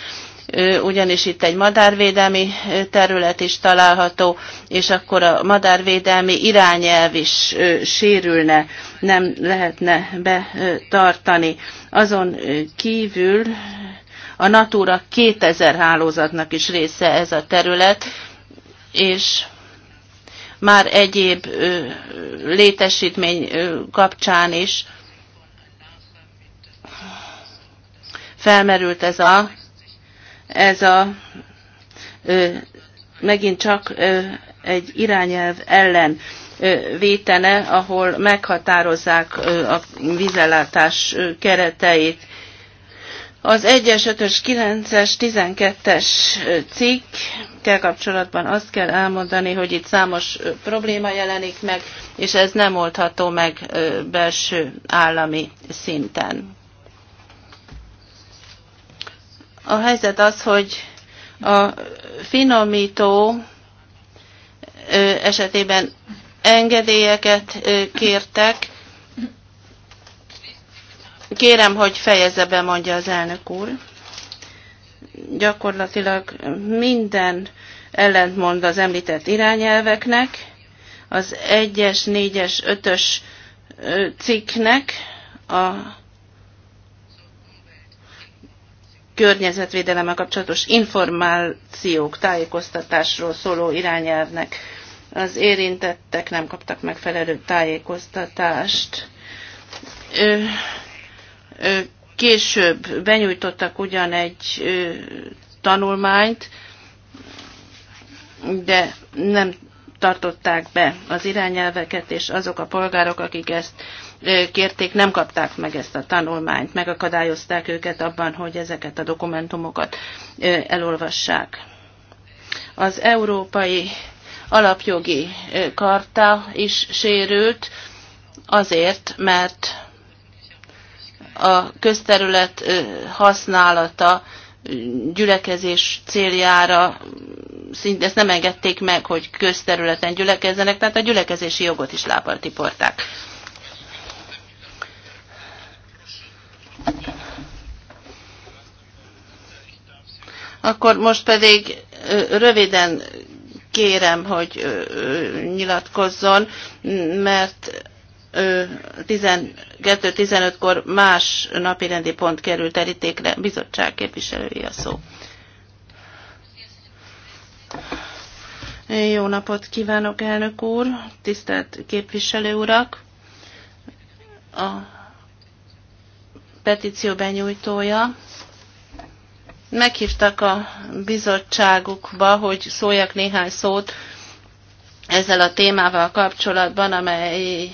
ugyanis itt egy madárvédelmi terület is található, és akkor a madárvédelmi irányelv is sérülne, nem lehetne betartani. Azon kívül a Natura 2000 hálózatnak is része ez a terület, és már egyéb létesítmény kapcsán is felmerült ez a ez a megint csak egy irányelv ellen vétene, ahol meghatározzák a vízellátás kereteit. Az 1-es, 5-ös, 9-es, 12-es cikkkel kapcsolatban azt kell elmondani, hogy itt számos probléma jelenik meg, és ez nem oldható meg belső állami szinten. A helyzet az, hogy a finomító esetében engedélyeket kértek. Kérem, hogy fejezze be, mondja az elnök úr. Gyakorlatilag minden ellentmond az említett irányelveknek, az 1-es, 4-es, 5-ös cikknek, a környezetvédelemmel kapcsolatos információk tájékoztatásról szóló irányelvnek az érintettek nem kaptak megfelelő tájékoztatást. Ö, ö, később benyújtottak ugyan egy ö, tanulmányt, de nem tartották be az irányelveket, és azok a polgárok, akik ezt kérték, nem kapták meg ezt a tanulmányt, megakadályozták őket abban, hogy ezeket a dokumentumokat elolvassák. Az európai alapjogi karta is sérült azért, mert a közterület használata gyülekezés céljára szinte ezt nem engedték meg, hogy közterületen gyülekezzenek, tehát a gyülekezési jogot is lábbal tiporták. Akkor most pedig röviden kérem, hogy nyilatkozzon, mert 12-15-kor más napirendi pont került terítékre, bizottság képviselői a szó. Jó napot kívánok, elnök úr, tisztelt képviselő urak! A petíció benyújtója. Meghívtak a bizottságukba, hogy szóljak néhány szót ezzel a témával kapcsolatban, amely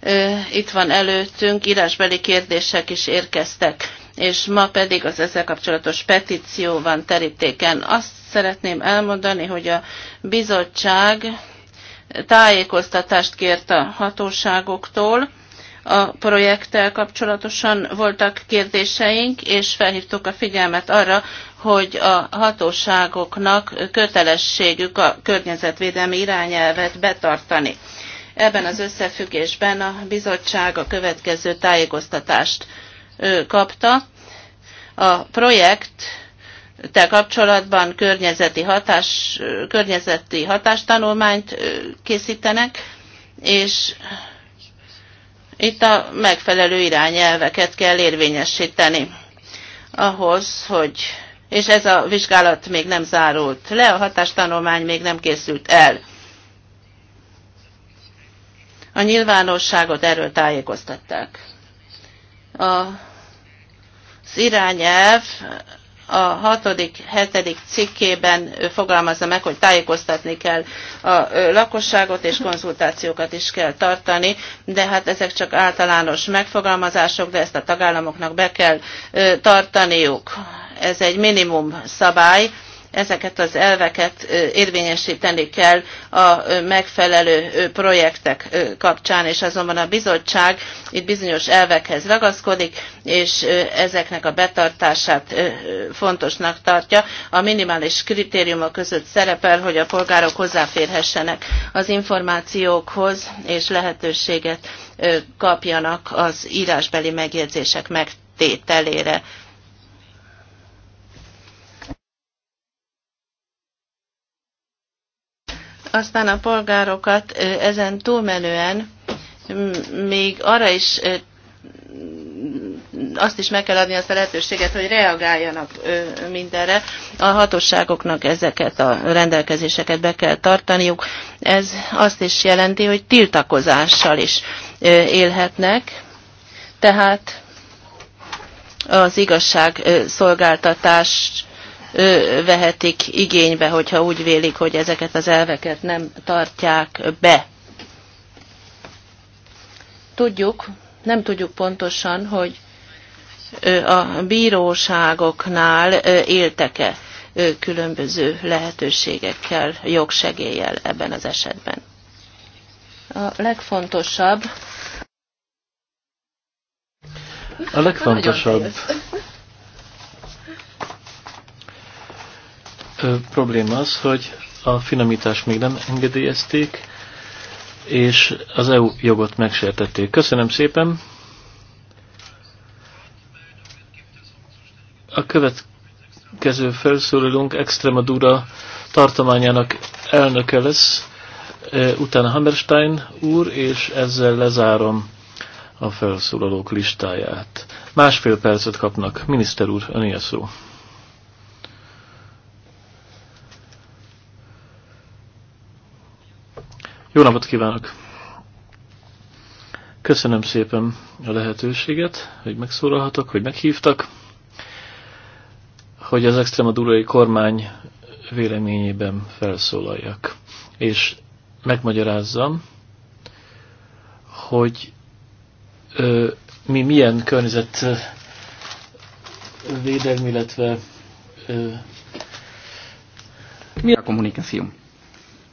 ö, itt van előttünk, írásbeli kérdések is érkeztek és ma pedig az ezzel kapcsolatos petíció van terítéken. Azt szeretném elmondani, hogy a bizottság tájékoztatást kért a hatóságoktól, a projekttel kapcsolatosan voltak kérdéseink, és felhívtuk a figyelmet arra, hogy a hatóságoknak kötelességük a környezetvédelmi irányelvet betartani. Ebben az összefüggésben a bizottság a következő tájékoztatást kapta. A projekt te kapcsolatban környezeti, hatás, környezeti hatástanulmányt készítenek, és itt a megfelelő irányelveket kell érvényesíteni ahhoz, hogy és ez a vizsgálat még nem zárult le, a hatástanulmány még nem készült el. A nyilvánosságot erről tájékoztatták. A, az irányelv a hatodik, hetedik cikkében fogalmazza meg, hogy tájékoztatni kell a lakosságot, és konzultációkat is kell tartani, de hát ezek csak általános megfogalmazások, de ezt a tagállamoknak be kell tartaniuk. Ez egy minimum szabály, ezeket az elveket érvényesíteni kell a megfelelő projektek kapcsán, és azonban a bizottság itt bizonyos elvekhez ragaszkodik, és ezeknek a betartását fontosnak tartja. A minimális kritériumok között szerepel, hogy a polgárok hozzáférhessenek az információkhoz, és lehetőséget kapjanak az írásbeli megjegyzések megtételére aztán a polgárokat ezen túlmenően még arra is azt is meg kell adni azt a lehetőséget, hogy reagáljanak mindenre. A hatóságoknak ezeket a rendelkezéseket be kell tartaniuk. Ez azt is jelenti, hogy tiltakozással is élhetnek. Tehát az igazságszolgáltatás vehetik igénybe, hogyha úgy vélik, hogy ezeket az elveket nem tartják be. Tudjuk, nem tudjuk pontosan, hogy a bíróságoknál éltek-e különböző lehetőségekkel, jogsegéllyel ebben az esetben. A legfontosabb. A legfontosabb probléma az, hogy a finomítást még nem engedélyezték, és az EU jogot megsértették. Köszönöm szépen! A következő felszólalónk Extremadura tartományának elnöke lesz, utána Hammerstein úr, és ezzel lezárom a felszólalók listáját. Másfél percet kapnak. Miniszter úr, öné a szó. Jó napot kívánok! Köszönöm szépen a lehetőséget, hogy megszólalhatok, hogy meghívtak, hogy az extremadurai kormány véleményében felszólaljak, és megmagyarázzam, hogy ö, mi milyen környezet védelmi, illetve ö, mi a kommunikáció.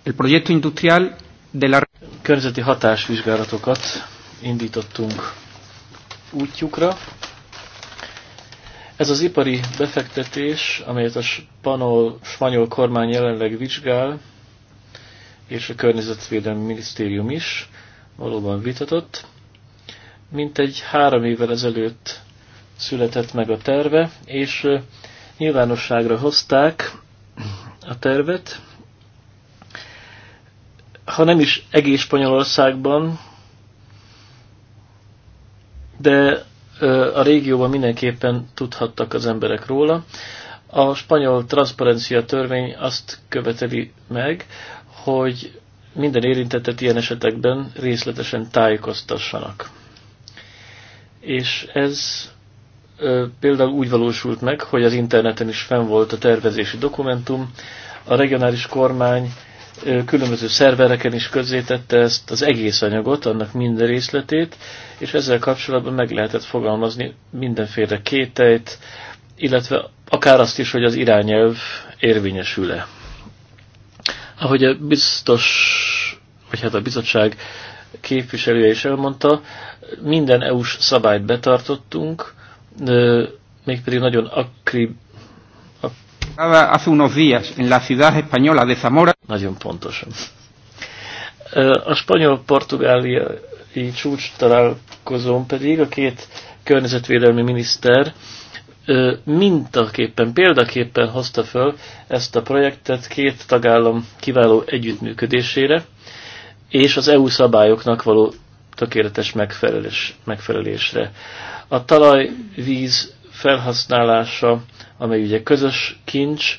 El proyecto industrial de la... Körzeti hatásvizsgálatokat indítottunk útjukra. Ez az ipari befektetés, amelyet a spanol, spanyol kormány jelenleg vizsgál, és a Környezetvédelmi Minisztérium is valóban vitatott. mint egy három évvel ezelőtt született meg a terve, és eh, nyilvánosságra hozták a tervet, ha nem is egész Spanyolországban, de a régióban mindenképpen tudhattak az emberek róla. A spanyol transzparencia törvény azt követeli meg, hogy minden érintettet ilyen esetekben részletesen tájékoztassanak. És ez ö, például úgy valósult meg, hogy az interneten is fenn volt a tervezési dokumentum, a regionális kormány különböző szervereken is közzétette ezt az egész anyagot, annak minden részletét, és ezzel kapcsolatban meg lehetett fogalmazni mindenféle kétejt, illetve akár azt is, hogy az irányelv érvényesül-e. Ahogy a biztos, vagy hát a bizottság képviselője is elmondta, minden EU-s szabályt betartottunk, mégpedig nagyon akri, realizada hace unos días en la ciudad española de Zamora. Nagyon pontosan. A spanyol-portugáliai csúcs találkozón pedig a két környezetvédelmi miniszter mintaképpen, példaképpen hozta föl ezt a projektet két tagállam kiváló együttműködésére, és az EU szabályoknak való tökéletes megfelelés, megfelelésre. A talajvíz felhasználása amely ugye közös kincs,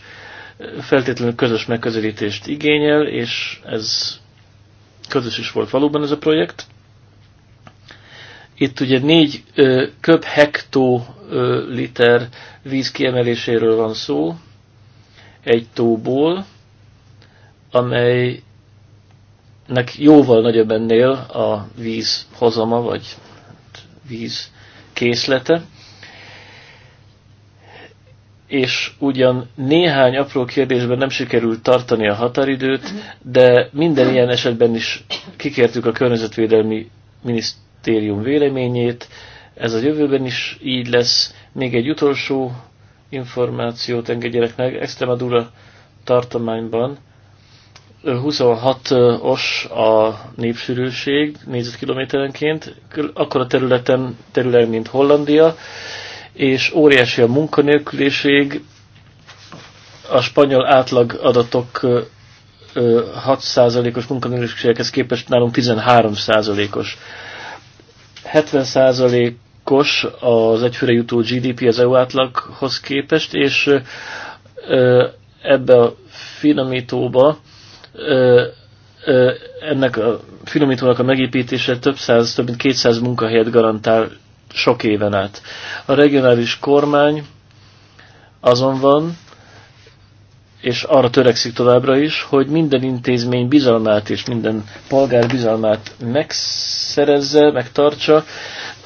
feltétlenül közös megközelítést igényel, és ez közös is volt valóban ez a projekt. Itt ugye négy köb hektoliter víz kiemeléséről van szó egy tóból, amelynek jóval nagyobb ennél a víz hozama, vagy hát víz készlete és ugyan néhány apró kérdésben nem sikerült tartani a határidőt, de minden ilyen esetben is kikértük a környezetvédelmi minisztérium véleményét. Ez a jövőben is így lesz. Még egy utolsó információt engedjenek meg. Extremadura tartományban 26-os a népsűrűség négyzetkilométerenként, akkor a területen terület, mint Hollandia és óriási a munkanélküliség, a spanyol átlag adatok 6%-os munkanélküliséghez képest nálunk 13%-os. 70%-os az egyfőre jutó GDP az EU átlaghoz képest, és ebbe a finomítóba ennek a finomítónak a megépítése több száz, több mint 200 munkahelyet garantál sok éven át. A regionális kormány azon van, és arra törekszik továbbra is, hogy minden intézmény bizalmát és minden polgár bizalmát megszerezze, megtartsa.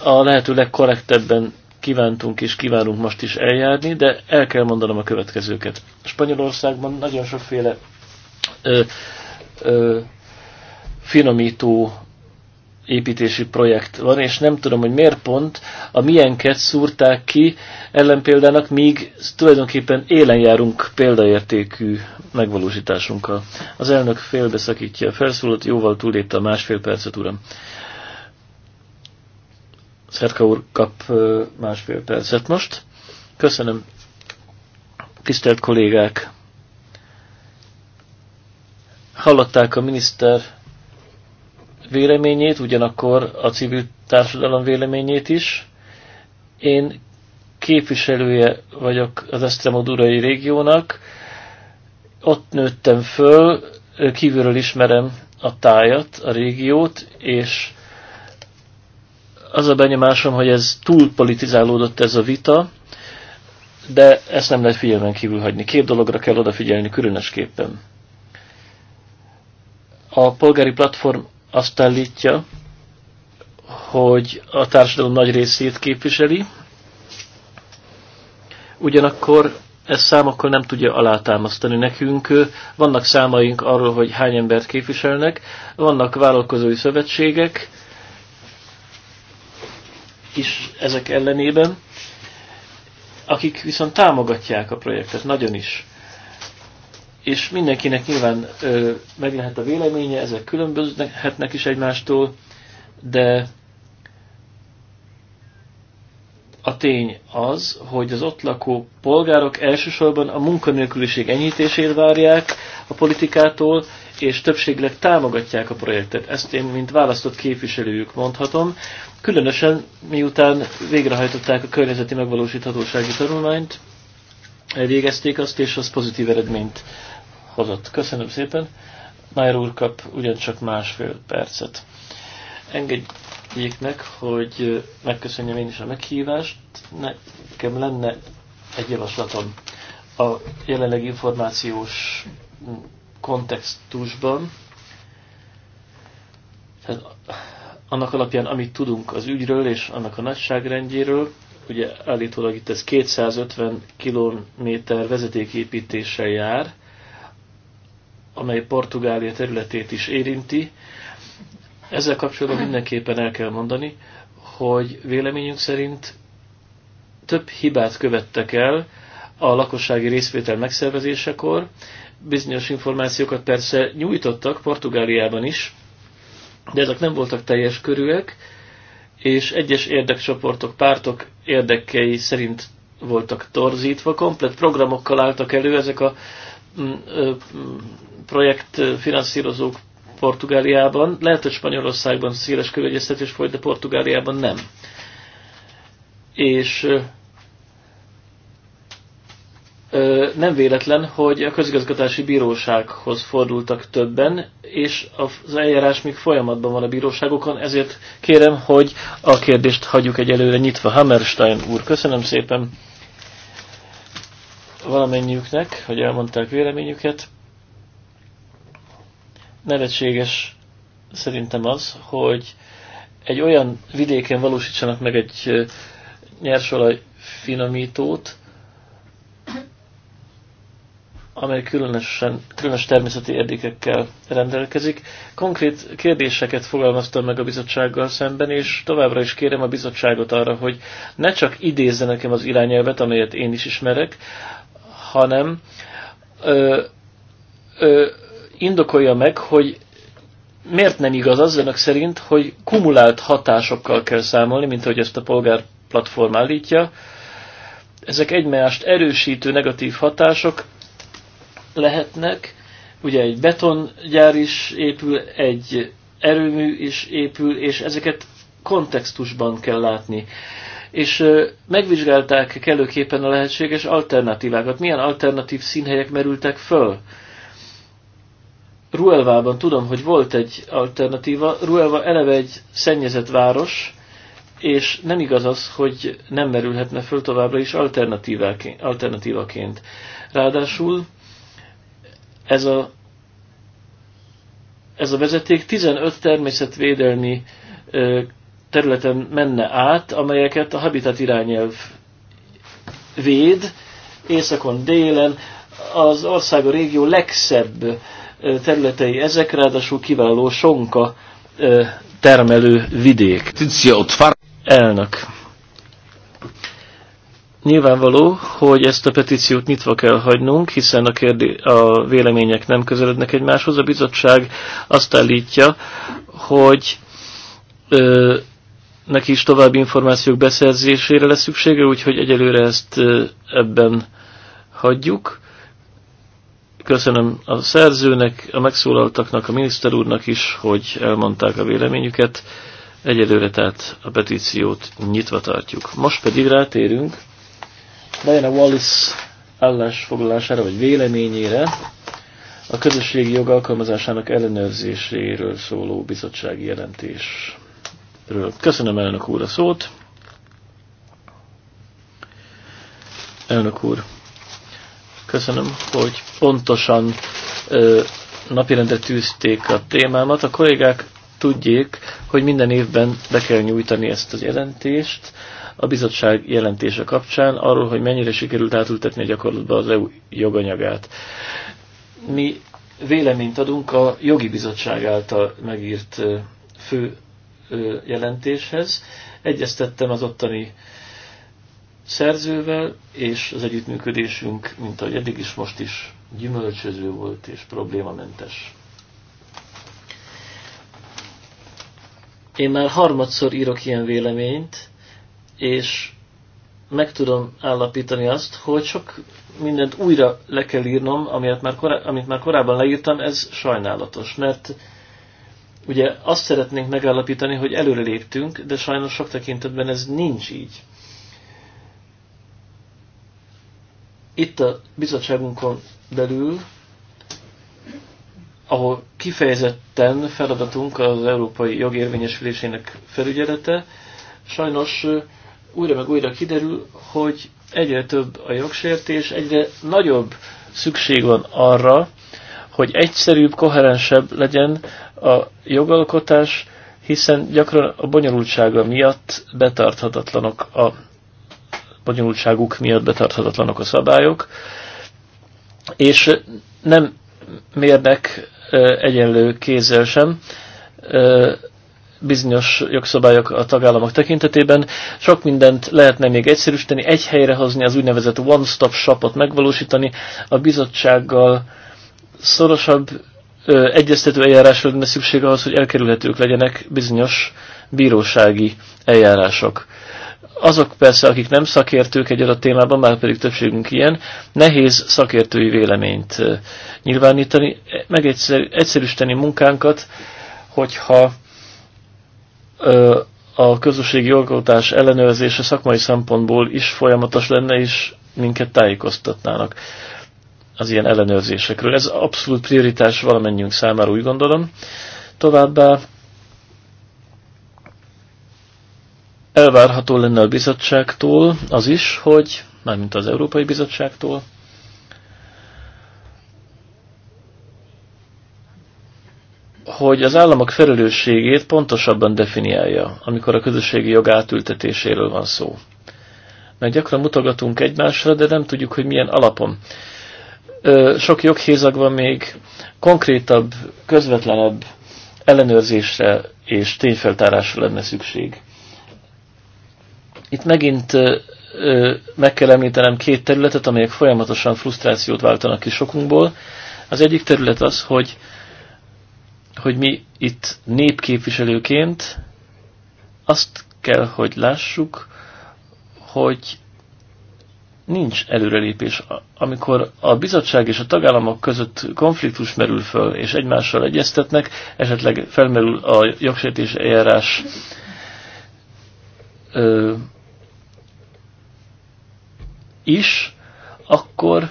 A lehető legkorrektebben kívántunk és kívánunk most is eljárni, de el kell mondanom a következőket. Spanyolországban nagyon sokféle ö, ö, finomító építési projekt van, és nem tudom, hogy miért pont a milyenket szúrták ki ellenpéldának, míg tulajdonképpen élen járunk példaértékű megvalósításunkkal. Az elnök félbeszakítja a felszólalt, jóval túlépte a másfél percet, uram. Szerka úr kap másfél percet most. Köszönöm, tisztelt kollégák! Hallották a miniszter véleményét, ugyanakkor a civil társadalom véleményét is. Én képviselője vagyok az Esztremodurai régiónak, ott nőttem föl, kívülről ismerem a tájat, a régiót, és az a benyomásom, hogy ez túl politizálódott ez a vita, de ezt nem lehet figyelmen kívül hagyni. Két dologra kell odafigyelni különösképpen. A polgári platform azt állítja, hogy a társadalom nagy részét képviseli, ugyanakkor ezt számokkal nem tudja alátámasztani nekünk. Vannak számaink arról, hogy hány embert képviselnek, vannak vállalkozói szövetségek is ezek ellenében, akik viszont támogatják a projektet nagyon is és mindenkinek nyilván ö, meg lehet a véleménye, ezek különbözhetnek is egymástól, de a tény az, hogy az ott lakó polgárok elsősorban a munkanélküliség enyhítését várják a politikától, és többségleg támogatják a projektet. Ezt én, mint választott képviselőjük mondhatom, különösen miután végrehajtották a környezeti megvalósíthatósági tanulmányt, végezték azt, és az pozitív eredményt hozott. Köszönöm szépen. Nair úr kap ugyancsak másfél percet. Engedjék meg, hogy megköszönjem én is a meghívást. Nekem lenne egy javaslatom a jelenleg információs kontextusban, tehát annak alapján, amit tudunk az ügyről és annak a nagyságrendjéről, ugye állítólag itt ez 250 km vezetéképítéssel jár, amely Portugália területét is érinti. Ezzel kapcsolatban mindenképpen el kell mondani, hogy véleményünk szerint több hibát követtek el a lakossági részvétel megszervezésekor. Bizonyos információkat persze nyújtottak Portugáliában is, de ezek nem voltak teljes körűek, és egyes érdekcsoportok, pártok érdekei szerint voltak torzítva, komplet programokkal álltak elő ezek a projektfinanszírozók Portugáliában, lehet, hogy Spanyolországban széles kövegyeztetés folyt, de Portugáliában nem. És nem véletlen, hogy a közigazgatási bírósághoz fordultak többen, és az eljárás még folyamatban van a bíróságokon, ezért kérem, hogy a kérdést hagyjuk egy előre nyitva. Hammerstein úr, köszönöm szépen! valamennyiüknek, hogy elmondták véleményüket. Nevetséges szerintem az, hogy egy olyan vidéken valósítsanak meg egy nyersolaj finomítót, amely különösen, különös természeti érdekekkel rendelkezik. Konkrét kérdéseket fogalmaztam meg a bizottsággal szemben, és továbbra is kérem a bizottságot arra, hogy ne csak idézze nekem az irányelvet, amelyet én is ismerek, hanem ö, ö, indokolja meg, hogy miért nem igaz az önök szerint, hogy kumulált hatásokkal kell számolni, mint ahogy ezt a polgár platform állítja. Ezek egymást erősítő negatív hatások lehetnek. Ugye egy betongyár is épül, egy erőmű is épül, és ezeket kontextusban kell látni és megvizsgálták kellőképpen a lehetséges alternatívákat. Milyen alternatív színhelyek merültek föl? Ruelvában tudom, hogy volt egy alternatíva. Ruelva eleve egy szennyezett város, és nem igaz az, hogy nem merülhetne föl továbbra is alternatívaként. Ráadásul ez a, ez a vezeték 15 természetvédelmi területen menne át, amelyeket a habitat irányelv véd, északon, délen, az ország a régió legszebb területei ezek, ráadásul kiváló sonka termelő vidék. Elnök. Nyilvánvaló, hogy ezt a petíciót nyitva kell hagynunk, hiszen a, kérdé- a vélemények nem közelednek egymáshoz. A bizottság azt állítja, hogy ö, neki is további információk beszerzésére lesz szüksége, úgyhogy egyelőre ezt ebben hagyjuk. Köszönöm a szerzőnek, a megszólaltaknak, a miniszter úrnak is, hogy elmondták a véleményüket. Egyelőre tehát a petíciót nyitva tartjuk. Most pedig rátérünk Diana Wallis állásfoglalására vagy véleményére a közösségi jog alkalmazásának ellenőrzéséről szóló bizottsági jelentés ről. Köszönöm elnök úr a szót. Elnök úr, köszönöm, hogy pontosan ö, napirendre tűzték a témámat. A kollégák tudjék, hogy minden évben be kell nyújtani ezt az jelentést a bizottság jelentése kapcsán, arról, hogy mennyire sikerült átültetni a gyakorlatba az EU joganyagát. Mi véleményt adunk a jogi bizottság által megírt fő jelentéshez. Egyeztettem az ottani szerzővel, és az együttműködésünk, mint ahogy eddig is most is, gyümölcsöző volt és problémamentes. Én már harmadszor írok ilyen véleményt, és meg tudom állapítani azt, hogy sok mindent újra le kell írnom, amit már, korábban leírtam, ez sajnálatos, mert Ugye azt szeretnénk megállapítani, hogy előre léptünk, de sajnos sok tekintetben ez nincs így. Itt a bizottságunkon belül, ahol kifejezetten feladatunk az európai jogérvényesülésének felügyelete, sajnos újra meg újra kiderül, hogy egyre több a jogsértés, egyre nagyobb szükség van arra, hogy egyszerűbb, koherensebb legyen a jogalkotás, hiszen gyakran a bonyolultsága miatt betarthatatlanok a bonyolultságuk miatt betarthatatlanok a szabályok, és nem mérnek egyenlő kézzel sem bizonyos jogszabályok a tagállamok tekintetében. Sok mindent lehetne még egyszerűsíteni, egy helyre hozni, az úgynevezett one-stop shopot megvalósítani, a bizottsággal Szorosabb ö, egyeztető eljárásra lenne szükség ahhoz, hogy elkerülhetők legyenek bizonyos bírósági eljárások. Azok persze, akik nem szakértők egy adott témában, már pedig többségünk ilyen, nehéz szakértői véleményt nyilvánítani, meg egyszer, egyszerűsíteni munkánkat, hogyha ö, a közösségi jogalkotás ellenőrzése szakmai szempontból is folyamatos lenne, és minket tájékoztatnának az ilyen ellenőrzésekről. Ez abszolút prioritás valamennyiünk számára, úgy gondolom. Továbbá elvárható lenne a bizottságtól az is, hogy, mármint az Európai Bizottságtól, hogy az államok felelősségét pontosabban definiálja, amikor a közösségi jog átültetéséről van szó. Mert gyakran mutogatunk egymásra, de nem tudjuk, hogy milyen alapon sok van még konkrétabb, közvetlenebb ellenőrzésre és tényfeltárásra lenne szükség. Itt megint meg kell említenem két területet, amelyek folyamatosan frusztrációt váltanak ki sokunkból. Az egyik terület az, hogy, hogy mi itt népképviselőként azt kell, hogy lássuk, hogy nincs előrelépés. Amikor a bizottság és a tagállamok között konfliktus merül föl, és egymással egyeztetnek, esetleg felmerül a jogsértés eljárás ö, is, akkor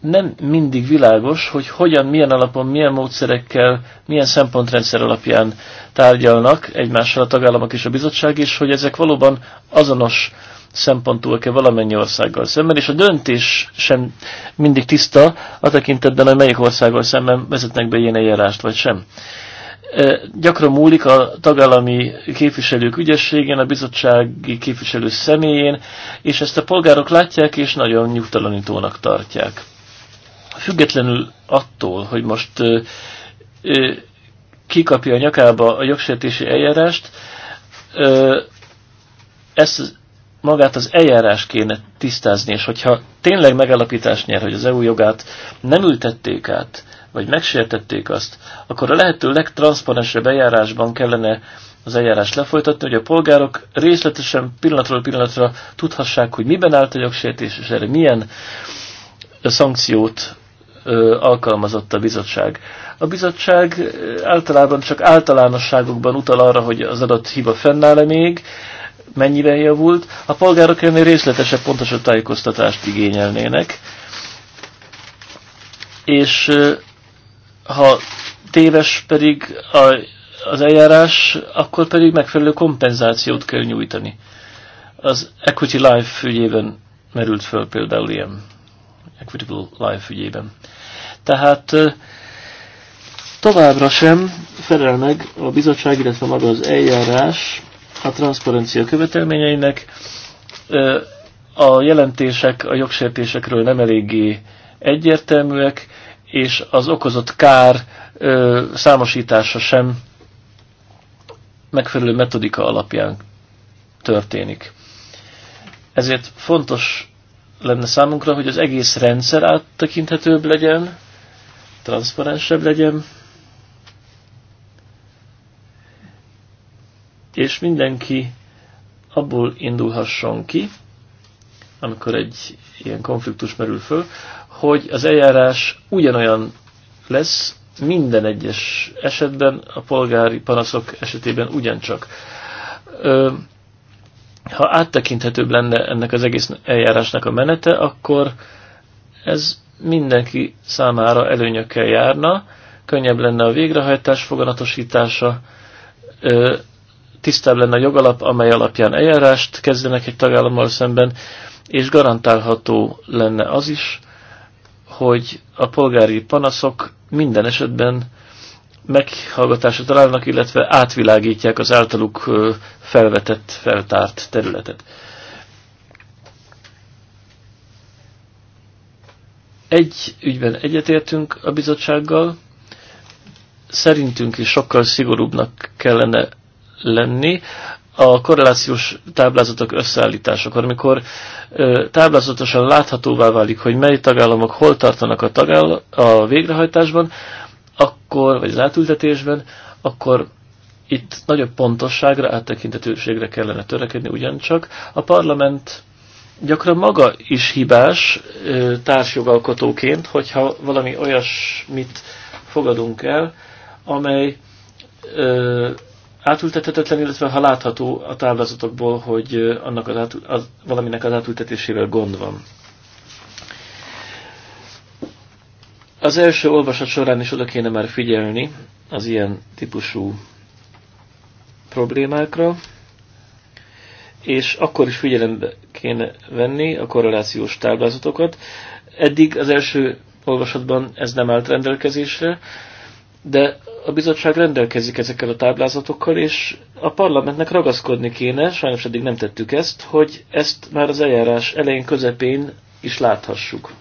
nem mindig világos, hogy hogyan, milyen alapon, milyen módszerekkel, milyen szempontrendszer alapján tárgyalnak egymással a tagállamok és a bizottság, és hogy ezek valóban azonos szempontúak kell valamennyi országgal szemben, és a döntés sem mindig tiszta a tekintetben, hogy melyik országgal szemben vezetnek be ilyen eljárást, vagy sem. Gyakran múlik a tagállami képviselők ügyességén, a bizottsági képviselő személyén, és ezt a polgárok látják, és nagyon nyugtalanítónak tartják. Függetlenül attól, hogy most kikapja a nyakába a jogsértési eljárást, ezt magát az eljárás kéne tisztázni, és hogyha tényleg megállapítás nyer, hogy az EU jogát nem ültették át, vagy megsértették azt, akkor a lehető legtranszparensebb eljárásban kellene az eljárás lefolytatni, hogy a polgárok részletesen pillanatról pillanatra tudhassák, hogy miben állt a jogsértés, és erre milyen szankciót ö, alkalmazott a bizottság. A bizottság általában csak általánosságokban utal arra, hogy az adott hiba fennáll-e még, mennyiben javult, a polgárok ennél részletesebb, pontosabb tájékoztatást igényelnének, és ha téves pedig a, az eljárás, akkor pedig megfelelő kompenzációt kell nyújtani. Az Equity Life ügyében merült föl például ilyen. Equitable Life ügyében. Tehát továbbra sem felel meg a bizottság, illetve maga az eljárás a transzparencia követelményeinek. A jelentések a jogsértésekről nem eléggé egyértelműek, és az okozott kár számosítása sem megfelelő metodika alapján történik. Ezért fontos lenne számunkra, hogy az egész rendszer áttekinthetőbb legyen, transzparensebb legyen, és mindenki abból indulhasson ki, amikor egy ilyen konfliktus merül föl, hogy az eljárás ugyanolyan lesz minden egyes esetben, a polgári panaszok esetében ugyancsak. Ö, ha áttekinthetőbb lenne ennek az egész eljárásnak a menete, akkor ez mindenki számára előnyökkel járna, könnyebb lenne a végrehajtás foganatosítása, tisztább lenne a jogalap, amely alapján eljárást kezdenek egy tagállammal szemben, és garantálható lenne az is, hogy a polgári panaszok minden esetben meghallgatásra találnak, illetve átvilágítják az általuk felvetett, feltárt területet. Egy ügyben egyetértünk a bizottsággal, szerintünk is sokkal szigorúbbnak kellene lenni a korrelációs táblázatok összeállításakor, amikor táblázatosan láthatóvá válik, hogy mely tagállamok hol tartanak a, tagáll- a végrehajtásban, akkor, vagy az átültetésben, akkor itt nagyobb pontosságra, áttekintetőségre kellene törekedni ugyancsak. A parlament gyakran maga is hibás társjogalkotóként, hogyha valami olyasmit fogadunk el, amely átültethetetlen, illetve ha látható a táblázatokból, hogy annak az át, az, valaminek az átültetésével gond van. Az első olvasat során is oda kéne már figyelni az ilyen típusú problémákra, és akkor is figyelembe kéne venni a korrelációs táblázatokat. Eddig az első olvasatban ez nem állt rendelkezésre, de a bizottság rendelkezik ezekkel a táblázatokkal, és a parlamentnek ragaszkodni kéne, sajnos eddig nem tettük ezt, hogy ezt már az eljárás elején közepén is láthassuk.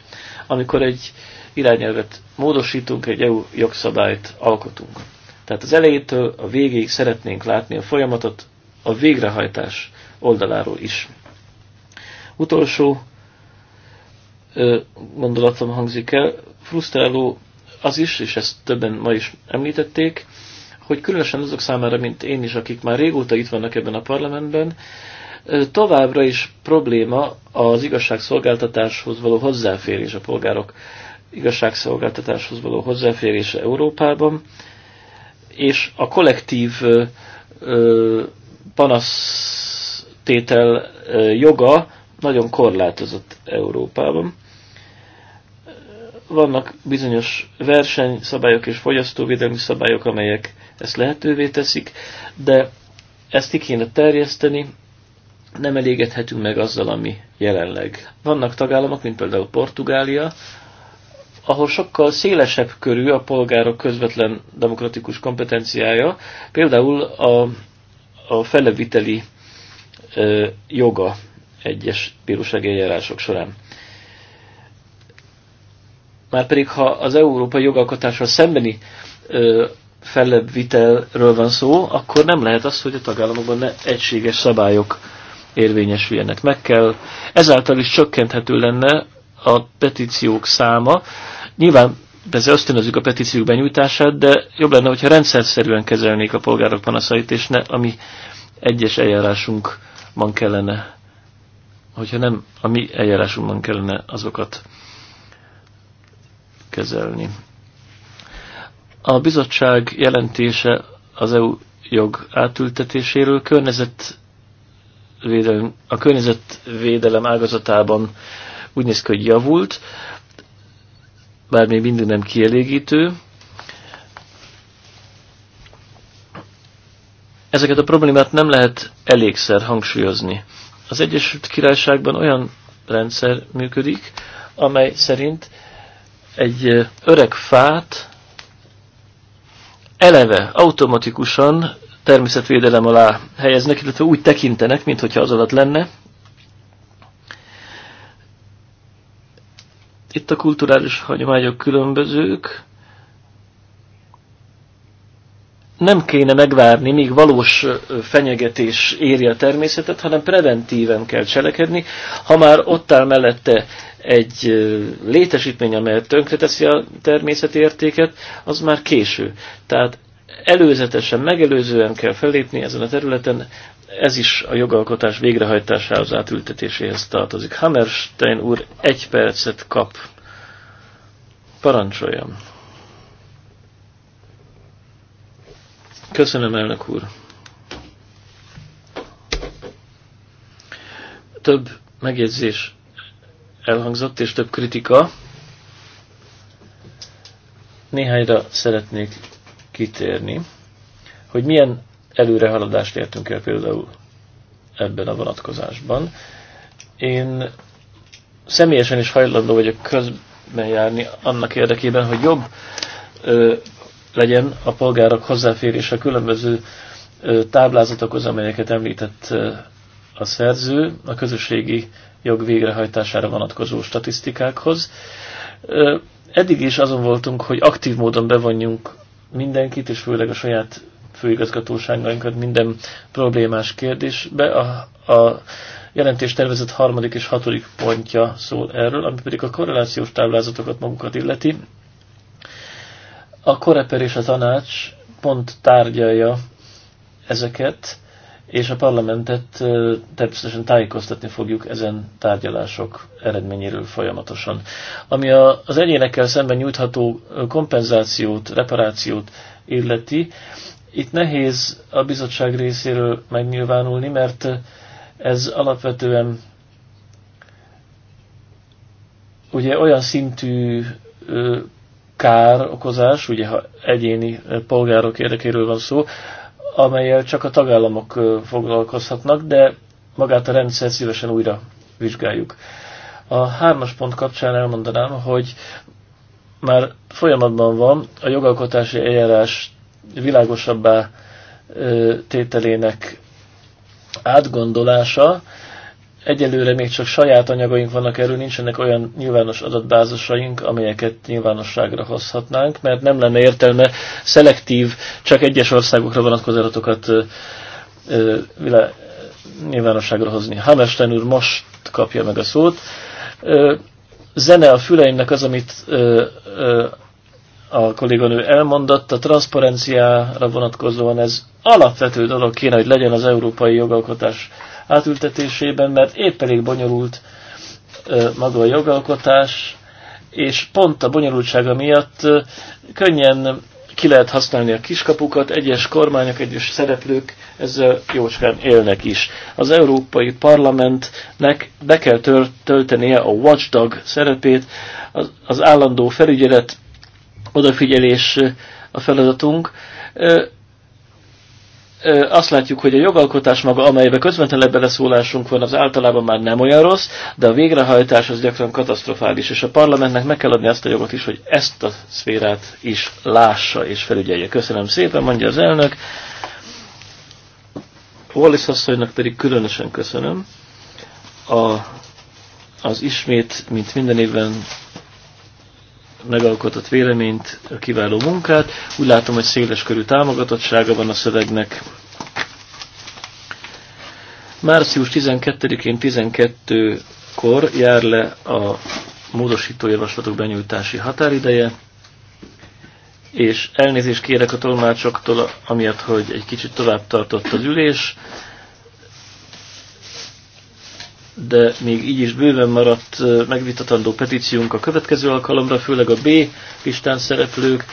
Amikor egy irányelvet módosítunk, egy EU jogszabályt alkotunk. Tehát az elejétől a végéig szeretnénk látni a folyamatot a végrehajtás oldaláról is. Utolsó gondolatom hangzik el, frusztráló az is, és ezt többen ma is említették, hogy különösen azok számára, mint én is, akik már régóta itt vannak ebben a parlamentben, továbbra is probléma az igazságszolgáltatáshoz való hozzáférés, a polgárok igazságszolgáltatáshoz való hozzáférése Európában, és a kollektív panasztétel joga nagyon korlátozott Európában vannak bizonyos versenyszabályok és fogyasztóvédelmi szabályok, amelyek ezt lehetővé teszik, de ezt ki kéne terjeszteni, nem elégedhetünk meg azzal, ami jelenleg. Vannak tagállamok, mint például Portugália, ahol sokkal szélesebb körű a polgárok közvetlen demokratikus kompetenciája, például a, a feleviteli ö, joga egyes bírósági eljárások során. Márpedig, ha az európai jogalkotással szembeni ö, vitelről van szó, akkor nem lehet az, hogy a tagállamokban ne egységes szabályok érvényesüljenek. Meg kell, ezáltal is csökkenthető lenne a petíciók száma. Nyilván persze ösztönözzük a petíciók benyújtását, de jobb lenne, hogyha rendszerszerűen kezelnék a polgárok panaszait, és ne ami egyes eljárásunkban kellene, hogyha nem a mi eljárásunkban kellene azokat kezelni. A bizottság jelentése az EU jog átültetéséről környezetvédelem, a környezetvédelem ágazatában úgy néz ki, hogy javult, bár még mindig nem kielégítő. Ezeket a problémát nem lehet elégszer hangsúlyozni. Az Egyesült Királyságban olyan rendszer működik, amely szerint egy öreg fát eleve automatikusan természetvédelem alá helyeznek, illetve úgy tekintenek, mintha az alatt lenne. Itt a kulturális hagyományok különbözők. Nem kéne megvárni, míg valós fenyegetés éri a természetet, hanem preventíven kell cselekedni. Ha már ott áll mellette egy létesítmény, amely tönkreteszi a természeti értéket, az már késő. Tehát előzetesen, megelőzően kell fellépni ezen a területen, ez is a jogalkotás végrehajtásához, átültetéséhez tartozik. Hammerstein úr egy percet kap. Parancsoljam. Köszönöm, elnök úr. Több megjegyzés elhangzott, és több kritika. Néhányra szeretnék kitérni, hogy milyen előrehaladást értünk el például ebben a vonatkozásban. Én személyesen is hajlandó vagyok közben járni annak érdekében, hogy jobb ö, legyen a polgárok hozzáférése a különböző ö, táblázatokhoz, amelyeket említett ö, a szerző, a közösségi jog végrehajtására vonatkozó statisztikákhoz. Eddig is azon voltunk, hogy aktív módon bevonjunk mindenkit, és főleg a saját főigazgatóságainkat minden problémás kérdésbe. A, a jelentés tervezett harmadik és hatodik pontja szól erről, ami pedig a korrelációs táblázatokat magukat illeti. A koreper és a tanács pont tárgyalja ezeket, és a parlamentet természetesen tájékoztatni fogjuk ezen tárgyalások eredményéről folyamatosan. Ami a, az egyénekkel szemben nyújtható kompenzációt, reparációt illeti, itt nehéz a bizottság részéről megnyilvánulni, mert ez alapvetően ugye olyan szintű kár okozás, ugye ha egyéni polgárok érdekéről van szó, amelyel csak a tagállamok foglalkozhatnak, de magát a rendszer szívesen újra vizsgáljuk. A hármas pont kapcsán elmondanám, hogy már folyamatban van a jogalkotási eljárás világosabbá tételének átgondolása, Egyelőre még csak saját anyagaink vannak erről, nincsenek olyan nyilvános adatbázisaink, amelyeket nyilvánosságra hozhatnánk, mert nem lenne értelme szelektív, csak egyes országokra vonatkozó adatokat nyilvánosságra hozni. Hammerstein úr most kapja meg a szót. Ö, zene a füleimnek az, amit ö, ö, a kolléganő elmondott, a transzparenciára vonatkozóan ez alapvető dolog kéne, hogy legyen az európai jogalkotás átültetésében, mert épp elég bonyolult maga a jogalkotás, és pont a bonyolultsága miatt könnyen ki lehet használni a kiskapukat, egyes kormányok, egyes szereplők ezzel jócskán élnek is. Az Európai Parlamentnek be kell töltenie a watchdog szerepét, az, az állandó felügyelet, odafigyelés a feladatunk azt látjuk, hogy a jogalkotás maga, amelybe közvetlenül beleszólásunk van, az általában már nem olyan rossz, de a végrehajtás az gyakran katasztrofális, és a parlamentnek meg kell adni azt a jogot is, hogy ezt a szférát is lássa és felügyelje. Köszönöm szépen, mondja az elnök. Wallis asszonynak pedig különösen köszönöm a, az ismét, mint minden évben megalkotott véleményt, a kiváló munkát. Úgy látom, hogy széles körű támogatottsága van a szövegnek. Március 12-én 12-kor jár le a módosító javaslatok benyújtási határideje, és elnézést kérek a tolmácsoktól, amiatt, hogy egy kicsit tovább tartott az ülés de még így is bőven maradt megvitatandó petíciónk a következő alkalomra, főleg a B listán szereplők.